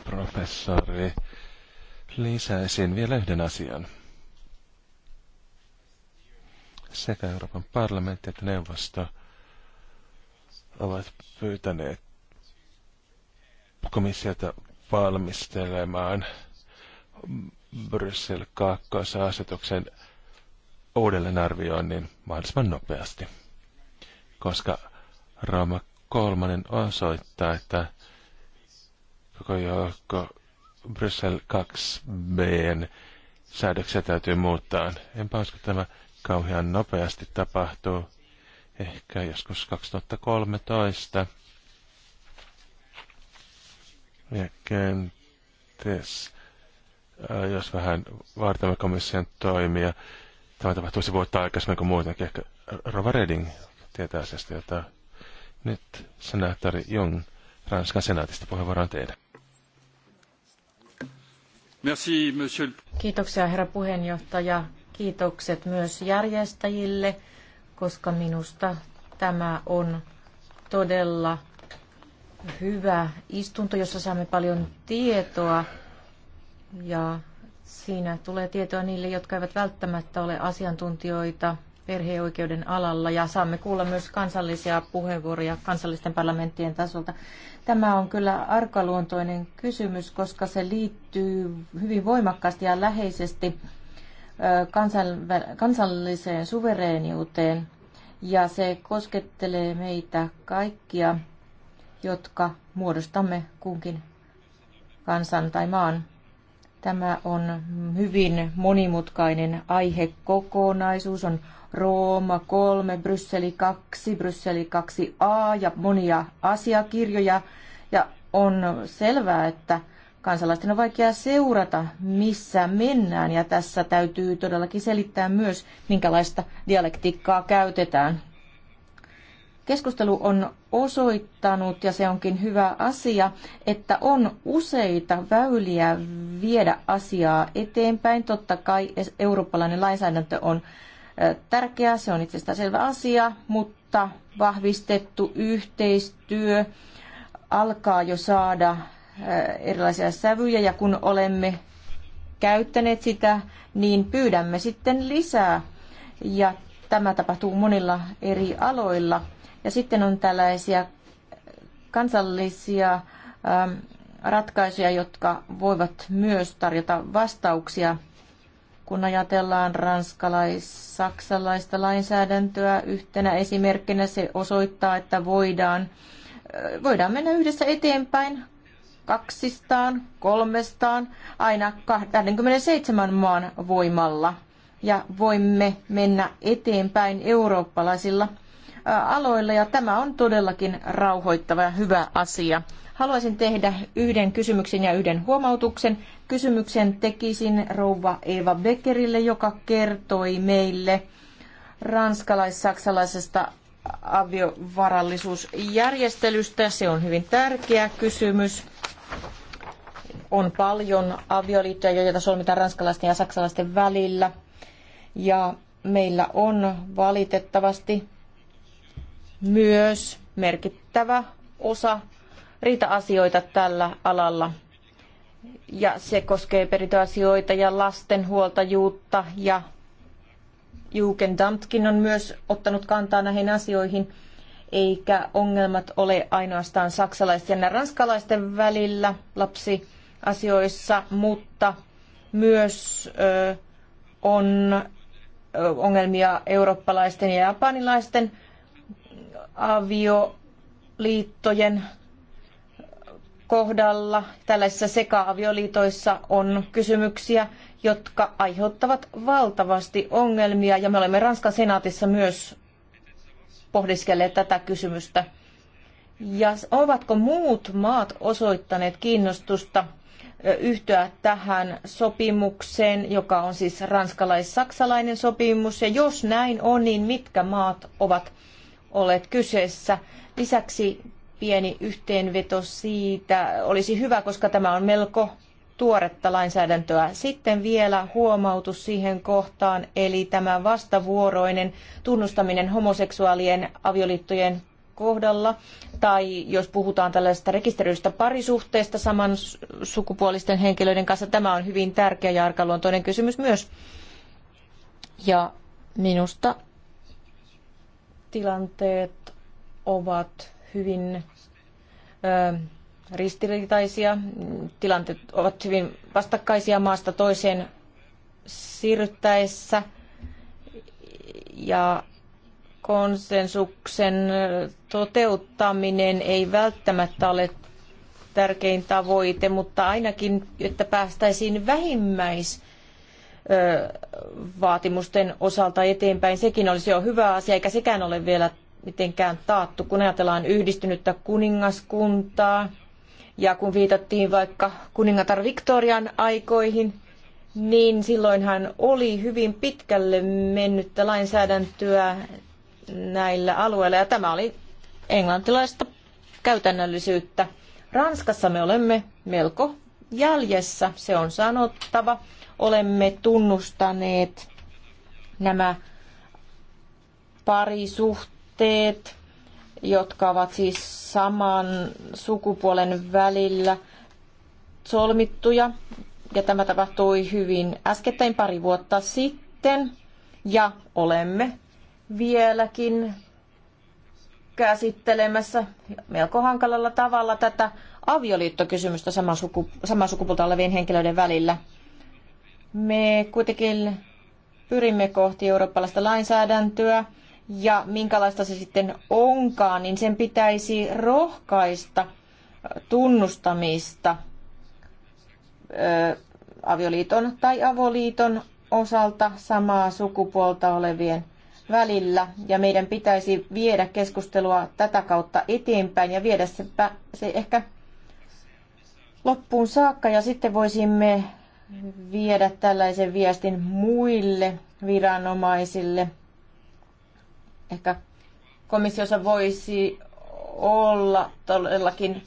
professori. Lisäisin vielä yhden asian. Sekä Euroopan parlamentti että neuvosto ovat pyytäneet komissiota valmistelemaan Bryssel 2 asetuksen uudelleenarvioinnin mahdollisimman nopeasti, koska Rooma kolmannen osoittaa, että koko joukko Bryssel 2 b säädöksiä täytyy muuttaa. Enpä usko, että tämä kauhean nopeasti tapahtuu ehkä joskus 2013. Ja kenties, äh, jos vähän vartamme komission toimia, tämä tapahtuisi vuotta aikaisemmin kuin muutenkin. Ehkä Rova Reding tietää asiasta jota Nyt senaattori Jung Ranskan senaatista puheenvuoroon teidän. Merci, monsieur. Kiitoksia herra puheenjohtaja. Kiitokset myös järjestäjille koska minusta tämä on todella hyvä istunto, jossa saamme paljon tietoa ja siinä tulee tietoa niille, jotka eivät välttämättä ole asiantuntijoita perheoikeuden alalla ja saamme kuulla myös kansallisia puheenvuoroja kansallisten parlamenttien tasolta. Tämä on kyllä arkaluontoinen kysymys, koska se liittyy hyvin voimakkaasti ja läheisesti kansalliseen suvereeniuteen ja se koskettelee meitä kaikkia, jotka muodostamme kunkin kansan tai maan. Tämä on hyvin monimutkainen aihekokonaisuus. On Rooma 3, Brysseli 2, Brysseli 2a ja monia asiakirjoja. Ja on selvää, että kansalaisten on vaikea seurata, missä mennään, ja tässä täytyy todellakin selittää myös, minkälaista dialektiikkaa käytetään. Keskustelu on osoittanut, ja se onkin hyvä asia, että on useita väyliä viedä asiaa eteenpäin. Totta kai eurooppalainen lainsäädäntö on tärkeä, se on itsestään selvä asia, mutta vahvistettu yhteistyö alkaa jo saada Äh, erilaisia sävyjä ja kun olemme käyttäneet sitä, niin pyydämme sitten lisää ja tämä tapahtuu monilla eri aloilla. Ja sitten on tällaisia kansallisia ähm, ratkaisuja, jotka voivat myös tarjota vastauksia, kun ajatellaan ranskalais-saksalaista lainsäädäntöä yhtenä esimerkkinä. Se osoittaa, että voidaan, äh, voidaan mennä yhdessä eteenpäin kaksistaan, kolmestaan, aina 27 maan voimalla. Ja voimme mennä eteenpäin eurooppalaisilla aloilla ja tämä on todellakin rauhoittava ja hyvä asia. Haluaisin tehdä yhden kysymyksen ja yhden huomautuksen. Kysymyksen tekisin rouva Eva Beckerille, joka kertoi meille ranskalais-saksalaisesta aviovarallisuusjärjestelystä. Se on hyvin tärkeä kysymys. On paljon avioliittoja, joita solmitaan ranskalaisten ja saksalaisten välillä. Ja meillä on valitettavasti myös merkittävä osa riita-asioita tällä alalla. Ja se koskee perintöasioita ja lastenhuoltajuutta ja Jugendamtkin on myös ottanut kantaa näihin asioihin eikä ongelmat ole ainoastaan saksalaisten ja ranskalaisten välillä lapsiasioissa, mutta myös on ongelmia eurooppalaisten ja japanilaisten avioliittojen kohdalla. Tällaisissa seka-avioliitoissa on kysymyksiä, jotka aiheuttavat valtavasti ongelmia ja me olemme Ranskan senaatissa myös pohdiskelee tätä kysymystä. Ja ovatko muut maat osoittaneet kiinnostusta yhtyä tähän sopimukseen, joka on siis ranskalais-saksalainen sopimus? Ja jos näin on, niin mitkä maat ovat olleet kyseessä? Lisäksi pieni yhteenveto siitä olisi hyvä, koska tämä on melko tuoretta lainsäädäntöä. Sitten vielä huomautus siihen kohtaan, eli tämä vastavuoroinen tunnustaminen homoseksuaalien avioliittojen kohdalla, tai jos puhutaan tällaisesta rekisteröidystä parisuhteesta saman sukupuolisten henkilöiden kanssa, tämä on hyvin tärkeä ja arkaluontoinen kysymys myös. Ja minusta tilanteet ovat hyvin ö, ristiriitaisia, tilanteet ovat hyvin vastakkaisia maasta toiseen siirryttäessä ja konsensuksen toteuttaminen ei välttämättä ole tärkein tavoite, mutta ainakin, että päästäisiin vähimmäis vaatimusten osalta eteenpäin. Sekin olisi jo hyvä asia, eikä sekään ole vielä mitenkään taattu, kun ajatellaan yhdistynyttä kuningaskuntaa, ja kun viitattiin vaikka kuningatar Victorian aikoihin, niin silloinhan oli hyvin pitkälle mennyttä lainsäädäntöä näillä alueilla. Ja tämä oli englantilaista käytännöllisyyttä. Ranskassa me olemme melko jäljessä, se on sanottava. Olemme tunnustaneet nämä parisuhteet jotka ovat siis saman sukupuolen välillä solmittuja. Ja tämä tapahtui hyvin äskettäin pari vuotta sitten. Ja olemme vieläkin käsittelemässä melko hankalalla tavalla tätä avioliittokysymystä saman, suku, saman sukupuolta olevien henkilöiden välillä. Me kuitenkin pyrimme kohti eurooppalaista lainsäädäntöä, ja minkälaista se sitten onkaan, niin sen pitäisi rohkaista tunnustamista ö, avioliiton tai avoliiton osalta samaa sukupuolta olevien välillä. Ja meidän pitäisi viedä keskustelua tätä kautta eteenpäin ja viedä se, se ehkä loppuun saakka ja sitten voisimme viedä tällaisen viestin muille viranomaisille – ehkä komissiossa voisi olla todellakin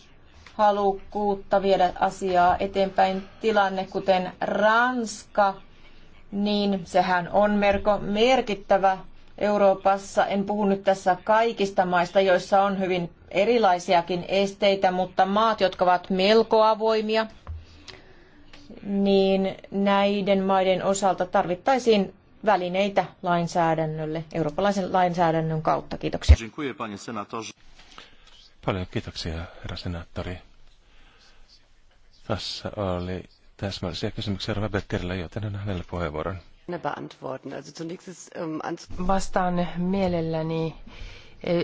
halukkuutta viedä asiaa eteenpäin. Tilanne, kuten Ranska, niin sehän on merko merkittävä Euroopassa. En puhu nyt tässä kaikista maista, joissa on hyvin erilaisiakin esteitä, mutta maat, jotka ovat melko avoimia, niin näiden maiden osalta tarvittaisiin välineitä lainsäädännölle, eurooppalaisen lainsäädännön kautta. Kiitoksia. Paljon kiitoksia, herra senaattori. Tässä oli täsmällisiä kysymyksiä Robertille, joten annan hänelle puheenvuoron. Ähm, Vastaan mielelläni.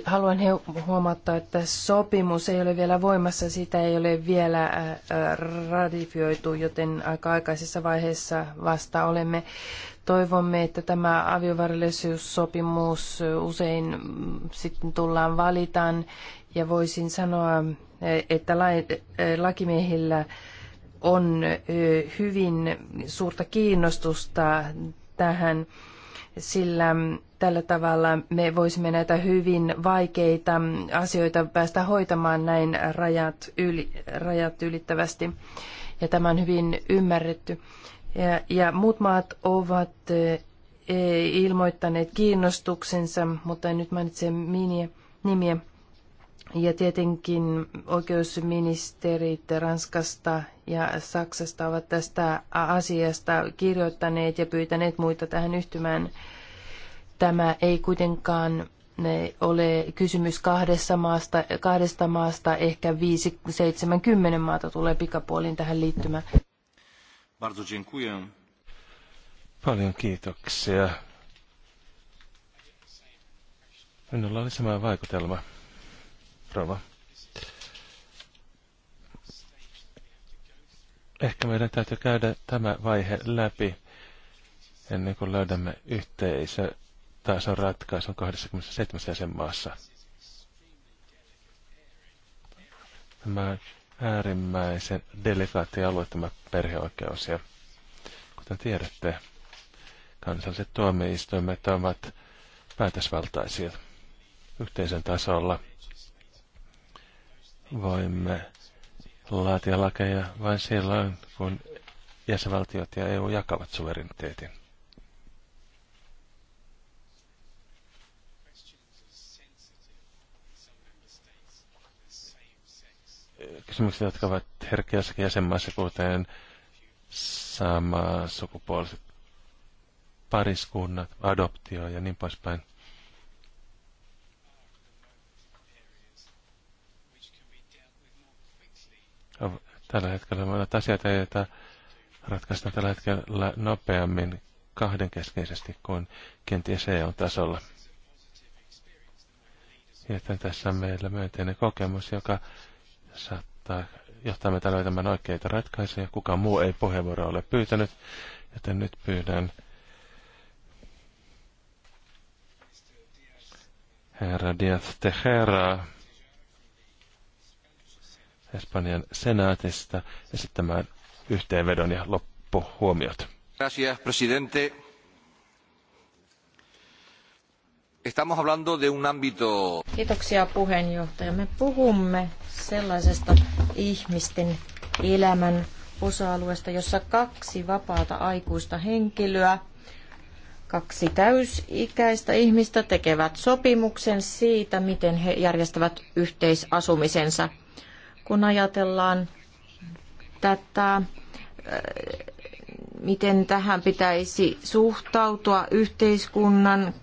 Haluan huomauttaa, että sopimus ei ole vielä voimassa, sitä ei ole vielä äh, äh, ratifioitu, joten aika aikaisessa vaiheessa vasta olemme. Toivomme, että tämä aviovarallisuussopimus usein sitten tullaan valitaan ja voisin sanoa, että lakimiehillä on hyvin suurta kiinnostusta tähän, sillä tällä tavalla me voisimme näitä hyvin vaikeita asioita päästä hoitamaan näin rajat, yli, rajat ylittävästi. Ja tämä on hyvin ymmärretty. Ja, ja muut maat ovat e, e, ilmoittaneet kiinnostuksensa, mutta en nyt mainitse minie, nimiä. Ja tietenkin oikeusministerit Ranskasta ja Saksasta ovat tästä asiasta kirjoittaneet ja pyytäneet muita tähän yhtymään. Tämä ei kuitenkaan e, ole kysymys kahdessa maasta, kahdesta maasta ehkä 5-70 maata tulee pikapuolin tähän liittymään. Bardzo dziękuję. Paljon kiitoksia. Minulla oli sama vaikutelma. Rova. Ehkä meidän täytyy käydä tämä vaihe läpi ennen kuin löydämme yhteisö tason ratkaisun 27 jäsenmaassa. Tämä äärimmäisen delikaatti alue tämä perheoikeus. Ja kuten tiedätte, kansalliset tuomioistuimet ovat päätösvaltaisia yhteisön tasolla. Voimme laatia lakeja vain silloin, kun jäsenvaltiot ja EU jakavat suvereniteetin. kysymyksiä, jotka ovat herkkiä jossakin jäsenmaissa, kuten sama sukupuoliset pariskunnat, adoptio ja niin poispäin. Tällä hetkellä monet asiat, joita ratkaistaan tällä hetkellä nopeammin kahdenkeskeisesti kuin kenties EU-tasolla. Joten tässä on meillä myönteinen kokemus, joka saattaa auttaa, johtaa meitä löytämään oikeita ratkaisuja. Kukaan muu ei puheenvuoroa ole pyytänyt, joten nyt pyydän herra Diaz Tejera Espanjan senaatista esittämään yhteenvedon ja loppuhuomiot. Gracias, presidente. Estamos hablando de un ámbito... Kiitoksia puheenjohtaja. Me puhumme sellaisesta ihmisten elämän osa-alueesta, jossa kaksi vapaata aikuista henkilöä, kaksi täysikäistä ihmistä tekevät sopimuksen siitä, miten he järjestävät yhteisasumisensa. Kun ajatellaan tätä, äh, miten tähän pitäisi suhtautua yhteiskunnan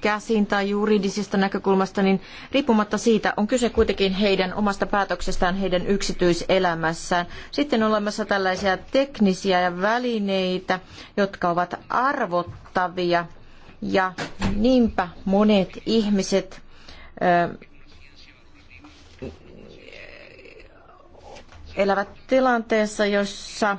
käsin tai juridisesta näkökulmasta, niin riippumatta siitä on kyse kuitenkin heidän omasta päätöksestään, heidän yksityiselämässään. Sitten on olemassa tällaisia teknisiä ja välineitä, jotka ovat arvottavia ja niinpä monet ihmiset elävät tilanteessa, jossa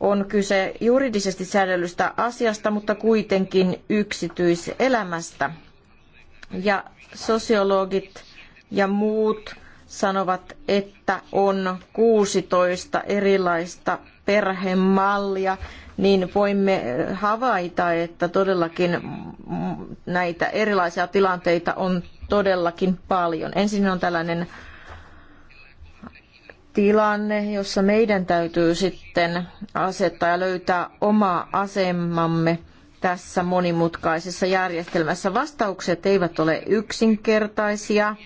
on kyse juridisesti säädellystä asiasta, mutta kuitenkin yksityiselämästä. Ja sosiologit ja muut sanovat, että on 16 erilaista perhemallia, niin voimme havaita, että todellakin näitä erilaisia tilanteita on todellakin paljon. Ensin on tällainen tilanne, jossa meidän täytyy sitten asettaa ja löytää oma asemamme tässä monimutkaisessa järjestelmässä. Vastaukset eivät ole yksinkertaisia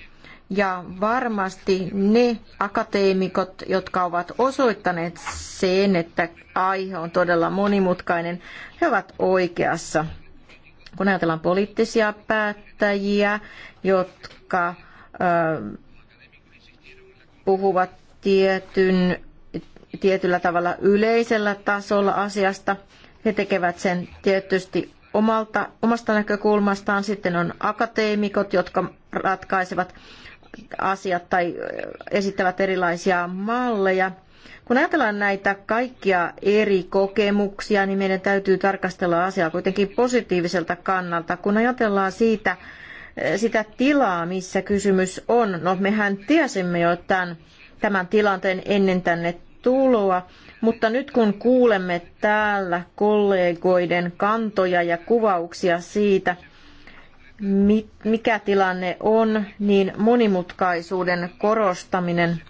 ja varmasti ne akateemikot, jotka ovat osoittaneet sen, että aihe on todella monimutkainen, he ovat oikeassa. Kun ajatellaan poliittisia päättäjiä, jotka puhuvat tietyn, tietyllä tavalla yleisellä tasolla asiasta. He tekevät sen tietysti omalta, omasta näkökulmastaan. Sitten on akateemikot, jotka ratkaisevat asiat tai esittävät erilaisia malleja. Kun ajatellaan näitä kaikkia eri kokemuksia, niin meidän täytyy tarkastella asiaa kuitenkin positiiviselta kannalta. Kun ajatellaan siitä, sitä tilaa, missä kysymys on, no mehän tiesimme jo tämän tämän tilanteen ennen tänne tuloa, mutta nyt kun kuulemme täällä kollegoiden kantoja ja kuvauksia siitä, mikä tilanne on, niin monimutkaisuuden korostaminen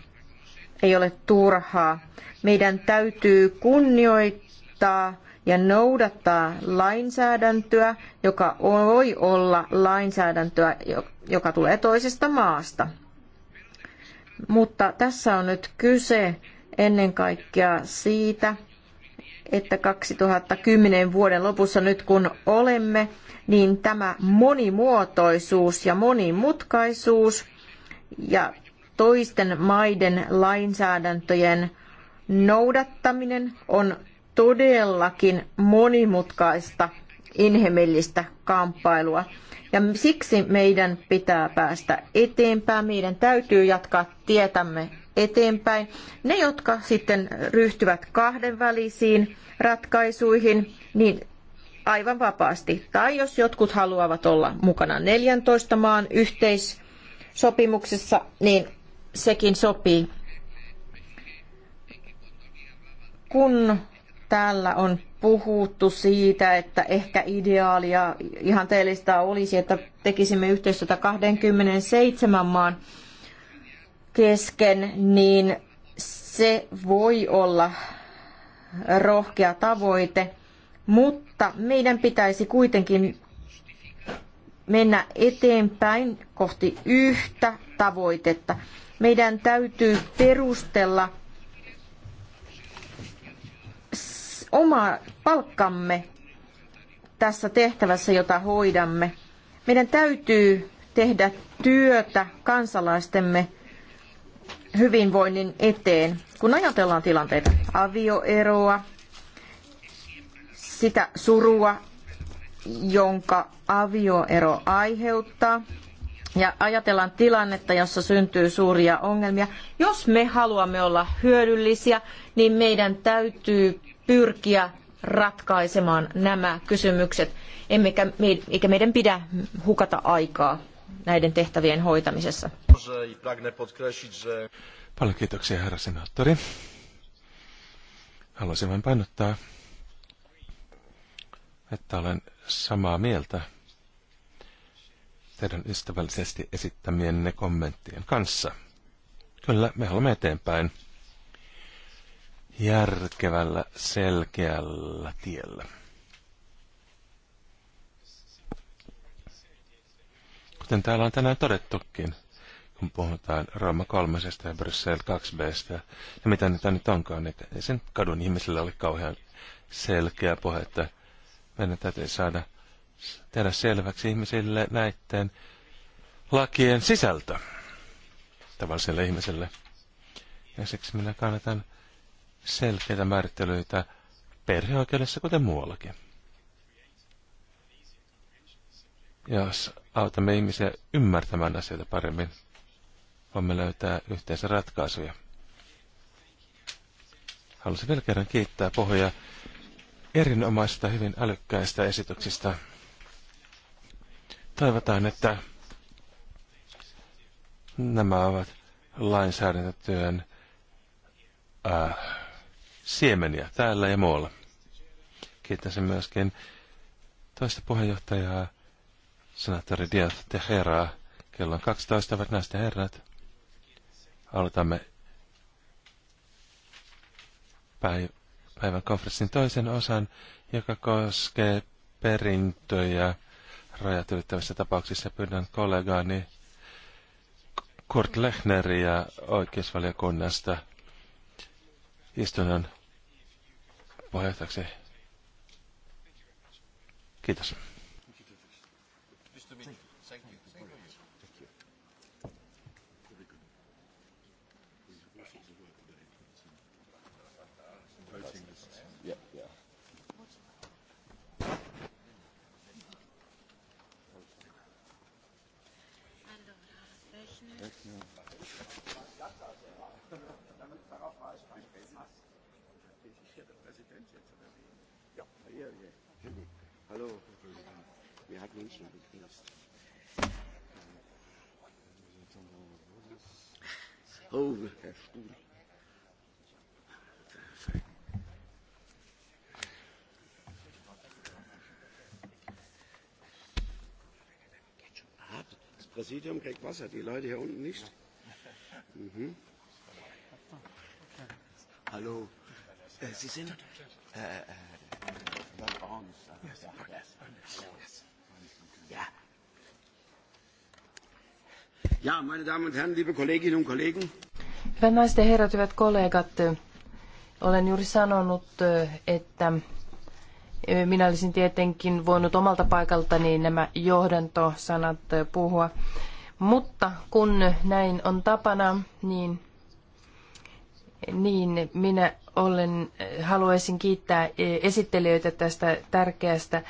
ei ole turhaa. Meidän täytyy kunnioittaa ja noudattaa lainsäädäntöä, joka voi olla lainsäädäntöä, joka tulee toisesta maasta. Mutta tässä on nyt kyse ennen kaikkea siitä, että 2010 vuoden lopussa nyt kun olemme, niin tämä monimuotoisuus ja monimutkaisuus ja toisten maiden lainsäädäntöjen noudattaminen on todellakin monimutkaista inhimillistä kamppailua. Ja siksi meidän pitää päästä eteenpäin, meidän täytyy jatkaa tietämme eteenpäin. Ne, jotka sitten ryhtyvät kahdenvälisiin ratkaisuihin, niin aivan vapaasti. Tai jos jotkut haluavat olla mukana 14 maan yhteissopimuksessa, niin sekin sopii. Kun täällä on puhuttu siitä, että ehkä ideaalia ihan teellistä olisi, että tekisimme yhteistyötä 27 maan kesken, niin se voi olla rohkea tavoite, mutta meidän pitäisi kuitenkin mennä eteenpäin kohti yhtä tavoitetta. Meidän täytyy perustella oma palkkamme tässä tehtävässä, jota hoidamme. Meidän täytyy tehdä työtä kansalaistemme hyvinvoinnin eteen. Kun ajatellaan tilanteita, avioeroa, sitä surua, jonka avioero aiheuttaa, ja ajatellaan tilannetta, jossa syntyy suuria ongelmia. Jos me haluamme olla hyödyllisiä, niin meidän täytyy pyrkiä ratkaisemaan nämä kysymykset, emmekä eikä meidän pidä hukata aikaa näiden tehtävien hoitamisessa. Paljon kiitoksia, herra senaattori. Haluaisin vain painottaa, että olen samaa mieltä teidän ystävällisesti esittämienne kommenttien kanssa. Kyllä, me haluamme eteenpäin järkevällä, selkeällä tiellä. Kuten täällä on tänään todettukin, kun puhutaan Rooma 3 ja Brussel 2Bstä, ja mitä niitä nyt onkaan, niin ei sen kadun ihmisillä oli kauhean selkeä puhe, että meidän täytyy saada tehdä selväksi ihmisille näiden lakien sisältö tavalliselle ihmiselle. Ja siksi minä kannatan selkeitä määrittelyitä perheoikeudessa kuten muuallakin. Jos autamme ihmisiä ymmärtämään asioita paremmin, voimme löytää yhteensä ratkaisuja. Haluaisin vielä kerran kiittää pohjoja erinomaisista, hyvin älykkäistä esityksistä. Toivotaan, että nämä ovat lainsäädäntötyön äh, siemeniä täällä ja muualla. Kiittäisin myöskin toista puheenjohtajaa, senaattori Diaz Teheraa. Kello on 12, ovat näistä herrat. Aloitamme päivän konferenssin toisen osan, joka koskee perintöjä rajat ylittävissä tapauksissa. Pyydän kollegaani Kurt Lechneriä oikeusvaliokunnasta istunnon puheenjohtajaksi. Kiitos. Um, oh, ah, das Präsidium kriegt Wasser, die Leute hier unten nicht. Mhm. Hallo. Äh, Sie sind. Äh, äh, Ernst. Yes, Ernst. Yes. Ja. Ja, meine Damen und Herren, liebe Kolleginnen und Kollegen. Hyvät naiset ja herrat, hyvät kollegat, olen juuri sanonut, että minä olisin tietenkin voinut omalta paikaltani nämä johdantosanat puhua. Mutta kun näin on tapana, niin, niin minä olen, haluaisin kiittää esittelijöitä tästä tärkeästä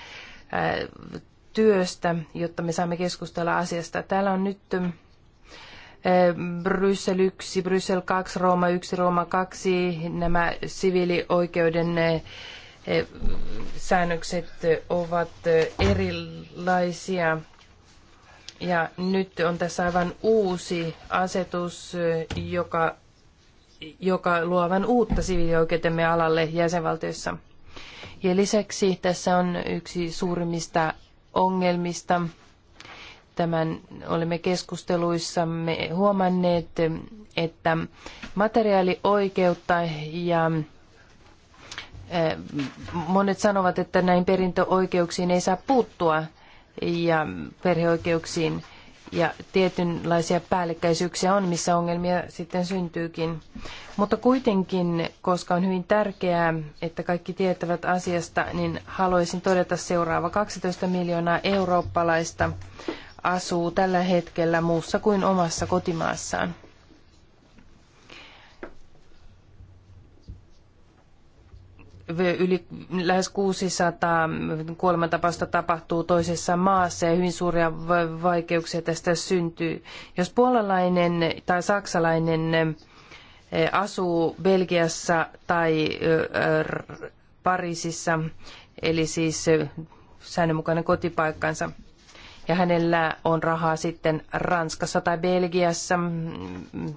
työstä, jotta me saamme keskustella asiasta. Täällä on nyt eh, Bryssel 1, Bryssel 2, Rooma 1, Rooma 2, nämä siviilioikeuden eh, eh, säännökset ovat erilaisia. Ja nyt on tässä aivan uusi asetus, joka, joka luo aivan uutta siviilioikeutemme alalle jäsenvaltiossa. Ja lisäksi tässä on yksi suurimmista ongelmista. Tämän olemme keskusteluissamme huomanneet, että materiaalioikeutta ja monet sanovat, että näin perintöoikeuksiin ei saa puuttua ja perheoikeuksiin – ja tietynlaisia päällekkäisyyksiä on, missä ongelmia sitten syntyykin. Mutta kuitenkin, koska on hyvin tärkeää, että kaikki tietävät asiasta, niin haluaisin todeta seuraava. 12 miljoonaa eurooppalaista asuu tällä hetkellä muussa kuin omassa kotimaassaan. yli lähes 600 kuolemantapausta tapahtuu toisessa maassa ja hyvin suuria vaikeuksia tästä syntyy. Jos puolalainen tai saksalainen asuu Belgiassa tai Pariisissa, eli siis säännönmukainen kotipaikkansa, ja hänellä on rahaa sitten Ranskassa tai Belgiassa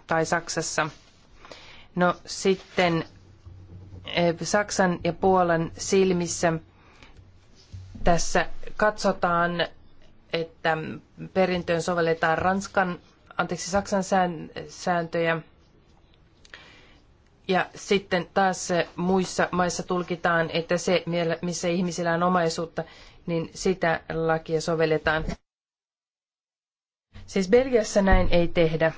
tai Saksassa. No sitten Eh, Saksan ja Puolan silmissä tässä katsotaan, että perintöön sovelletaan Ranskan, anteeksi, Saksan sääntöjä. Ja sitten taas muissa maissa tulkitaan, että se, missä ihmisillä on omaisuutta, niin sitä lakia sovelletaan. Siis Belgiassa näin ei tehdä.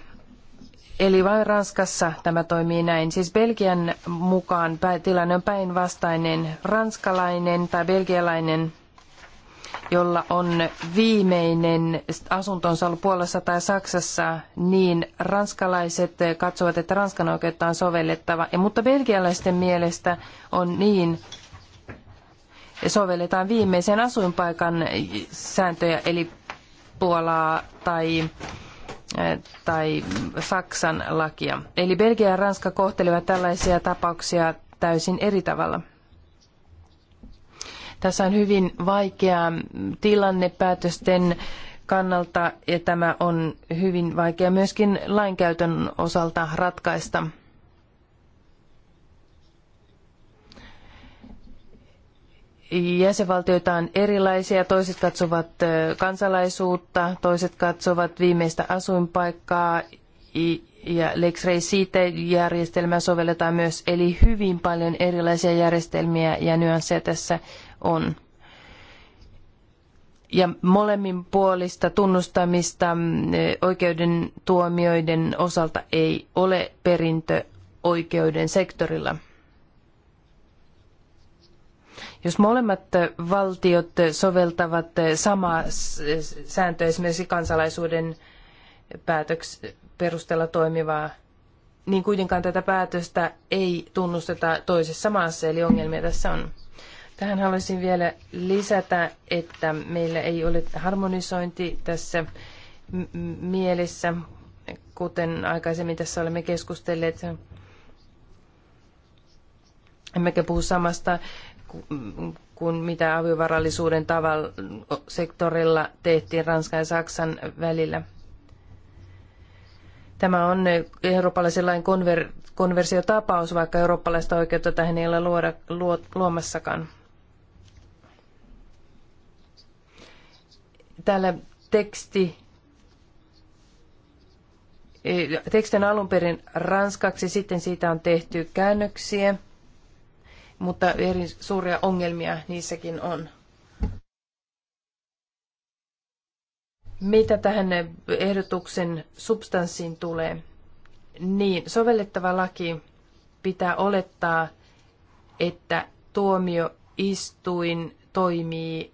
Eli vain Ranskassa tämä toimii näin. Siis Belgian mukaan tilanne on päinvastainen. Ranskalainen tai belgialainen, jolla on viimeinen asuntonsa ollut Puolassa tai Saksassa, niin ranskalaiset katsovat, että Ranskan oikeutta on sovellettava. Mutta belgialaisten mielestä on niin, sovelletaan viimeisen asuinpaikan sääntöjä, eli Puolaa tai tai Saksan lakia. Eli Belgia ja Ranska kohtelevat tällaisia tapauksia täysin eri tavalla. Tässä on hyvin vaikea tilanne päätösten kannalta ja tämä on hyvin vaikea myöskin lainkäytön osalta ratkaista. jäsenvaltioita on erilaisia. Toiset katsovat kansalaisuutta, toiset katsovat viimeistä asuinpaikkaa ja Lex Ray siitä järjestelmää sovelletaan myös. Eli hyvin paljon erilaisia järjestelmiä ja nyansseja tässä on. Ja molemmin puolista tunnustamista oikeuden tuomioiden osalta ei ole perintöoikeuden sektorilla. Jos molemmat valtiot soveltavat samaa sääntöä, esimerkiksi kansalaisuuden päätöks- perusteella toimivaa, niin kuitenkaan tätä päätöstä ei tunnusteta toisessa maassa, eli ongelmia tässä on. Tähän haluaisin vielä lisätä, että meillä ei ole harmonisointi tässä mielessä, kuten aikaisemmin tässä olemme keskustelleet. Emmekä puhu samasta kuin mitä avivarallisuuden tavall- sektorilla tehtiin Ranskan ja Saksan välillä. Tämä on eurooppalaisen lain konver- konversiotapaus, vaikka eurooppalaista oikeutta tähän ei ole luoda, luo, luomassakaan. Täällä teksti tekstin alun perin ranskaksi, sitten siitä on tehty käännöksiä – mutta eri suuria ongelmia niissäkin on. Mitä tähän ehdotuksen substanssiin tulee, niin sovellettava laki pitää olettaa, että tuomioistuin toimii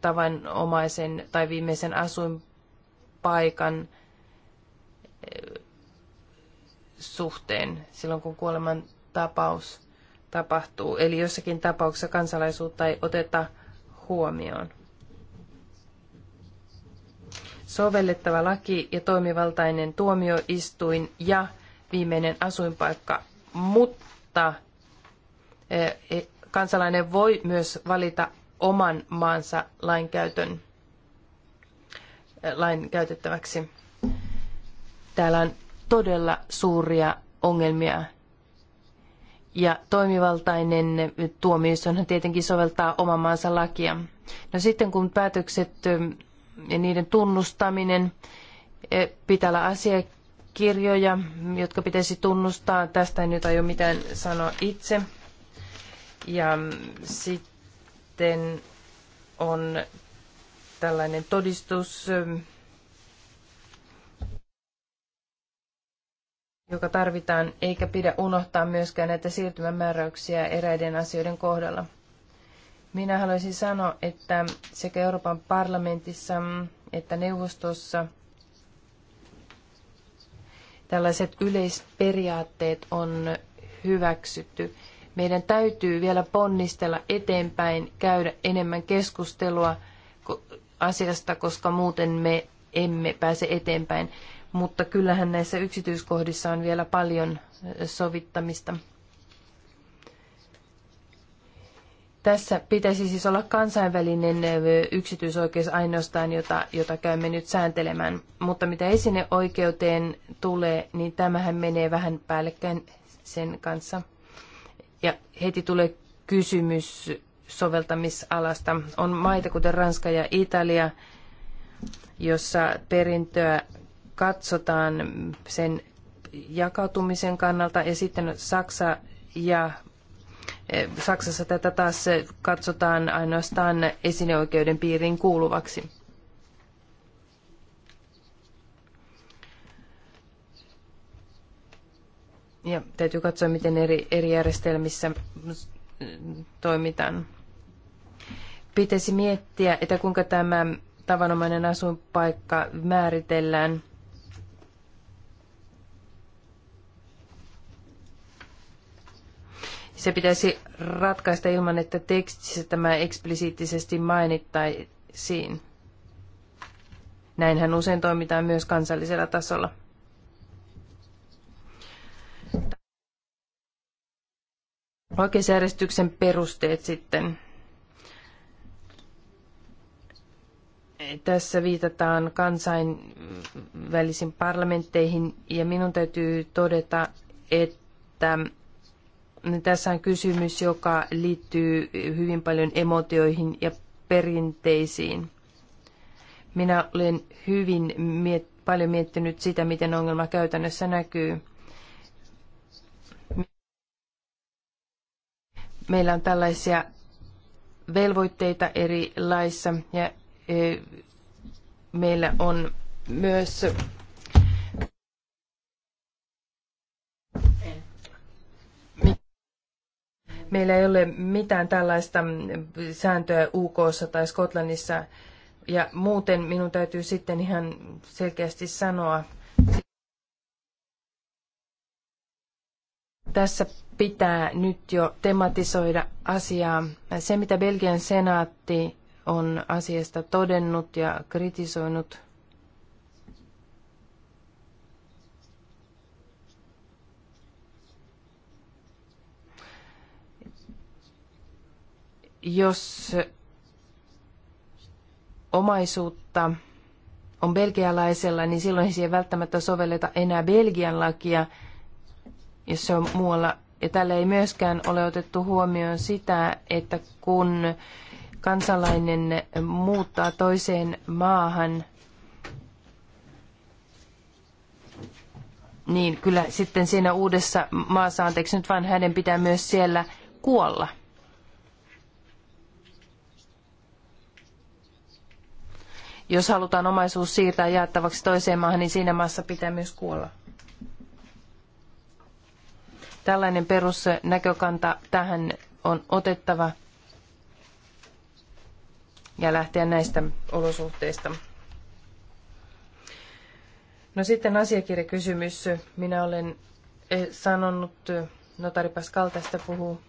tavanomaisen tai viimeisen asuinpaikan eh, suhteen silloin, kun kuoleman tapaus tapahtuu. Eli jossakin tapauksessa kansalaisuutta ei oteta huomioon. Sovellettava laki ja toimivaltainen tuomioistuin ja viimeinen asuinpaikka, mutta eh, eh, kansalainen voi myös valita oman maansa lainkäytön eh, lain käytettäväksi. Täällä on todella suuria ongelmia ja toimivaltainen tuomioistuinhan tietenkin soveltaa oman maansa lakia. No sitten kun päätökset ja niiden tunnustaminen pitää olla asiakirjoja, jotka pitäisi tunnustaa. Tästä en nyt aio mitään sanoa itse. Ja sitten on tällainen todistus, joka tarvitaan, eikä pidä unohtaa myöskään näitä siirtymämääräyksiä eräiden asioiden kohdalla. Minä haluaisin sanoa, että sekä Euroopan parlamentissa että neuvostossa tällaiset yleisperiaatteet on hyväksytty. Meidän täytyy vielä ponnistella eteenpäin, käydä enemmän keskustelua asiasta, koska muuten me emme pääse eteenpäin mutta kyllähän näissä yksityiskohdissa on vielä paljon sovittamista. Tässä pitäisi siis olla kansainvälinen yksityisoikeus ainoastaan, jota, jota käymme nyt sääntelemään. Mutta mitä oikeuteen tulee, niin tämähän menee vähän päällekkäin sen kanssa. Ja heti tulee kysymys soveltamisalasta. On maita, kuten Ranska ja Italia, jossa perintöä katsotaan sen jakautumisen kannalta ja sitten Saksa ja eh, Saksassa tätä taas katsotaan ainoastaan esineoikeuden piiriin kuuluvaksi. Ja täytyy katsoa, miten eri, eri järjestelmissä toimitaan. Pitäisi miettiä, että kuinka tämä tavanomainen asuinpaikka määritellään – se pitäisi ratkaista ilman, että tekstissä tämä eksplisiittisesti mainittaisiin. Näinhän usein toimitaan myös kansallisella tasolla. Oikeusjärjestyksen perusteet sitten. Tässä viitataan kansainvälisiin parlamentteihin ja minun täytyy todeta, että niin tässä on kysymys, joka liittyy hyvin paljon emotioihin ja perinteisiin. Minä olen hyvin miet- paljon miettinyt sitä, miten ongelma käytännössä näkyy. Meillä on tällaisia velvoitteita eri laissa ja meillä on myös Meillä ei ole mitään tällaista sääntöä UK tai Skotlannissa. Ja muuten minun täytyy sitten ihan selkeästi sanoa, tässä pitää nyt jo tematisoida asiaa. Se, mitä Belgian senaatti on asiasta todennut ja kritisoinut, jos omaisuutta on belgialaisella, niin silloin siihen välttämättä sovelleta enää Belgian lakia, jos se on muualla. Ja tällä ei myöskään ole otettu huomioon sitä, että kun kansalainen muuttaa toiseen maahan, niin kyllä sitten siinä uudessa maassa, anteeksi nyt vaan, hänen pitää myös siellä kuolla. Jos halutaan omaisuus siirtää jaettavaksi toiseen maahan, niin siinä maassa pitää myös kuolla. Tällainen perusnäkökanta tähän on otettava ja lähteä näistä olosuhteista. No sitten asiakirjakysymys. Minä olen eh, sanonut, eh, notari Pascal tästä puhuu,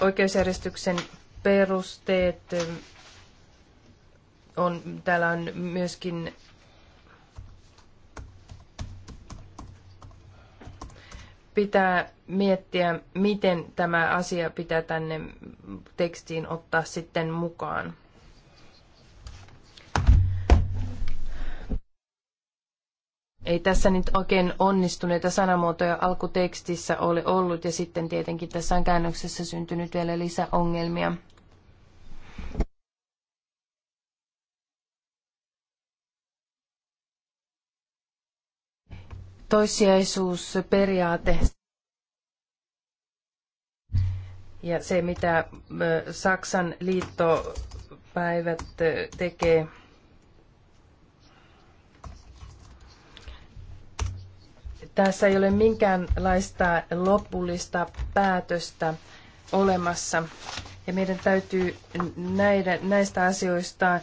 Oikeusjärjestyksen perusteet ähm, on, täällä on myöskin pitää miettiä, miten tämä asia pitää tänne tekstiin ottaa sitten mukaan. ei tässä nyt oikein onnistuneita sanamuotoja alkutekstissä ole ollut ja sitten tietenkin tässä on käännöksessä syntynyt vielä lisäongelmia. Toissijaisuusperiaate ja se, mitä Saksan liittopäivät tekee Tässä ei ole minkäänlaista lopullista päätöstä olemassa. Ja meidän täytyy näiden näistä asioista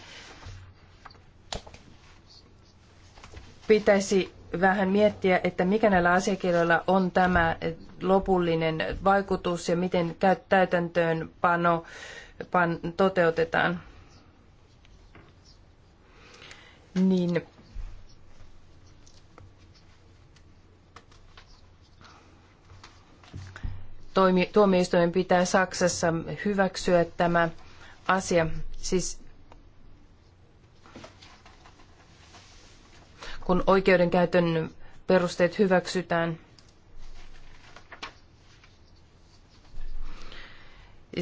pitäisi vähän miettiä, että mikä näillä asiakirjoilla on tämä lopullinen vaikutus ja miten täytäntöönpano pan, toteutetaan. Niin tuomioistuimen pitää Saksassa hyväksyä tämä asia. Siis kun oikeudenkäytön perusteet hyväksytään.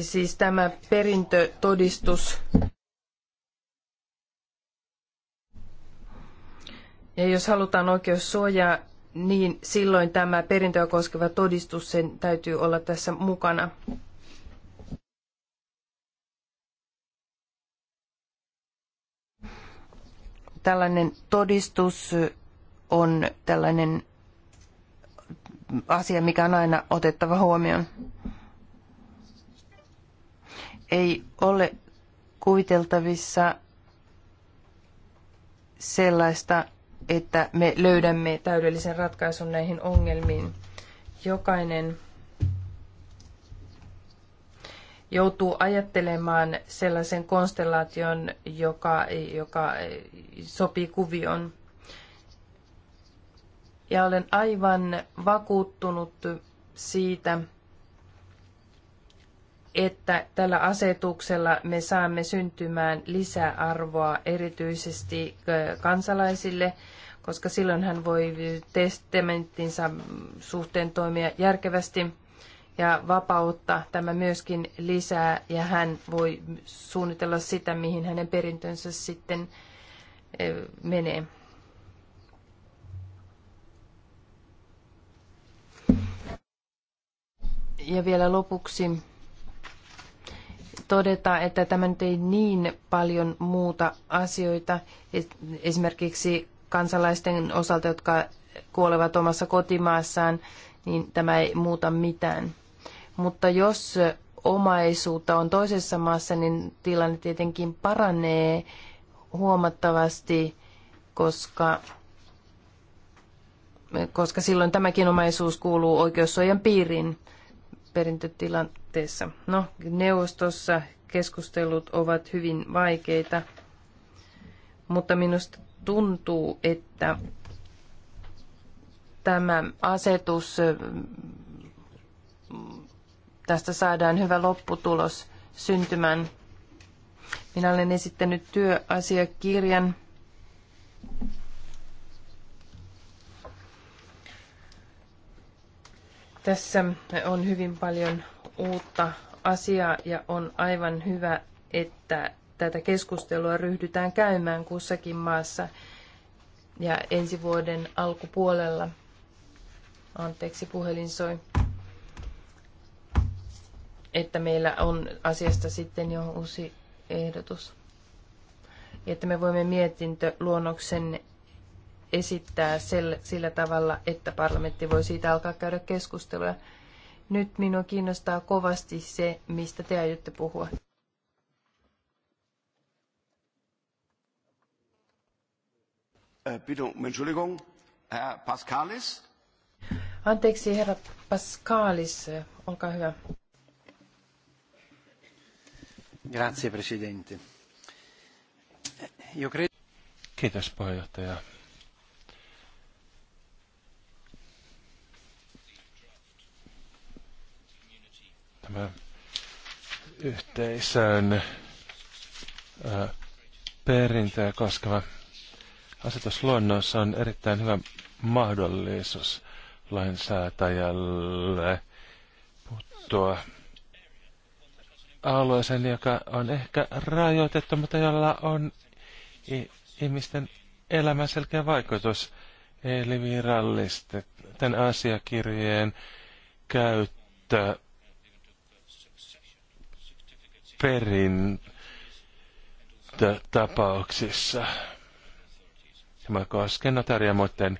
Siis tämä perintötodistus. Ja jos halutaan oikeussuojaa, niin silloin tämä perintöä koskeva todistus, sen täytyy olla tässä mukana. Tällainen todistus on tällainen asia, mikä on aina otettava huomioon. Ei ole kuviteltavissa sellaista että me löydämme täydellisen ratkaisun näihin ongelmiin. Jokainen joutuu ajattelemaan sellaisen konstellaation, joka, joka sopii kuvion. Ja olen aivan vakuuttunut siitä, että tällä asetuksella me saamme syntymään lisäarvoa erityisesti kansalaisille koska silloin hän voi testamenttinsa suhteen toimia järkevästi ja vapautta tämä myöskin lisää ja hän voi suunnitella sitä, mihin hänen perintönsä sitten eh, menee. Ja vielä lopuksi todeta, että tämä nyt ei niin paljon muuta asioita. Esimerkiksi kansalaisten osalta, jotka kuolevat omassa kotimaassaan, niin tämä ei muuta mitään. Mutta jos omaisuutta on toisessa maassa, niin tilanne tietenkin paranee huomattavasti, koska, koska silloin tämäkin omaisuus kuuluu oikeussuojan piiriin perintötilanteessa. No, neuvostossa keskustelut ovat hyvin vaikeita, mutta minusta tuntuu, että tämä asetus, tästä saadaan hyvä lopputulos syntymään. Minä olen esittänyt työasiakirjan. Tässä on hyvin paljon uutta asiaa ja on aivan hyvä, että tätä keskustelua ryhdytään käymään kussakin maassa ja ensi vuoden alkupuolella. Anteeksi, puhelin soi. Että meillä on asiasta sitten jo uusi ehdotus. Ja että me voimme mietintöluonnoksen esittää sillä tavalla, että parlamentti voi siitä alkaa käydä keskustelua. Nyt minua kiinnostaa kovasti se, mistä te aiotte puhua. Äh, um Entschuldigung, Herr Pascalis. Anteeksi, herra Pascalis, olkaa hyvä. Grazie, Presidente. Io credo... Kiitos, puheenjohtaja. Tämä yhteisön äh, perintöä koskeva Asetusluonnos on erittäin hyvä mahdollisuus lainsäätäjälle puuttua alueeseen, joka on ehkä rajoitettu, mutta jolla on ihmisten elämän selkeä vaikutus. Eli virallisten asiakirjeen käyttö perin tapauksissa. Tämä koskee notaria muiden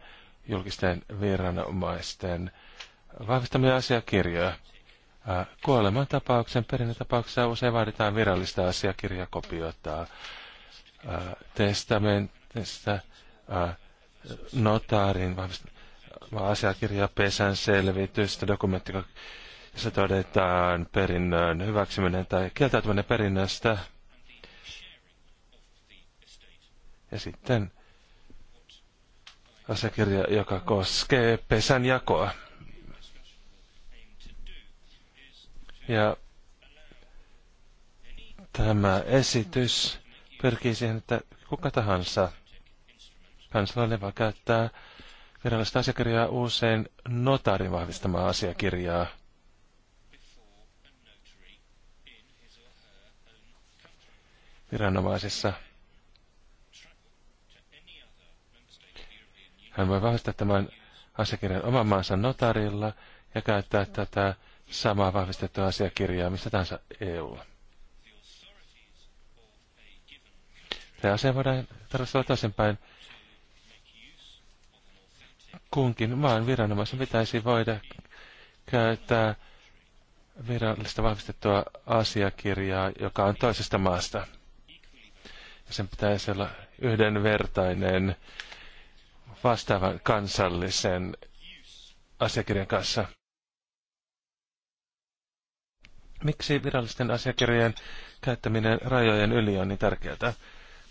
julkisten viranomaisten vahvistamia asiakirjoja. Kuoleman tapauksen perinnetapauksessa usein vaaditaan virallista asiakirjakopiota testamentista, notaarin asiakirjapesän selvitystä, dokumentti, jossa todetaan perinnön hyväksyminen tai kieltäytyminen perinnöstä. Ja sitten asiakirja, joka koskee pesän jakoa. Ja tämä esitys pyrkii siihen, että kuka tahansa kansalainen voi käyttää virallista asiakirjaa usein notaarin vahvistamaa asiakirjaa. Viranomaisessa Hän voi vahvistaa tämän asiakirjan oman maansa notarilla ja käyttää tätä samaa vahvistettua asiakirjaa mistä tahansa EU. Tämä asia voidaan tarkastella toisinpäin. Kunkin maan viranomaisen pitäisi voida käyttää virallista vahvistettua asiakirjaa, joka on toisesta maasta. Ja sen pitäisi olla yhdenvertainen vastaavan kansallisen asiakirjan kanssa. Miksi virallisten asiakirjojen käyttäminen rajojen yli on niin tärkeää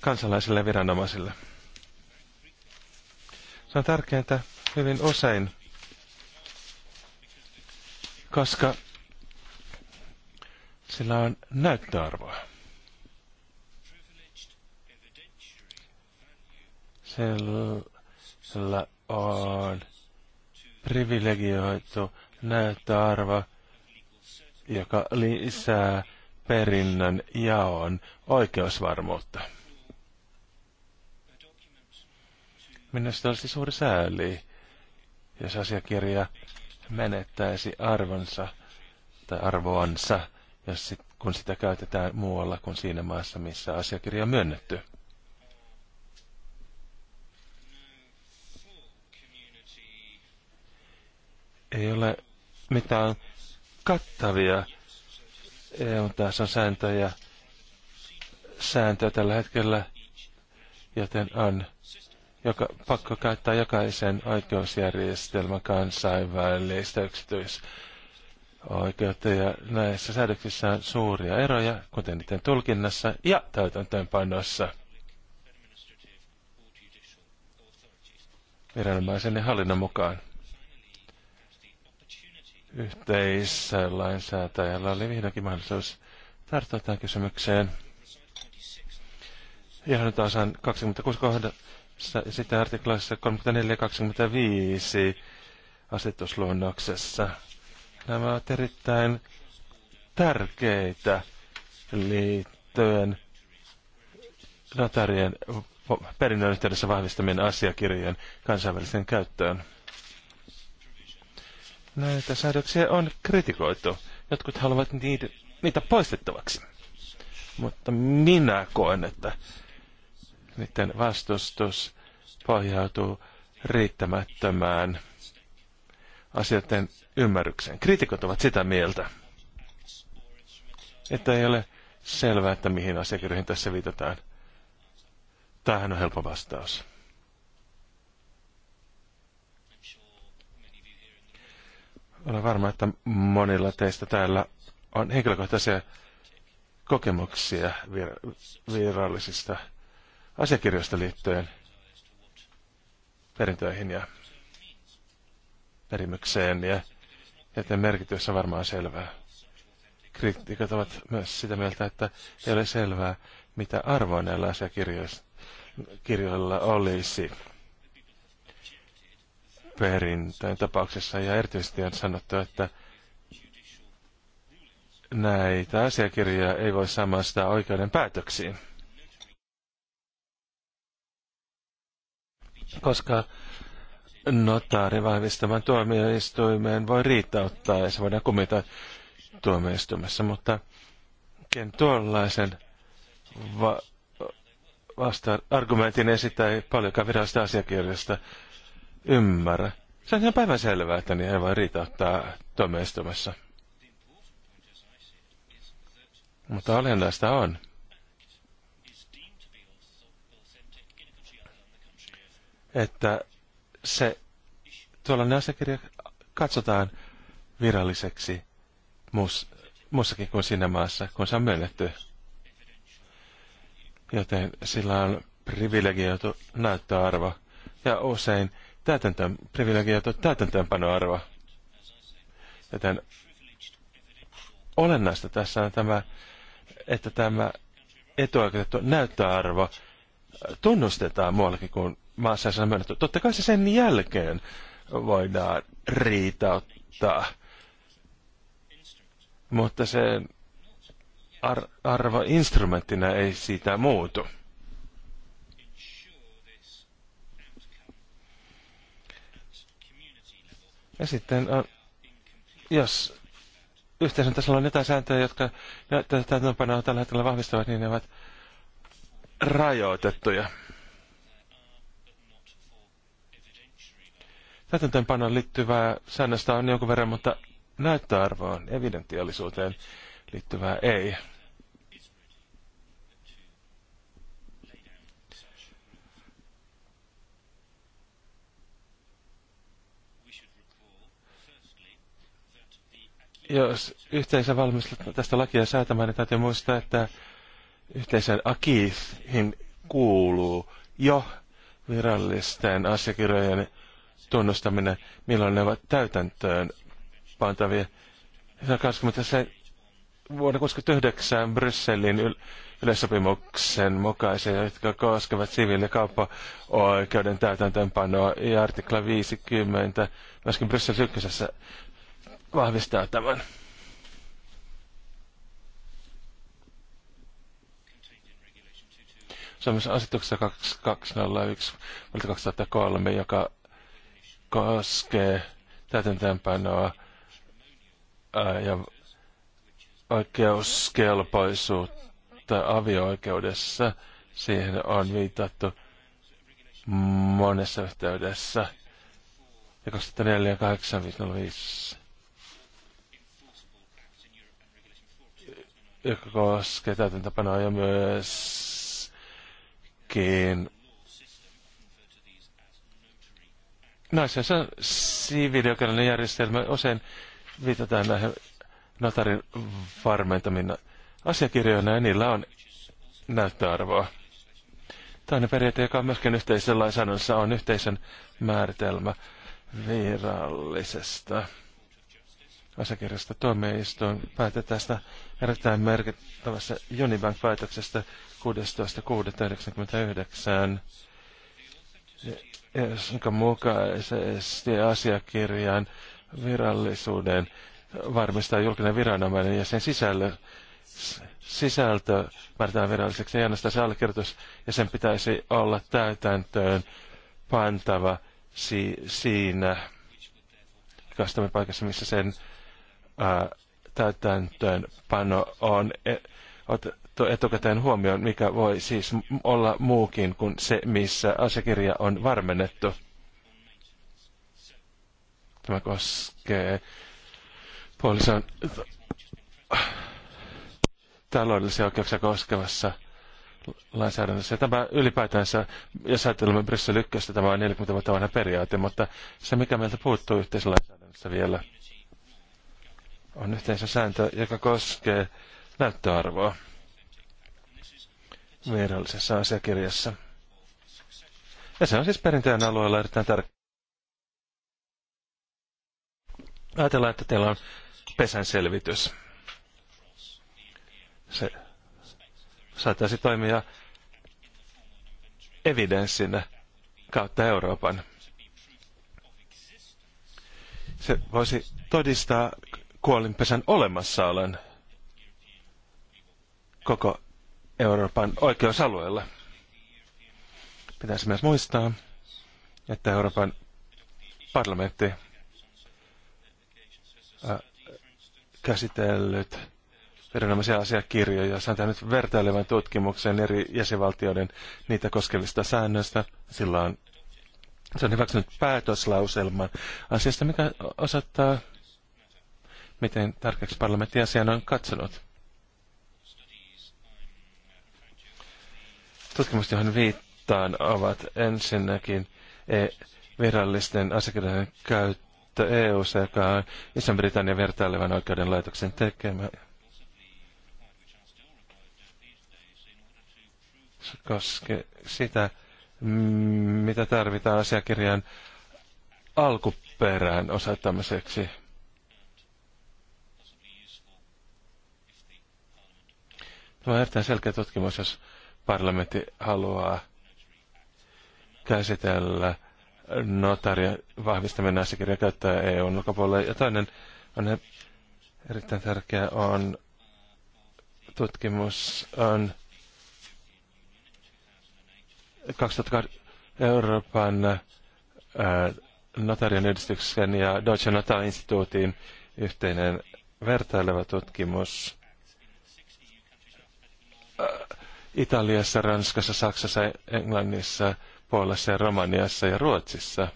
kansalaisille ja viranomaisille? Se on tärkeää hyvin usein, koska sillä on näyttöarvoa. Sillä jolla on privilegioitu näyttöarvo, joka lisää perinnön jaon oikeusvarmuutta. Minusta olisi suuri sääli, jos asiakirja menettäisi arvonsa tai arvoansa, jos sit, kun sitä käytetään muualla kuin siinä maassa, missä asiakirja on myönnetty. ei ole mitään kattavia EU-tason sääntöjä, sääntöjä tällä hetkellä, joten on joka, pakko käyttää jokaisen oikeusjärjestelmän kansainvälistä yksityisoikeutta. Ja näissä säädöksissä on suuria eroja, kuten niiden tulkinnassa ja täytäntöönpanossa. Viranomaisen ja hallinnon mukaan yhteislainsäätäjällä oli vihdoinkin mahdollisuus tarttua tähän kysymykseen. Ja nyt on 26 kohdassa sitten artiklassa 34-25 asetusluonnoksessa. Nämä ovat erittäin tärkeitä liittyen notarien perinnön yhteydessä vahvistamien asiakirjojen kansainväliseen käyttöön. Näitä säädöksiä on kritikoitu. Jotkut haluavat niitä, niitä poistettavaksi. Mutta minä koen, että niiden vastustus pohjautuu riittämättömään asioiden ymmärrykseen. Kritikot ovat sitä mieltä, että ei ole selvää, että mihin asiakirjoihin tässä viitataan. Tähän on helppo vastaus. Olen varma, että monilla teistä täällä on henkilökohtaisia kokemuksia vir- virallisista asiakirjoista liittyen perintöihin ja perimykseen, ja joten merkitys on varmaan selvää. Kriitikot ovat myös sitä mieltä, että ei ole selvää, mitä arvoa näillä asiakirjoilla olisi perintöjen tapauksessa ja erityisesti on sanottu, että näitä asiakirjoja ei voi samastaa oikeuden päätöksiin. Koska notaari vahvistavan tuomioistuimeen voi riitauttaa ja se voidaan kumita tuomioistuimessa, mutta ken tuollaisen va- vasta argumentin esittää paljonkaan virallisesta asiakirjasta ymmärrä. Se on ihan päivänselvää, että niin ei voi riitä ottaa tuomioistumassa. Mutta olennaista on, että se tuollainen asiakirja katsotaan viralliseksi muus, muussakin kuin siinä maassa, kun se on myönnetty. Joten sillä on privilegioitu näyttöarvo. Ja usein täytäntöön, privilegioitu täytäntöönpanoarvo. Joten olennaista tässä on tämä, että tämä etuoikeutettu näyttöarvo tunnustetaan muuallakin kuin maassa on myönnetty. Totta kai se sen jälkeen voidaan riitauttaa, mutta sen ar- arvo instrumenttina ei siitä muutu. Ja sitten on, jos yhteisön tasolla on jotain sääntöjä, jotka täytäntöönpanoa tällä hetkellä vahvistavat, niin ne ovat rajoitettuja. Täytäntöönpanoon liittyvää säännöstä on jonkun verran, mutta näyttöarvoon, evidentiaalisuuteen liittyvää ei. Jos yhteisö valmistuu tästä lakia säätämään, niin täytyy muistaa, että yhteisön akiihin kuuluu jo virallisten asiakirjojen tunnustaminen, milloin ne ovat täytäntöön pantavia. 27, vuonna 1969 Brysselin yl- yleissopimuksen mukaisia, jotka koskevat siviili- ja kauppaoikeuden täytäntöönpanoa ja artikla 50, myöskin Brysselin ykkösessä vahvistaa tämän. Suomessa asetuksessa 2201 2003, joka koskee täytäntöönpanoa ja oikeuskelpoisuutta avioikeudessa. Siihen on viitattu monessa yhteydessä. Ja 2004 joka koskee täytäntöpanoa ja kiin naisen no, siviilioikeudellinen järjestelmä. Usein viitataan näihin notarin varmentamina asiakirjoina ja niillä on näyttöarvoa. Toinen periaate, joka on myöskin yhteisessä lainsäädännössä, on yhteisen määritelmä virallisesta asiakirjasta tuomioistuin päätti tästä erittäin merkittävässä Unibank-päätöksestä 16.6.1999, jonka mukaisesti asiakirjan virallisuuden varmistaa julkinen viranomainen ja sen sisällö, sisältö määritellään viralliseksi ja se allekirjoitus, ja sen pitäisi olla täytäntöön pantava si- siinä kastamme paikassa, missä sen täytäntöönpano on e, otettu etukäteen huomioon, mikä voi siis olla muukin kuin se, missä asiakirja on varmennettu. Tämä koskee puolison taloudellisia oikeuksia koskevassa lainsäädännössä. Tämä ylipäätänsä, jos ajattelemme Brysselin ykköstä, tämä on 40 vuotta vanha periaate, mutta se mikä meiltä puuttuu yhteislainsäädännössä vielä – on yhteensä sääntö, joka koskee näyttöarvoa virallisessa asiakirjassa. Ja se on siis perinteen alueella erittäin tärkeä. Ajatellaan, että teillä on pesän selvitys. Se saattaisi toimia evidenssinä kautta Euroopan. Se voisi todistaa kuolinpesän olemassaolon koko Euroopan oikeusalueella. Pitäisi myös muistaa, että Euroopan parlamentti käsitellyt erinomaisia asiakirjoja, Se on tehnyt vertailevan tutkimuksen eri jäsenvaltioiden niitä koskevista säännöistä. Sillä on, se on hyväksynyt päätöslauselman asiasta, mikä osoittaa miten tärkeäksi parlamentti asian on katsonut. Tutkimukset, johon viittaan, ovat ensinnäkin e- virallisten asiakirjojen käyttö eu joka on Iso-Britannian vertailevan oikeuden laitoksen tekemä. koske sitä, mitä tarvitaan asiakirjan alkuperään osoittamiseksi. Tämä on erittäin selkeä tutkimus, jos parlamentti haluaa käsitellä notaria vahvistaminen asiakirja käyttää EUn ulkopuolelle. Ja toinen on erittäin tärkeä on tutkimus on 2008 Euroopan ää, notarien yhdistyksen ja Deutsche Notar-instituutin yhteinen vertaileva tutkimus Äh, Italiassa, Ranskassa, Saksassa, Englannissa, Puolassa ja Romaniassa ja Ruotsissa.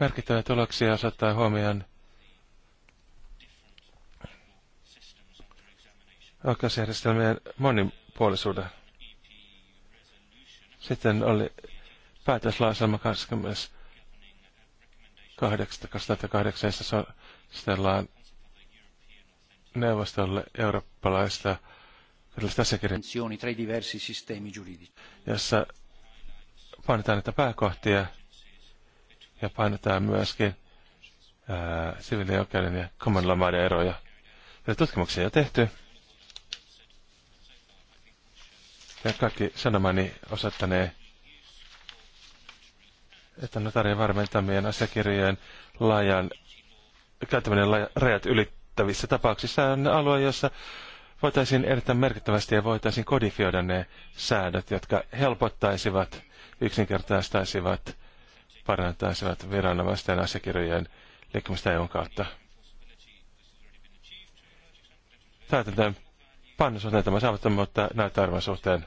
Merkittäviä tuloksia osoittaa huomioon oikeusjärjestelmien monipuolisuuden. Sitten oli päätöslauselma 28.2008, jossa suositellaan neuvostolle eurooppalaista asiakirjaa, jossa painetaan näitä pääkohtia ja painetaan myöskin siviilioikeuden ja common law maiden eroja. Ja tutkimuksia on jo tehty. Ja kaikki sanomani osoittaneet, että notarien varmentamien asiakirjojen laajan käyttäminen laaja, rajat ylittää merkittävissä tapauksissa on alue, jossa voitaisiin erittäin merkittävästi ja voitaisiin kodifioida ne säädöt, jotka helpottaisivat, yksinkertaistaisivat, parantaisivat viranomaisten asiakirjojen liikkumista EUn kautta. Täytetään pannus on tämä saavuttamatta näyttöarvon suhteen.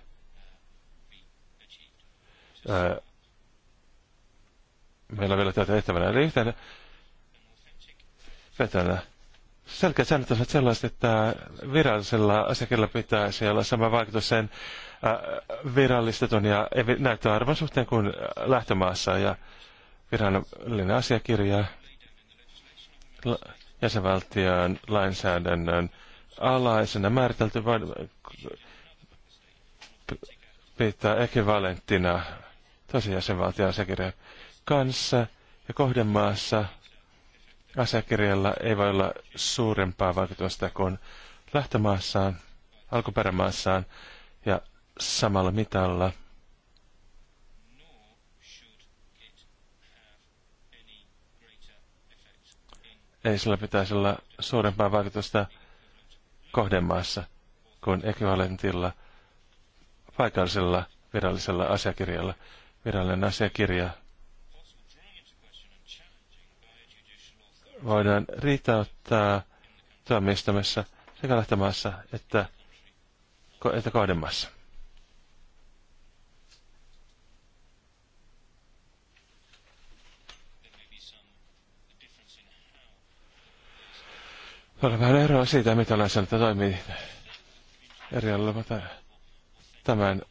meillä on vielä tätä tehtävänä. Eli yhtenä vetänä selkeät säännöt ovat sellaiset, että virallisella asiakirjalla pitäisi olla sama vaikutus sen äh, virallistetun ja näyttöarvon suhteen kuin äh, lähtömaassa ja virallinen asiakirja jäsenvaltion lainsäädännön alaisena määritelty vain äh, pitää ekivalenttina tosi jäsenvaltion asiakirjan kanssa ja kohdemaassa – asiakirjalla ei voi olla suurempaa vaikutusta kuin lähtömaassaan, alkuperämaassaan ja samalla mitalla. Ei sillä pitäisi olla suurempaa vaikutusta kohdemaassa kuin ekvivalentilla paikallisella virallisella asiakirjalla. Virallinen asiakirja voidaan riitauttaa tuomioistamassa sekä lähtömaassa että, että kohdemaassa. Tuolla vähän eroa siitä, mitä olen sanonut, että toimii eri alueella. Tämän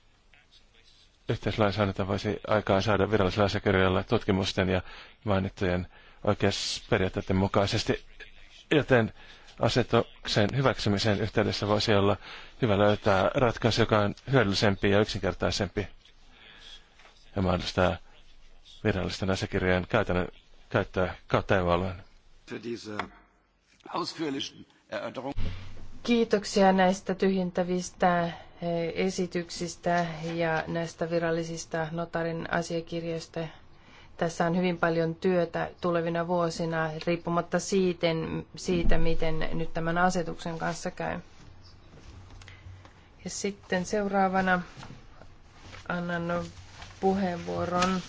yhteislainsäädäntö voisi aikaan saada virallisella asiakirjalla tutkimusten ja mainittujen oikeusperiaatteiden mukaisesti, joten asetuksen hyväksymisen yhteydessä voisi olla hyvä löytää ratkaisu, joka on hyödyllisempi ja yksinkertaisempi ja mahdollistaa virallisten asiakirjojen käytännön käyttöä kautta EU-alueen. Kiitoksia näistä tyhjentävistä eh, esityksistä ja näistä virallisista notarin asiakirjoista tässä on hyvin paljon työtä tulevina vuosina, riippumatta siitä, siitä miten nyt tämän asetuksen kanssa käy. Ja sitten seuraavana annan puheenvuoron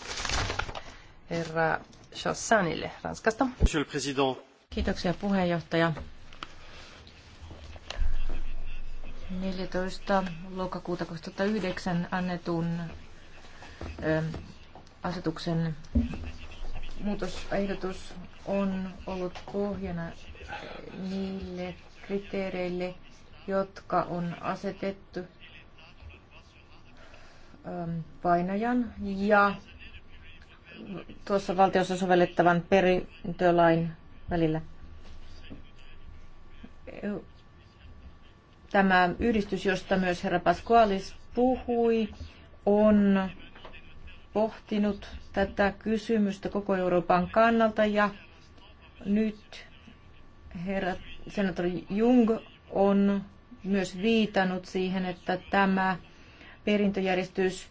herra Chassanille Ranskasta. Monsieur le Président. Kiitoksia puheenjohtaja. 14. lokakuuta 2009 annetun asetuksen muutosehdotus on ollut pohjana niille kriteereille, jotka on asetettu ähm, painajan ja tuossa valtiossa sovellettavan perintölain välillä. Tämä yhdistys, josta myös herra Pasqualis puhui, on pohtinut tätä kysymystä koko Euroopan kannalta ja nyt herra senator Jung on myös viitannut siihen, että tämä perintöjärjestys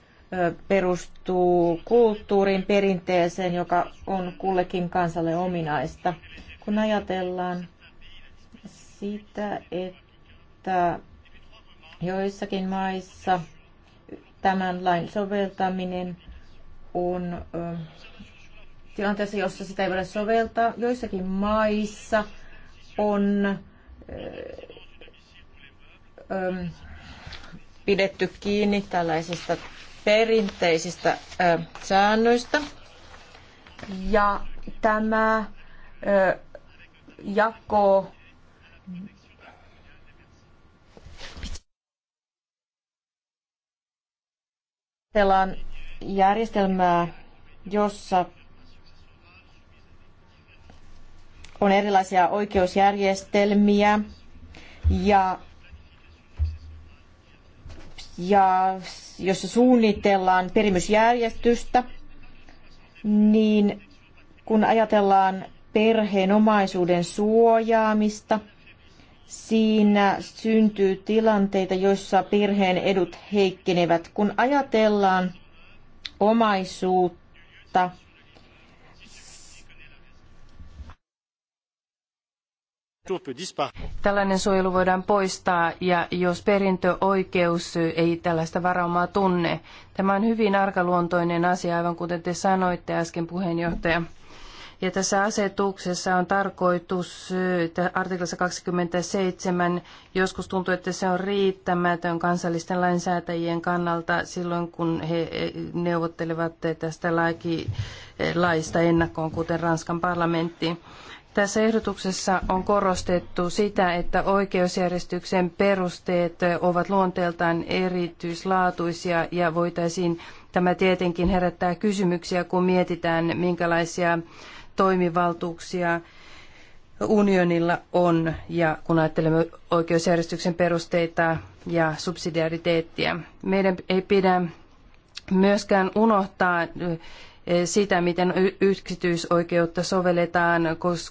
perustuu kulttuurin perinteeseen, joka on kullekin kansalle ominaista. Kun ajatellaan sitä, että joissakin maissa tämän lain soveltaminen – on tilanteessa, jossa sitä ei voida soveltaa. Joissakin maissa on pidetty kiinni tällaisista perinteisistä säännöistä. Ja tämä jako pelaan järjestelmää, jossa on erilaisia oikeusjärjestelmiä ja, ja jossa suunnitellaan perimysjärjestystä, niin kun ajatellaan perheen omaisuuden suojaamista, siinä syntyy tilanteita, joissa perheen edut heikkenevät. Kun ajatellaan omaisuutta. Tällainen suojelu voidaan poistaa ja jos perintöoikeus ei tällaista varaumaa tunne. Tämä on hyvin arkaluontoinen asia, aivan kuten te sanoitte äsken puheenjohtaja. Ja tässä asetuksessa on tarkoitus, että artiklassa 27 joskus tuntuu, että se on riittämätön kansallisten lainsäätäjien kannalta silloin, kun he neuvottelevat tästä laki, laista ennakkoon, kuten Ranskan parlamentti. Tässä ehdotuksessa on korostettu sitä, että oikeusjärjestyksen perusteet ovat luonteeltaan erityislaatuisia ja voitaisiin tämä tietenkin herättää kysymyksiä, kun mietitään, minkälaisia toimivaltuuksia unionilla on, ja kun ajattelemme oikeusjärjestyksen perusteita ja subsidiariteettia. Meidän ei pidä myöskään unohtaa eh, sitä, miten yksityisoikeutta sovelletaan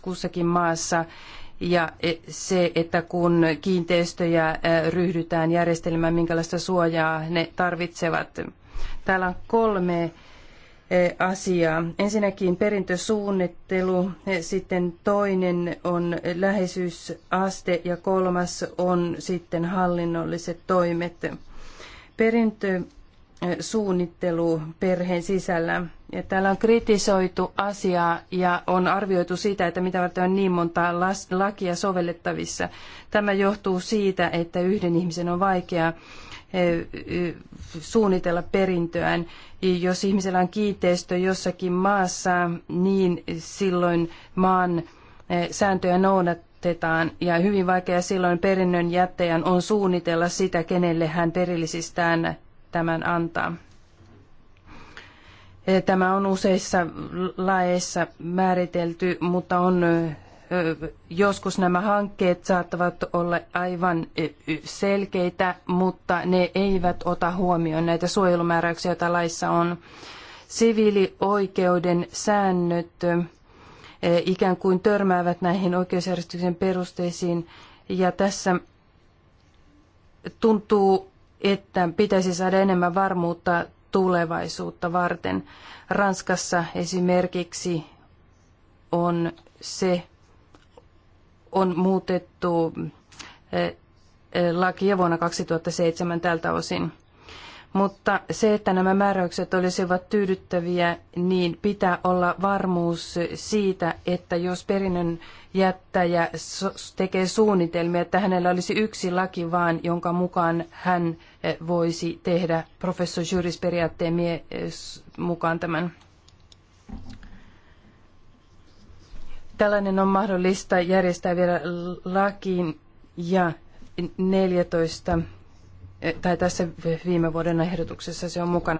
kussakin maassa ja eh, se, että kun kiinteistöjä eh, ryhdytään järjestelmään, minkälaista suojaa ne tarvitsevat. Täällä on kolme asiaa. Ensinnäkin perintösuunnittelu, sitten toinen on läheisyysaste ja kolmas on sitten hallinnolliset toimet. Perintösuunnittelu perheen sisällä. Ja täällä on kritisoitu asiaa ja on arvioitu sitä, että mitä varten on niin montaa lakia sovellettavissa. Tämä johtuu siitä, että yhden ihmisen on vaikea suunnitella perintöään. Jos ihmisellä on kiinteistö jossakin maassa, niin silloin maan sääntöjä noudatetaan ja hyvin vaikea silloin perinnön jättäjän on suunnitella sitä, kenelle hän perillisistään tämän antaa. Tämä on useissa laeissa määritelty, mutta on Joskus nämä hankkeet saattavat olla aivan selkeitä, mutta ne eivät ota huomioon näitä suojelumääräyksiä, joita laissa on. Siviilioikeuden säännöt ikään kuin törmäävät näihin oikeusjärjestyksen perusteisiin. Ja tässä tuntuu, että pitäisi saada enemmän varmuutta tulevaisuutta varten. Ranskassa esimerkiksi on se on muutettu eh, eh, lakia vuonna 2007 tältä osin. Mutta se, että nämä määräykset olisivat tyydyttäviä, niin pitää olla varmuus siitä, että jos perinnön jättäjä tekee suunnitelmia, että hänellä olisi yksi laki vaan, jonka mukaan hän eh, voisi tehdä professor periaatteen mukaan tämän Tällainen on mahdollista järjestää vielä lakiin ja 14, eh, tai tässä viime vuoden ehdotuksessa se on mukana.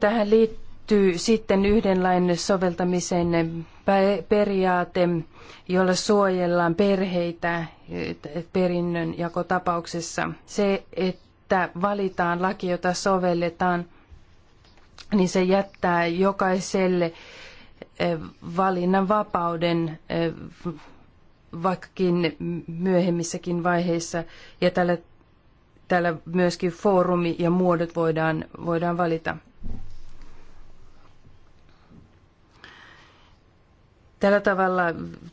Tähän liittyy sitten yhdenlainen soveltamisen periaate, jolla suojellaan perheitä eh, eh, perinnönjakotapauksessa. Se, että valitaan laki, jota sovelletaan – niin se jättää jokaiselle valinnan vapauden vaikkakin myöhemmissäkin vaiheissa. Ja tällä, tällä myöskin foorumi ja muodot voidaan, voidaan valita. Tällä tavalla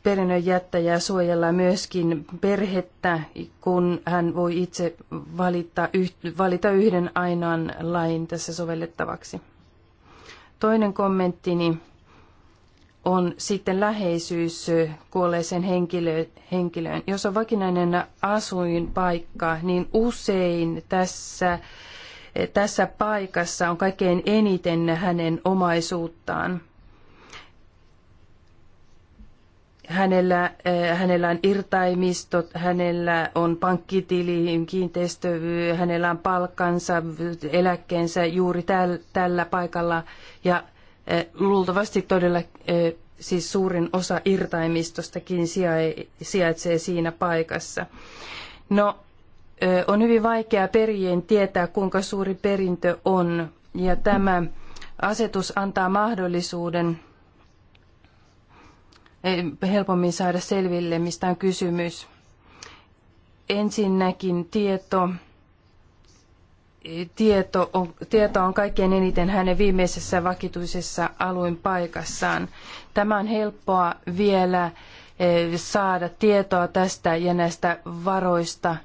perinnön jättäjää suojellaan myöskin perhettä, kun hän voi itse valita, valita yhden ainoan lain tässä sovellettavaksi. Toinen kommenttini on sitten läheisyys kuolleeseen henkilö, henkilöön. Jos on vakinainen asuinpaikka, niin usein tässä, tässä paikassa on kaikkein eniten hänen omaisuuttaan. Hänellä, eh, hänellä on irtaimistot, hänellä on pankkitili, kiinteistö, hänellä on palkkansa, eläkkeensä juuri täl, tällä paikalla – ja eh, luultavasti todella eh, siis suurin osa irtaimistostakin sijaitsee siinä paikassa. No, eh, on hyvin vaikea perjien tietää, kuinka suuri perintö on. Ja tämä asetus antaa mahdollisuuden helpommin saada selville, mistä on kysymys. Ensinnäkin tieto tieto on, tietoa on kaikkein eniten hänen viimeisessä vakituisessa paikassaan. Tämä on helppoa vielä eh, saada tietoa tästä ja näistä varoista.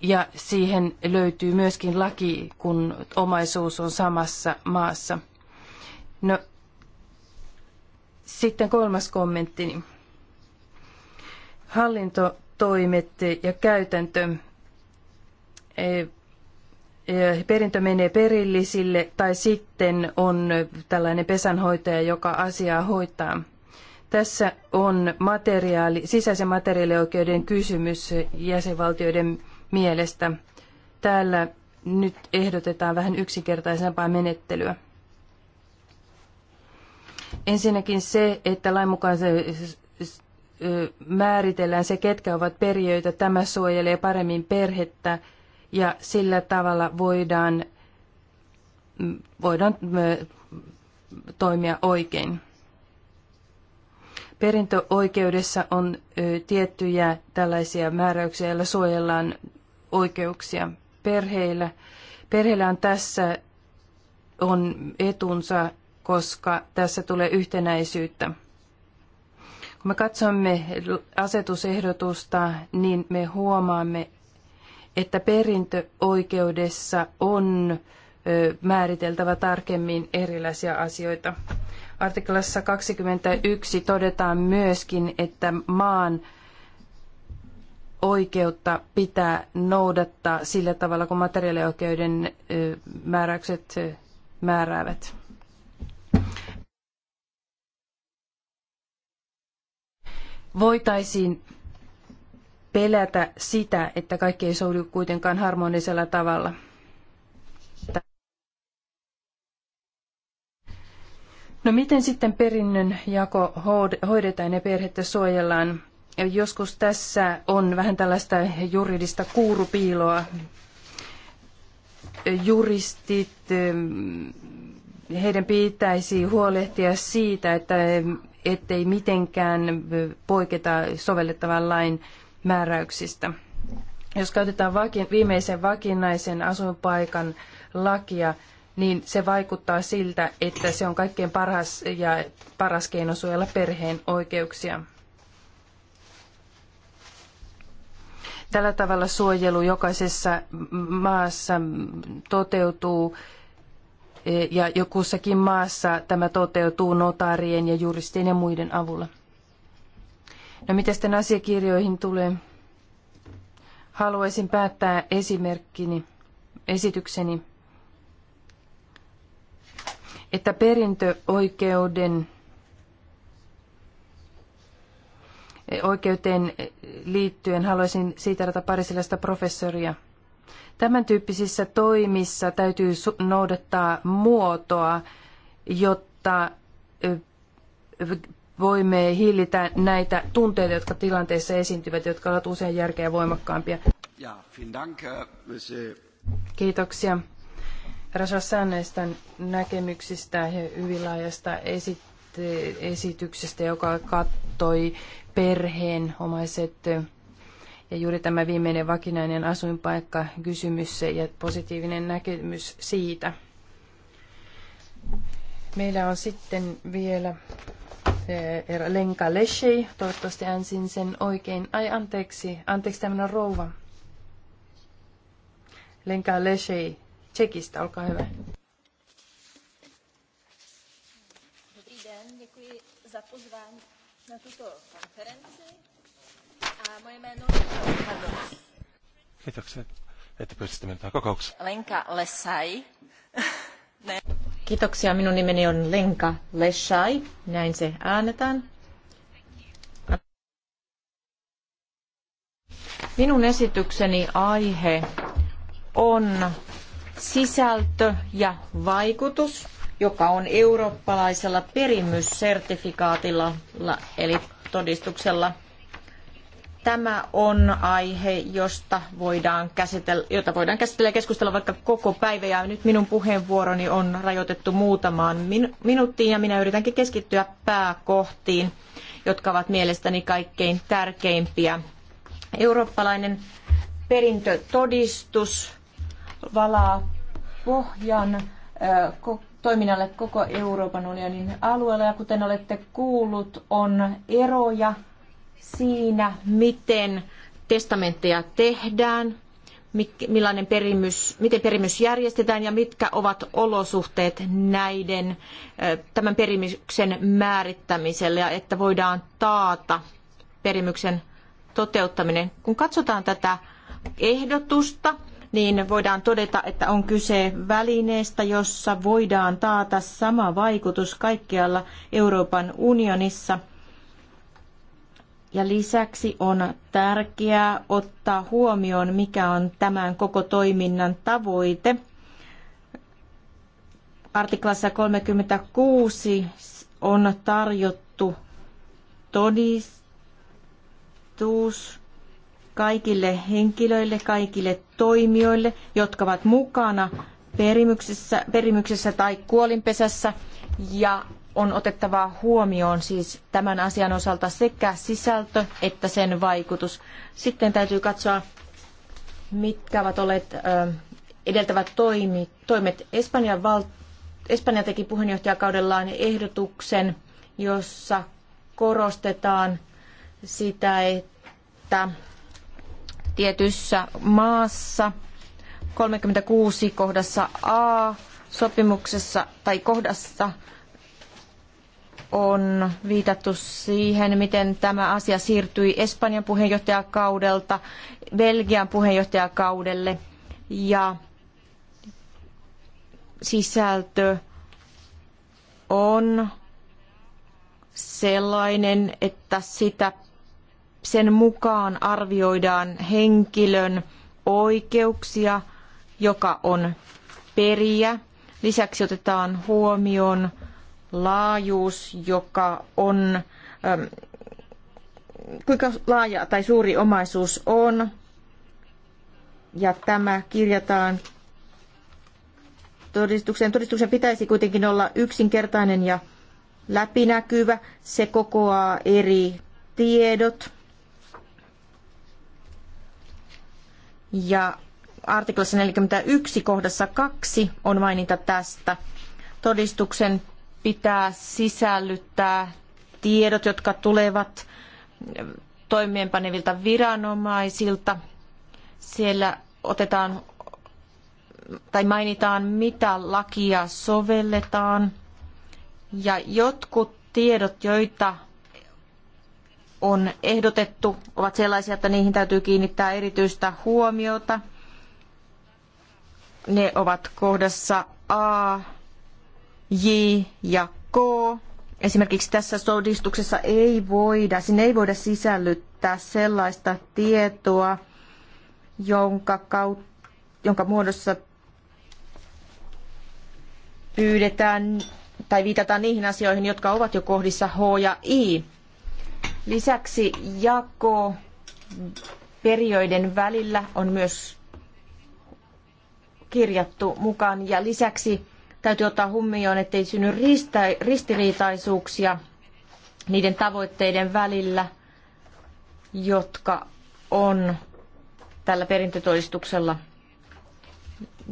Ja siihen löytyy myöskin laki, kun omaisuus on samassa maassa. No, sitten kolmas kommenttini. Hallintotoimet ja käytäntö perintö menee perillisille tai sitten on tällainen pesänhoitaja, joka asiaa hoitaa. Tässä on materiaali, sisäisen materiaalioikeuden kysymys jäsenvaltioiden mielestä. Täällä nyt ehdotetaan vähän yksinkertaisempaa menettelyä. Ensinnäkin se, että lain mukaan se määritellään se, ketkä ovat perijöitä, tämä suojelee paremmin perhettä ja sillä tavalla voidaan, mm, voidaan mm, toimia oikein. Perintöoikeudessa on tiettyjä tällaisia määräyksiä, joilla suojellaan oikeuksia perheillä. Perheillä on tässä on etunsa, koska tässä tulee yhtenäisyyttä. Kun me katsomme asetusehdotusta, niin me huomaamme, että perintöoikeudessa on määriteltävä tarkemmin erilaisia asioita. Artiklassa 21 todetaan myöskin, että maan oikeutta pitää noudattaa sillä tavalla, kun materiaalioikeuden määräykset määräävät. Voitaisiin pelätä sitä, että kaikki ei soudu kuitenkaan harmonisella tavalla. No miten sitten perinnön jako hoidetaan ja perhettä suojellaan? Joskus tässä on vähän tällaista juridista kuurupiiloa. Juristit, heidän pitäisi huolehtia siitä, että ettei mitenkään poiketa sovellettavan lain määräyksistä. Jos käytetään viimeisen vakinaisen asuinpaikan lakia, niin se vaikuttaa siltä, että se on kaikkein paras ja paras keino suojella perheen oikeuksia. Tällä tavalla suojelu jokaisessa maassa toteutuu e, ja jokussakin maassa tämä toteutuu notaarien ja juristien ja muiden avulla. No mitä sitten asiakirjoihin tulee? Haluaisin päättää esimerkkini, esitykseni, että perintöoikeuden oikeuteen liittyen haluaisin siiterata pari professoria. Tämän tyyppisissä toimissa täytyy noudattaa muotoa, jotta voimme hillitä näitä tunteita, jotka tilanteessa esiintyvät, jotka ovat usein järkeä voimakkaampia. Äh, Kiitoksia. Rasassaan näistä näkemyksistä ja hyvin laajasta esityksestä, joka kattoi perheen omaiset äh, ja juuri tämä viimeinen vakinainen asuinpaikka kysymys ja positiivinen näkemys siitä. Meillä on sitten vielä Eh, Era Lenka Leshei, toivottavasti ensin sen oikein. Ai anteeksi, anteeksi tämmöinen rouva. Lenka Leshei, Tsekistä, olkaa hyvä. Dobrý den, děkuji za pozvání na tuto konferenci. Kiitoksia, että pyysitte minut kokoukseen. Lenka Lesai. Kiitoksia. Minun nimeni on Lenka Leshai. Näin se äänetään. Minun esitykseni aihe on sisältö ja vaikutus, joka on eurooppalaisella perimyssertifikaatilla, eli todistuksella Tämä on aihe, josta voidaan käsitellä, jota voidaan käsitellä ja keskustella vaikka koko päivä. Ja nyt minun puheenvuoroni on rajoitettu muutamaan minuuttiin ja minä yritänkin keskittyä pääkohtiin, jotka ovat mielestäni kaikkein tärkeimpiä. Eurooppalainen perintötodistus valaa pohjan toiminnalle koko Euroopan unionin alueella. Ja kuten olette kuullut, on eroja – siinä, miten testamentteja tehdään, millainen perimys, miten perimys järjestetään ja mitkä ovat olosuhteet näiden, tämän perimyksen määrittämiselle ja että voidaan taata perimyksen toteuttaminen. Kun katsotaan tätä ehdotusta, niin voidaan todeta, että on kyse välineestä, jossa voidaan taata sama vaikutus kaikkialla Euroopan unionissa – ja lisäksi on tärkeää ottaa huomioon, mikä on tämän koko toiminnan tavoite. Artiklassa 36 on tarjottu todistus kaikille henkilöille, kaikille toimijoille, jotka ovat mukana perimyksessä, perimyksessä tai kuolinpesässä ja on otettava huomioon siis tämän asian osalta sekä sisältö että sen vaikutus. Sitten täytyy katsoa, mitkä ovat olleet edeltävät toimi, toimet. Espanjan val, Espanja teki puheenjohtajakaudellaan ehdotuksen, jossa korostetaan sitä, että tietyssä maassa 36 kohdassa A sopimuksessa tai kohdassa on viitattu siihen, miten tämä asia siirtyi Espanjan puheenjohtajakaudelta Belgian puheenjohtajakaudelle ja sisältö on sellainen, että sitä sen mukaan arvioidaan henkilön oikeuksia, joka on perijä Lisäksi otetaan huomioon laajuus, joka on, ähm, kuinka laaja tai suuri omaisuus on. Ja tämä kirjataan todistukseen. Todistuksen pitäisi kuitenkin olla yksinkertainen ja läpinäkyvä. Se kokoaa eri tiedot. Ja artiklassa 41 kohdassa 2 on maininta tästä. Todistuksen pitää sisällyttää tiedot, jotka tulevat toimeenpanevilta viranomaisilta. Siellä otetaan tai mainitaan, mitä lakia sovelletaan. Ja jotkut tiedot, joita on ehdotettu, ovat sellaisia, että niihin täytyy kiinnittää erityistä huomiota – ne ovat kohdassa A, J ja K. Esimerkiksi tässä todistuksessa ei voida, sinne ei voida sisällyttää sellaista tietoa, jonka, kaut, jonka muodossa pyydetään tai viitataan niihin asioihin, jotka ovat jo kohdissa H ja I. Lisäksi jako perioiden välillä on myös kirjattu mukaan. Ja lisäksi täytyy ottaa huomioon, ettei synny ristiriitaisuuksia niiden tavoitteiden välillä, jotka on tällä perintötodistuksella.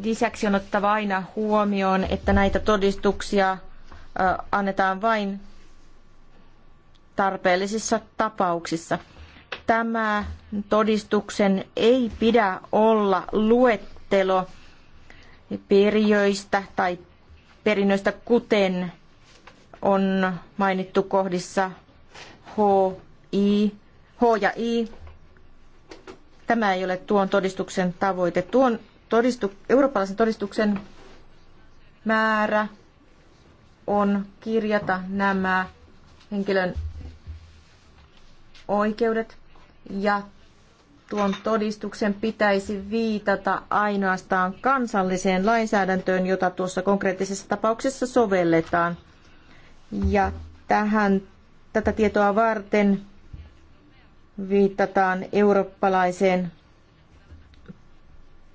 Lisäksi on ottava aina huomioon, että näitä todistuksia annetaan vain tarpeellisissa tapauksissa. Tämä todistuksen ei pidä olla luettelo perijöistä tai perinnöistä, kuten on mainittu kohdissa H, I, H ja I. Tämä ei ole tuon todistuksen tavoite. Tuon todistu, eurooppalaisen todistuksen määrä on kirjata nämä henkilön oikeudet ja Tuon todistuksen pitäisi viitata ainoastaan kansalliseen lainsäädäntöön, jota tuossa konkreettisessa tapauksessa sovelletaan. Ja tähän, tätä tietoa varten viitataan eurooppalaiseen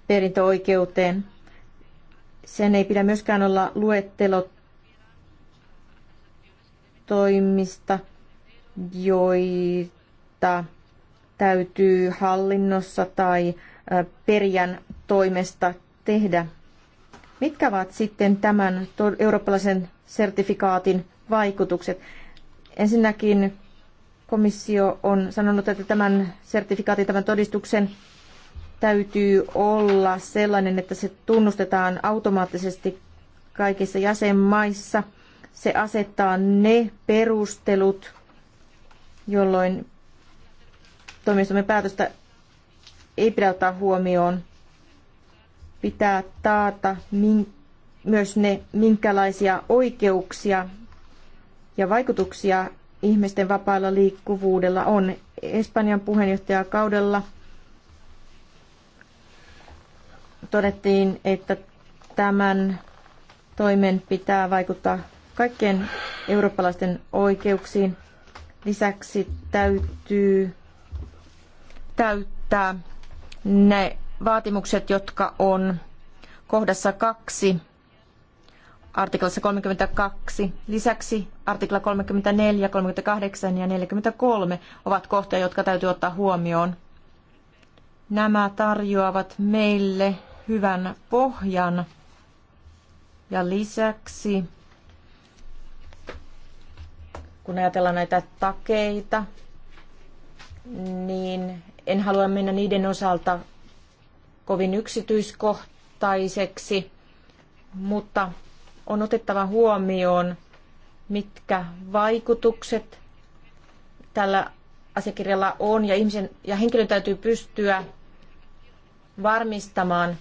perintöoikeuteen. Sen ei pidä myöskään olla luettelo toimista, joita täytyy hallinnossa tai perjän toimesta tehdä. Mitkä ovat sitten tämän eurooppalaisen sertifikaatin vaikutukset? Ensinnäkin komissio on sanonut, että tämän sertifikaatin, tämän todistuksen täytyy olla sellainen, että se tunnustetaan automaattisesti kaikissa jäsenmaissa. Se asettaa ne perustelut, jolloin tuomioistuimen päätöstä ei pidä ottaa huomioon. Pitää taata min, myös ne, minkälaisia oikeuksia ja vaikutuksia ihmisten vapaalla liikkuvuudella on. Espanjan puheenjohtajakaudella todettiin, että tämän toimen pitää vaikuttaa kaikkien eurooppalaisten oikeuksiin. Lisäksi täytyy täyttää ne vaatimukset, jotka on kohdassa 2 artiklassa 32. Lisäksi artikla 34, 38 ja 43 ovat kohtia, jotka täytyy ottaa huomioon. Nämä tarjoavat meille hyvän pohjan ja lisäksi kun ajatellaan näitä takeita, niin en halua mennä niiden osalta kovin yksityiskohtaiseksi, mutta on otettava huomioon, mitkä vaikutukset tällä asiakirjalla on ja, ihmisen, ja henkilön täytyy pystyä varmistamaan,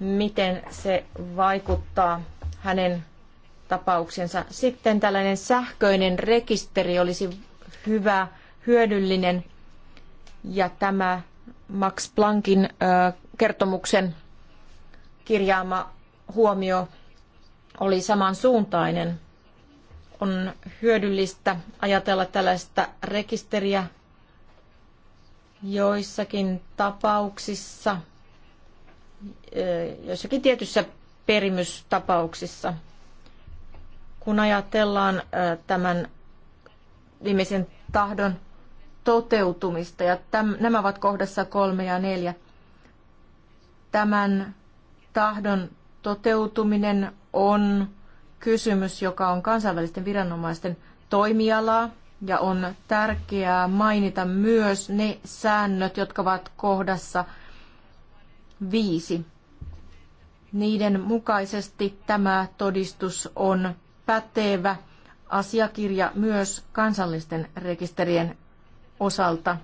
miten se vaikuttaa hänen tapauksensa. Sitten tällainen sähköinen rekisteri olisi hyvä, hyödyllinen ja tämä Max Planckin kertomuksen kirjaama huomio oli samansuuntainen. On hyödyllistä ajatella tällaista rekisteriä joissakin tapauksissa, joissakin tietyissä perimystapauksissa. Kun ajatellaan tämän viimeisen tahdon toteutumista. Ja täm, nämä ovat kohdassa kolme ja neljä. Tämän tahdon toteutuminen on kysymys, joka on kansainvälisten viranomaisten toimialaa ja on tärkeää mainita myös ne säännöt, jotka ovat kohdassa viisi. Niiden mukaisesti tämä todistus on pätevä asiakirja myös kansallisten rekisterien osalta.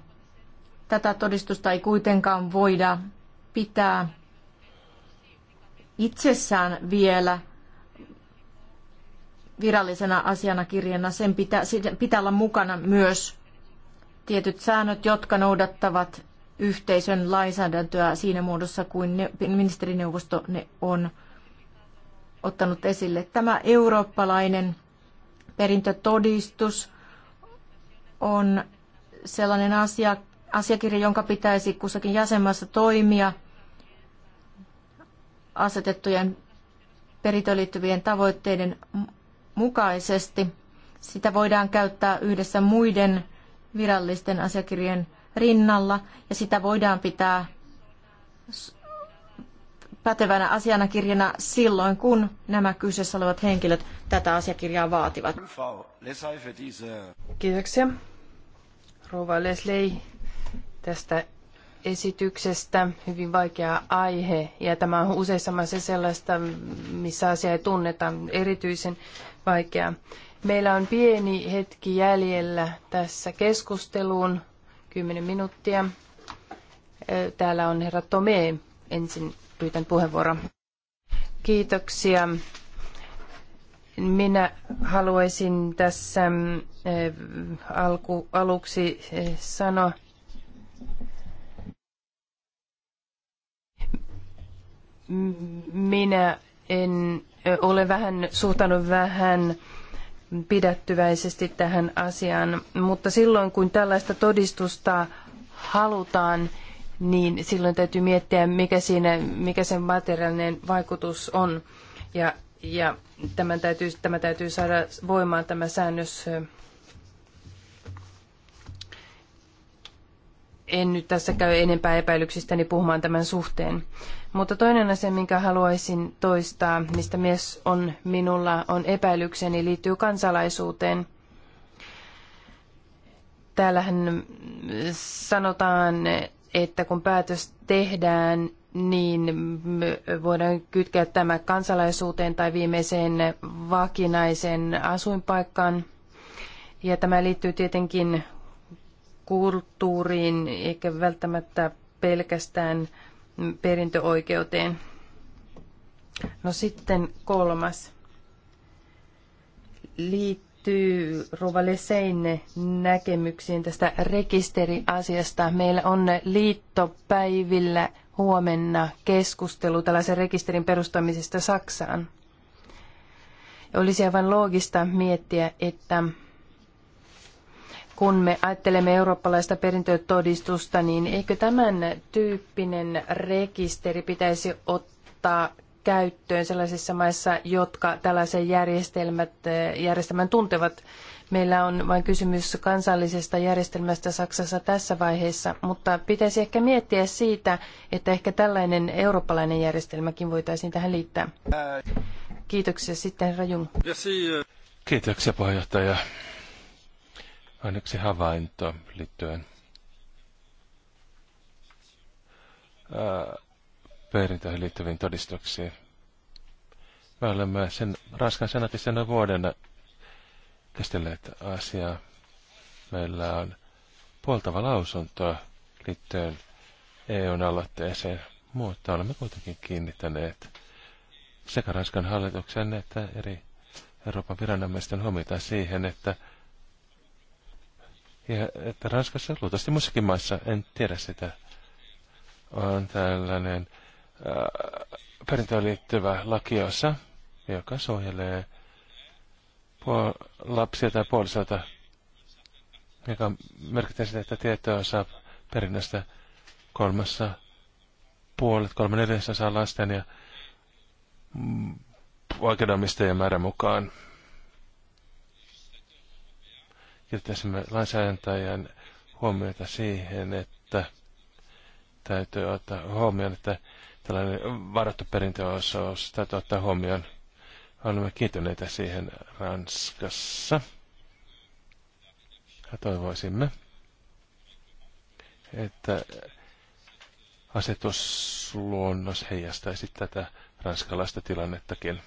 Tätä todistusta ei kuitenkaan voida pitää itsessään vielä virallisena asianakirjana. Sen pitää, pitää olla mukana myös tietyt säännöt, jotka noudattavat yhteisön lainsäädäntöä siinä muodossa kuin ne, ministerineuvosto ne on ottanut esille. Tämä eurooppalainen perintötodistus on sellainen asia, asiakirja, jonka pitäisi kussakin jäsenmaassa toimia asetettujen perintöön liittyvien tavoitteiden mukaisesti. Sitä voidaan käyttää yhdessä muiden virallisten asiakirjojen rinnalla ja sitä voidaan pitää pätevänä asianakirjana silloin, kun nämä kyseessä olevat henkilöt tätä asiakirjaa vaativat. Kiitoksia rouva Leslie tästä esityksestä. Hyvin vaikea aihe ja tämä on useissa maissa sellaista, missä asia ei tunneta erityisen vaikea. Meillä on pieni hetki jäljellä tässä keskusteluun, 10 minuuttia. Täällä on herra Tome. Ensin pyytän puheenvuoron. Kiitoksia minä haluaisin tässä mm, eh, alku, aluksi eh, sanoa, minä en eh, ole vähän suhtanut vähän pidättyväisesti tähän asiaan, mutta silloin kun tällaista todistusta halutaan, niin silloin täytyy miettiä, mikä, siinä, mikä sen materiaalinen vaikutus on. Ja, ja Tämän täytyy, tämä täytyy saada voimaan tämä säännös. En nyt tässä käy enempää epäilyksistäni puhumaan tämän suhteen. Mutta toinen asia, minkä haluaisin toistaa, mistä mies on minulla, on epäilykseni, liittyy kansalaisuuteen täällähän sanotaan, että kun päätös tehdään, niin voidaan kytkeä tämä kansalaisuuteen tai viimeiseen vakinaiseen asuinpaikkaan. Ja tämä liittyy tietenkin kulttuuriin eikä välttämättä pelkästään perintöoikeuteen. No sitten kolmas liittyy Rovalle Seinne näkemyksiin tästä rekisteriasiasta. Meillä on liittopäivillä huomenna keskustelu tällaisen rekisterin perustamisesta Saksaan. Olisi aivan loogista miettiä, että kun me ajattelemme eurooppalaista perintötodistusta, niin eikö tämän tyyppinen rekisteri pitäisi ottaa käyttöön sellaisissa maissa, jotka tällaisen järjestelmät, järjestelmän tuntevat Meillä on vain kysymys kansallisesta järjestelmästä Saksassa tässä vaiheessa, mutta pitäisi ehkä miettiä siitä, että ehkä tällainen eurooppalainen järjestelmäkin voitaisiin tähän liittää. Kiitoksia sitten Rajun. Äh. Kiitoksia puheenjohtaja. Vain yksi havainto liittyen äh, perintöihin liittyviin todistuksiin. Me olemme sen Ranskan senaatissa noin vuoden käsitelleet asiaa. Meillä on puoltava lausunto liittyen EUn aloitteeseen, mutta olemme kuitenkin kiinnittäneet sekä Ranskan hallituksen että eri Euroopan viranomaisten huomiota siihen, että, ja, että Ranskassa, luultavasti muissakin maissa, en tiedä sitä, on tällainen äh, perintöön liittyvä laki, joka suojelee puol- lapsia tai puolisoita, joka merkitsee sitä, että tietoa saa perinnöstä kolmassa puolet, kolme saa lasten ja mm, oikeudenomistajien määrän mukaan. Kiinnittäisimme lainsäädäntäjän huomiota siihen, että täytyy ottaa huomioon, että tällainen varattu perintöosuus täytyy ottaa huomioon – olemme kiintyneitä siihen Ranskassa. Ja toivoisimme, että asetusluonnos heijastaisi tätä ranskalaista tilannettakin.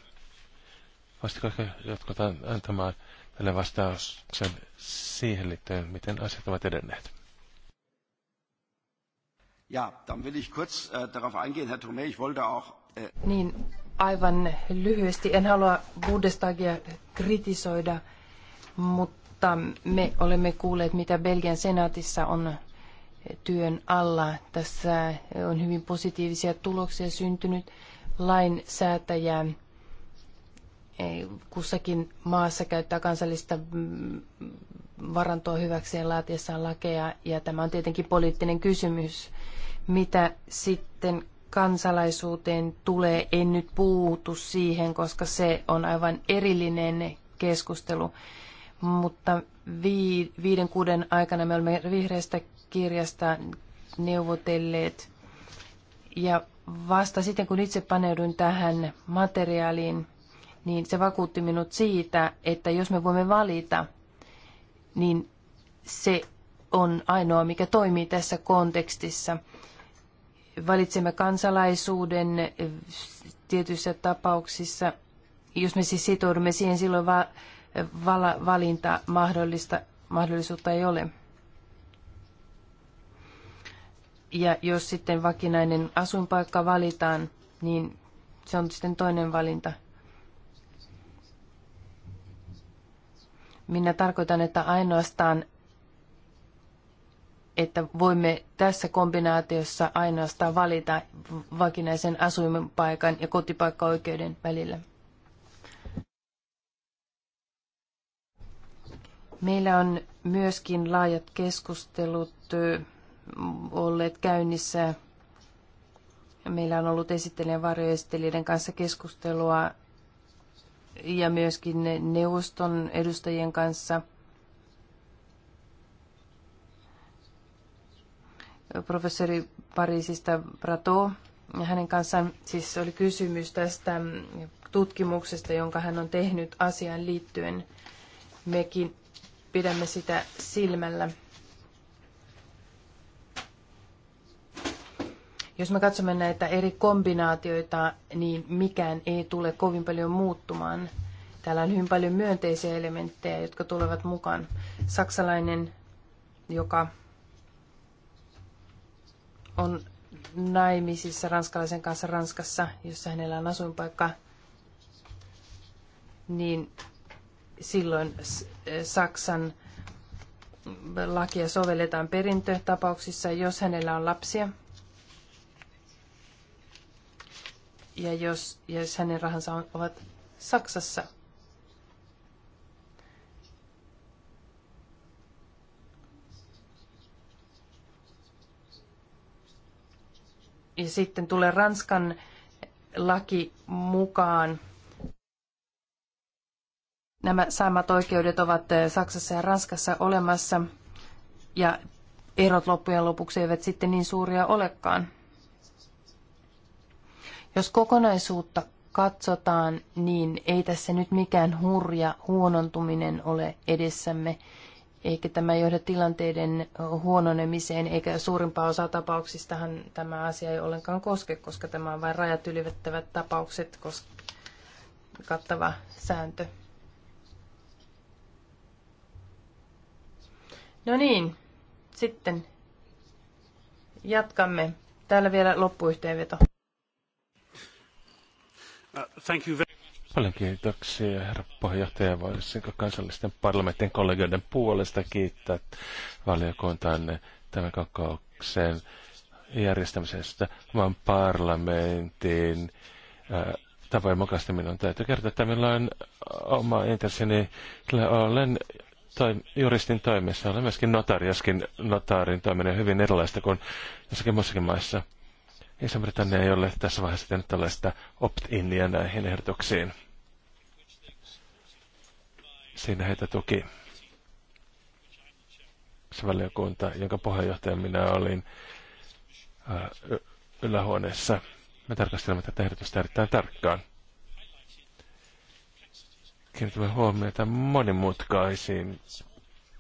Vastikaika jotkut antamaan tälle vastauksen siihen liittyen, miten asiat ovat edenneet. Ja, dann will ich kurz äh, darauf eingehen, Herr Thomé, ich wollte auch... Äh... Niin, aivan lyhyesti. En halua Bundestagia kritisoida, mutta me olemme kuulleet, mitä Belgian senaatissa on työn alla. Tässä on hyvin positiivisia tuloksia syntynyt lainsäätäjä eh, kussakin maassa käyttää kansallista mm, varantoa hyväkseen laatiessaan lakeja, ja tämä on tietenkin poliittinen kysymys, mitä sitten kansalaisuuteen tulee, en nyt puutu siihen, koska se on aivan erillinen keskustelu. Mutta viiden kuuden aikana me olemme vihreästä kirjasta neuvotelleet. Ja vasta sitten, kun itse paneuduin tähän materiaaliin, niin se vakuutti minut siitä, että jos me voimme valita, niin se on ainoa, mikä toimii tässä kontekstissa valitsemme kansalaisuuden tietyissä tapauksissa, jos me siis sitoudumme siihen, silloin va- vala- valinta mahdollista, mahdollisuutta ei ole. Ja jos sitten vakinainen asuinpaikka valitaan, niin se on sitten toinen valinta. Minä tarkoitan, että ainoastaan että voimme tässä kombinaatiossa ainoastaan valita vakinaisen asuinpaikan ja kotipaikkaoikeuden välillä. Meillä on myöskin laajat keskustelut olleet käynnissä. Meillä on ollut esittelijän varjoesittelijöiden kanssa keskustelua ja myöskin neuvoston edustajien kanssa – professori Pariisista Prato. Ja hänen kanssaan siis oli kysymys tästä tutkimuksesta, jonka hän on tehnyt asiaan liittyen. Mekin pidämme sitä silmällä. Jos me katsomme näitä eri kombinaatioita, niin mikään ei tule kovin paljon muuttumaan. Täällä on hyvin paljon myönteisiä elementtejä, jotka tulevat mukaan. Saksalainen, joka on naimisissa ranskalaisen kanssa Ranskassa, jossa hänellä on asuinpaikka, niin silloin Saksan lakia sovelletaan perintötapauksissa, jos hänellä on lapsia. Ja jos, jos hänen rahansa on, ovat Saksassa. ja sitten tulee Ranskan laki mukaan. Nämä samat oikeudet ovat eh, Saksassa ja Ranskassa olemassa ja erot loppujen lopuksi eivät sitten niin suuria olekaan. Jos kokonaisuutta katsotaan, niin ei tässä nyt mikään hurja huonontuminen ole edessämme eikä tämä johda tilanteiden huononemiseen, eikä suurimpaa osaa tapauksistahan tämä asia ei ollenkaan koske, koska tämä on vain rajat ylivettävät tapaukset koska kattava sääntö. No niin, sitten jatkamme. Täällä vielä loppuyhteenveto. Uh, thank you very Paljon kiitoksia, herra puheenjohtaja. Voisinko kansallisten parlamentin kollegoiden puolesta kiittää valiokuntaanne tämän kokouksen järjestämisestä maan parlamentin äh, tavoin mukaisesti minun täytyy kertoa, että minulla on oma intressini. Olen toim, juristin toimissa, olen myöskin notariaskin notaarin toiminen hyvin erilaista kuin jossakin muissakin maissa. Iso-Britannia ei ole tässä vaiheessa tehnyt tällaista opt-inia näihin ehdotuksiin siinä heitä tuki se valiokunta, jonka puheenjohtaja minä olin ylähuoneessa. Me tarkastelemme tätä ehdotusta erittäin tarkkaan. Kiinnitämme huomiota monimutkaisiin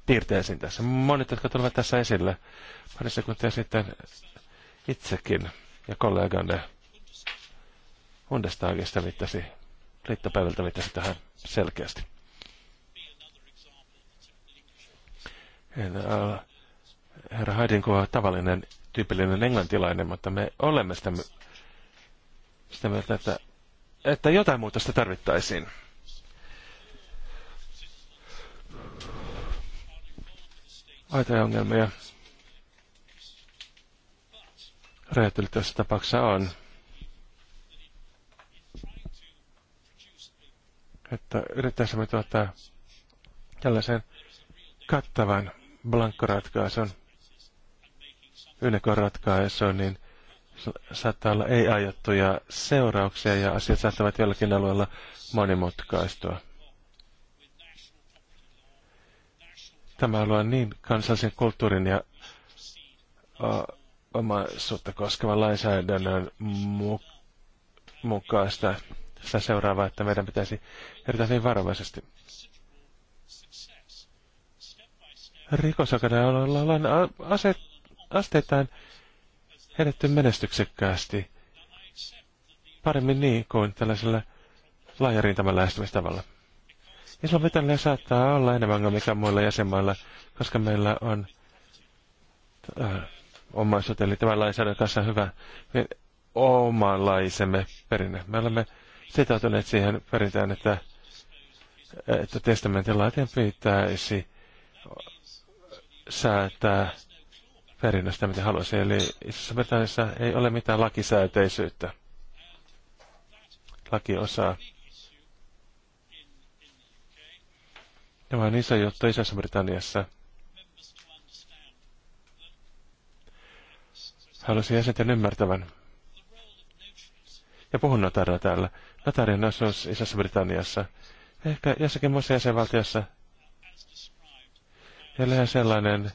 piirteisiin tässä. Monet, jotka tulevat tässä esille pari sekuntia sitten itsekin ja kolleganne Bundestagista viittasi, liittopäivältä viittasi tähän selkeästi. herra Haidinko on tavallinen, tyypillinen englantilainen, mutta me olemme sitä, sitä mieltä, että, että jotain muutosta tarvittaisiin. Aitoja ongelmia räjähtely tässä tapauksessa on. Että yrittäisimme tuottaa tällaisen kattavan blankkoratkaisun, ylekoratkaisun, niin saattaa olla ei ajattuja seurauksia ja asiat saattavat jollakin alueella monimutkaistua. Tämä alue on niin kansallisen kulttuurin ja omaisuutta koskevan lainsäädännön mukaista sitä seuraavaa, että meidän pitäisi erittäin varovaisesti rikosakademialla ollaan aset, asteittain edetty menestyksekkäästi paremmin niin kuin tällaisella laajarintamalla lähestymistavalla. Iso-Britannia saattaa olla enemmän kuin mikä muilla jäsenmailla, koska meillä on äh, eli tämän lainsäädännön kanssa hyvä omanlaisemme perinne. Me olemme sitoutuneet siihen perinteen, että, että testamentin laitien pitäisi säätää perinnöstä, mitä haluaisi. Eli isossa Britanniassa ei ole mitään lakisääteisyyttä. Laki osaa. Tämä on iso juttu Isossa Britanniassa. Haluaisin jäsenten ymmärtävän. Ja puhun notaria täällä. Notarin osuus Isossa Britanniassa. Ehkä jossakin muussa jäsenvaltiossa Jälleen sellainen,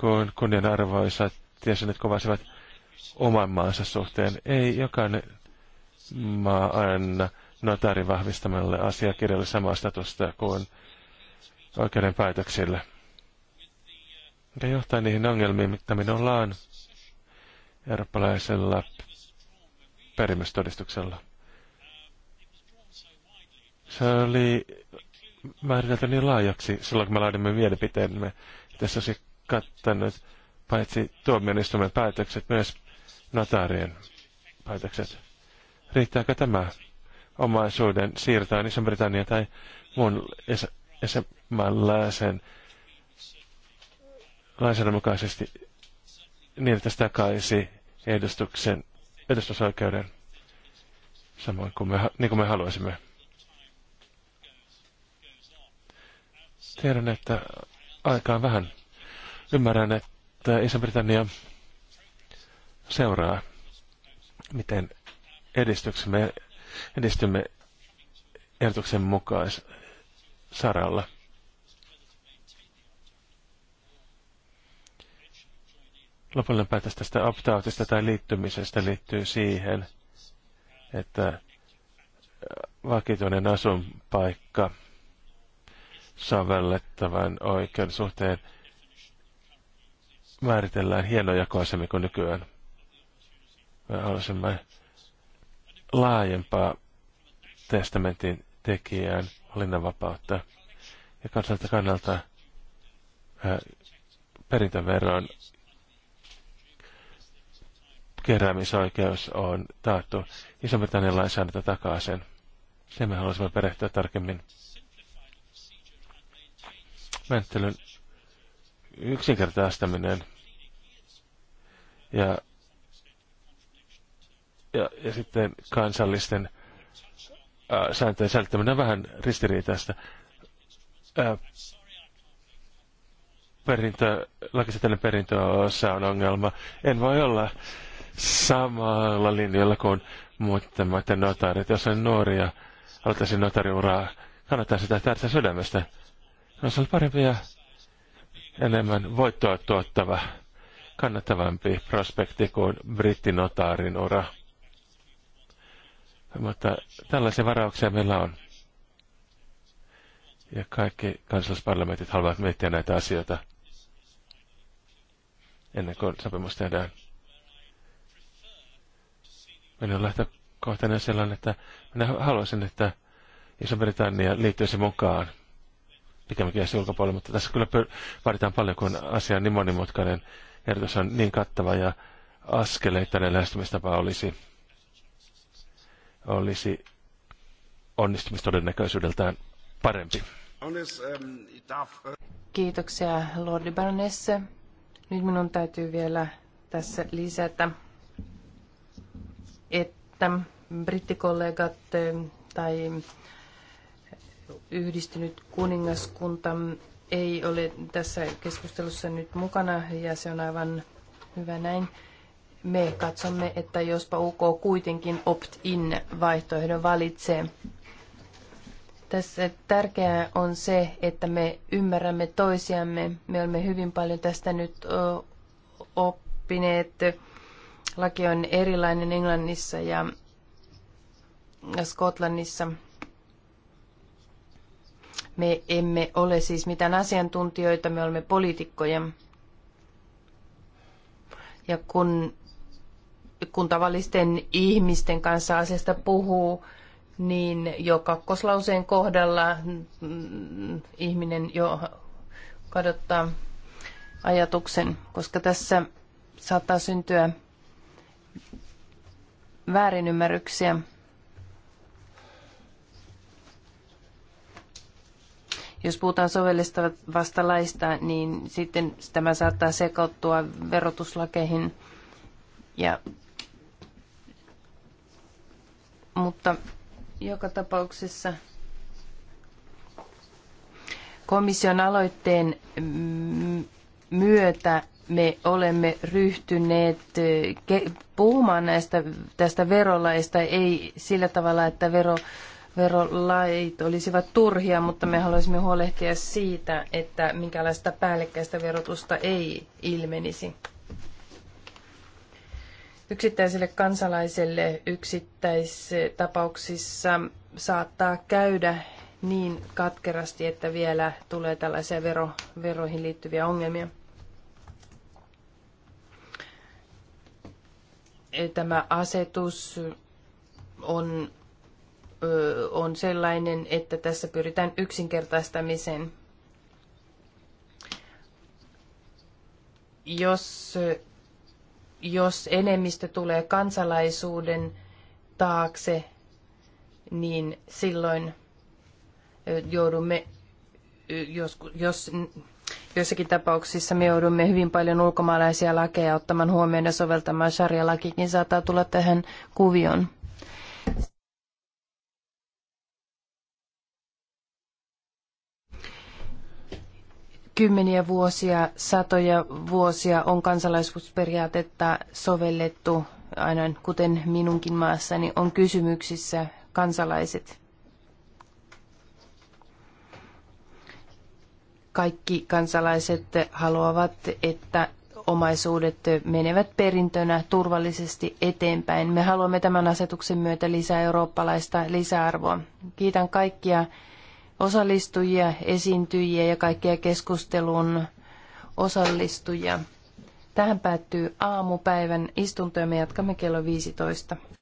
kun kunnianarvoisat jäsenet kovasivat oman maansa suhteen. Ei jokainen maa anna notaarin vahvistamalle asiakirjalle samaa statusta kuin oikeuden päätöksille. Mikä johtaa niihin ongelmiin, mitä me ollaan eurooppalaisella perimystodistuksella. Se oli määritelty niin laajaksi silloin, kun me laadimme mielipiteemme. Tässä olisi kattanut paitsi tuomioistuimen päätökset, myös notaarien päätökset. Riittääkö tämä omaisuuden siirtoon Iso-Britannia tai muun esimäläisen lainsäädännön mukaisesti niin, että se takaisi edustuksen, edustusoikeuden samoin kuin me, niin kuin me haluaisimme? Tiedän, että aikaan vähän. Ymmärrän, että Iso-Britannia seuraa, miten edistyksemme, edistymme ehdotuksen mukaan saralla. Lopullinen päätös tästä optautista tai liittymisestä liittyy siihen, että vakituinen asunpaikka – sovellettavan oikeuden suhteen määritellään hienojakoisemmin kuin nykyään. Me haluaisimme laajempaa testamentin tekijään valinnanvapautta. Ja kansalta kannalta ää, perintöveron keräämisoikeus on taattu. Iso-Britannian lainsäädäntö takaa sen. Sen me haluaisimme perehtyä tarkemmin menettelyn yksinkertaistaminen ja, ja, ja sitten kansallisten ää, sääntöjen säilyttäminen vähän ristiriitaista. perintö, lakisääteinen osa on ongelma. En voi olla samalla linjalla kuin muiden notaarit. Jos on nuoria, aloittaisin notariuraa, kannattaa sitä täydestä sydämestä. Olisi ollut parempi ja enemmän voittoa tuottava, kannattavampi prospekti kuin brittinotaarin ura. Mutta tällaisia varauksia meillä on. Ja kaikki kansallisparlamentit haluavat miettiä näitä asioita ennen kuin sopimus tehdään. Minun lähtökohtani on sellainen, että minä haluaisin, että Iso-Britannia liittyisi mukaan pikemminkin edes mutta tässä kyllä vaaditaan paljon, kun asia on niin monimutkainen. Ehdotus on niin kattava ja askeleittainen lähestymistapa olisi, olisi onnistumistodennäköisyydeltään parempi. Kiitoksia, Lordi Baronesse. Nyt minun täytyy vielä tässä lisätä, että brittikollegat eh, tai yhdistynyt kuningaskunta ei ole tässä keskustelussa nyt mukana ja se on aivan hyvä näin. Me katsomme, että jospa UK kuitenkin opt-in vaihtoehdon valitsee. Tässä tärkeää on se, että me ymmärrämme toisiamme. Me olemme hyvin paljon tästä nyt oppineet. Laki on erilainen Englannissa ja Skotlannissa me emme ole siis mitään asiantuntijoita, me olemme poliitikkoja. Ja kun, kun tavallisten ihmisten kanssa asiasta puhuu, niin jo kakkoslauseen kohdalla mm, mm, ihminen jo kadottaa ajatuksen, koska tässä saattaa syntyä väärinymmärryksiä. Jos puhutaan sovellistavasta laista, niin sitten tämä saattaa sekoittua verotuslakeihin. Ja, mutta joka tapauksessa komission aloitteen myötä me olemme ryhtyneet eh, puhumaan näistä, tästä verolaista, ei sillä tavalla, että vero verolait olisivat turhia, mutta me haluaisimme huolehtia siitä, että minkälaista päällekkäistä verotusta ei ilmenisi. Yksittäiselle kansalaiselle yksittäistapauksissa saattaa käydä niin katkerasti, että vielä tulee tällaisia vero, veroihin liittyviä ongelmia. Tämä asetus on on sellainen, että tässä pyritään yksinkertaistamiseen. Jos, jos enemmistö tulee kansalaisuuden taakse, niin silloin joudumme, jos, jos joissakin tapauksissa me joudumme hyvin paljon ulkomaalaisia lakeja ottamaan huomioon ja soveltamaan sarjalakikin saattaa tulla tähän kuvioon. kymmeniä vuosia, satoja vuosia on kansalaisuusperiaatetta sovellettu, aina kuten minunkin maassani on kysymyksissä kansalaiset. Kaikki kansalaiset haluavat, että omaisuudet menevät perintönä turvallisesti eteenpäin. Me haluamme tämän asetuksen myötä lisää eurooppalaista lisäarvoa. Kiitän kaikkia osallistujia, esiintyjiä ja kaikkia keskustelun osallistujia. Tähän päättyy aamupäivän istunto ja me jatkamme kello 15.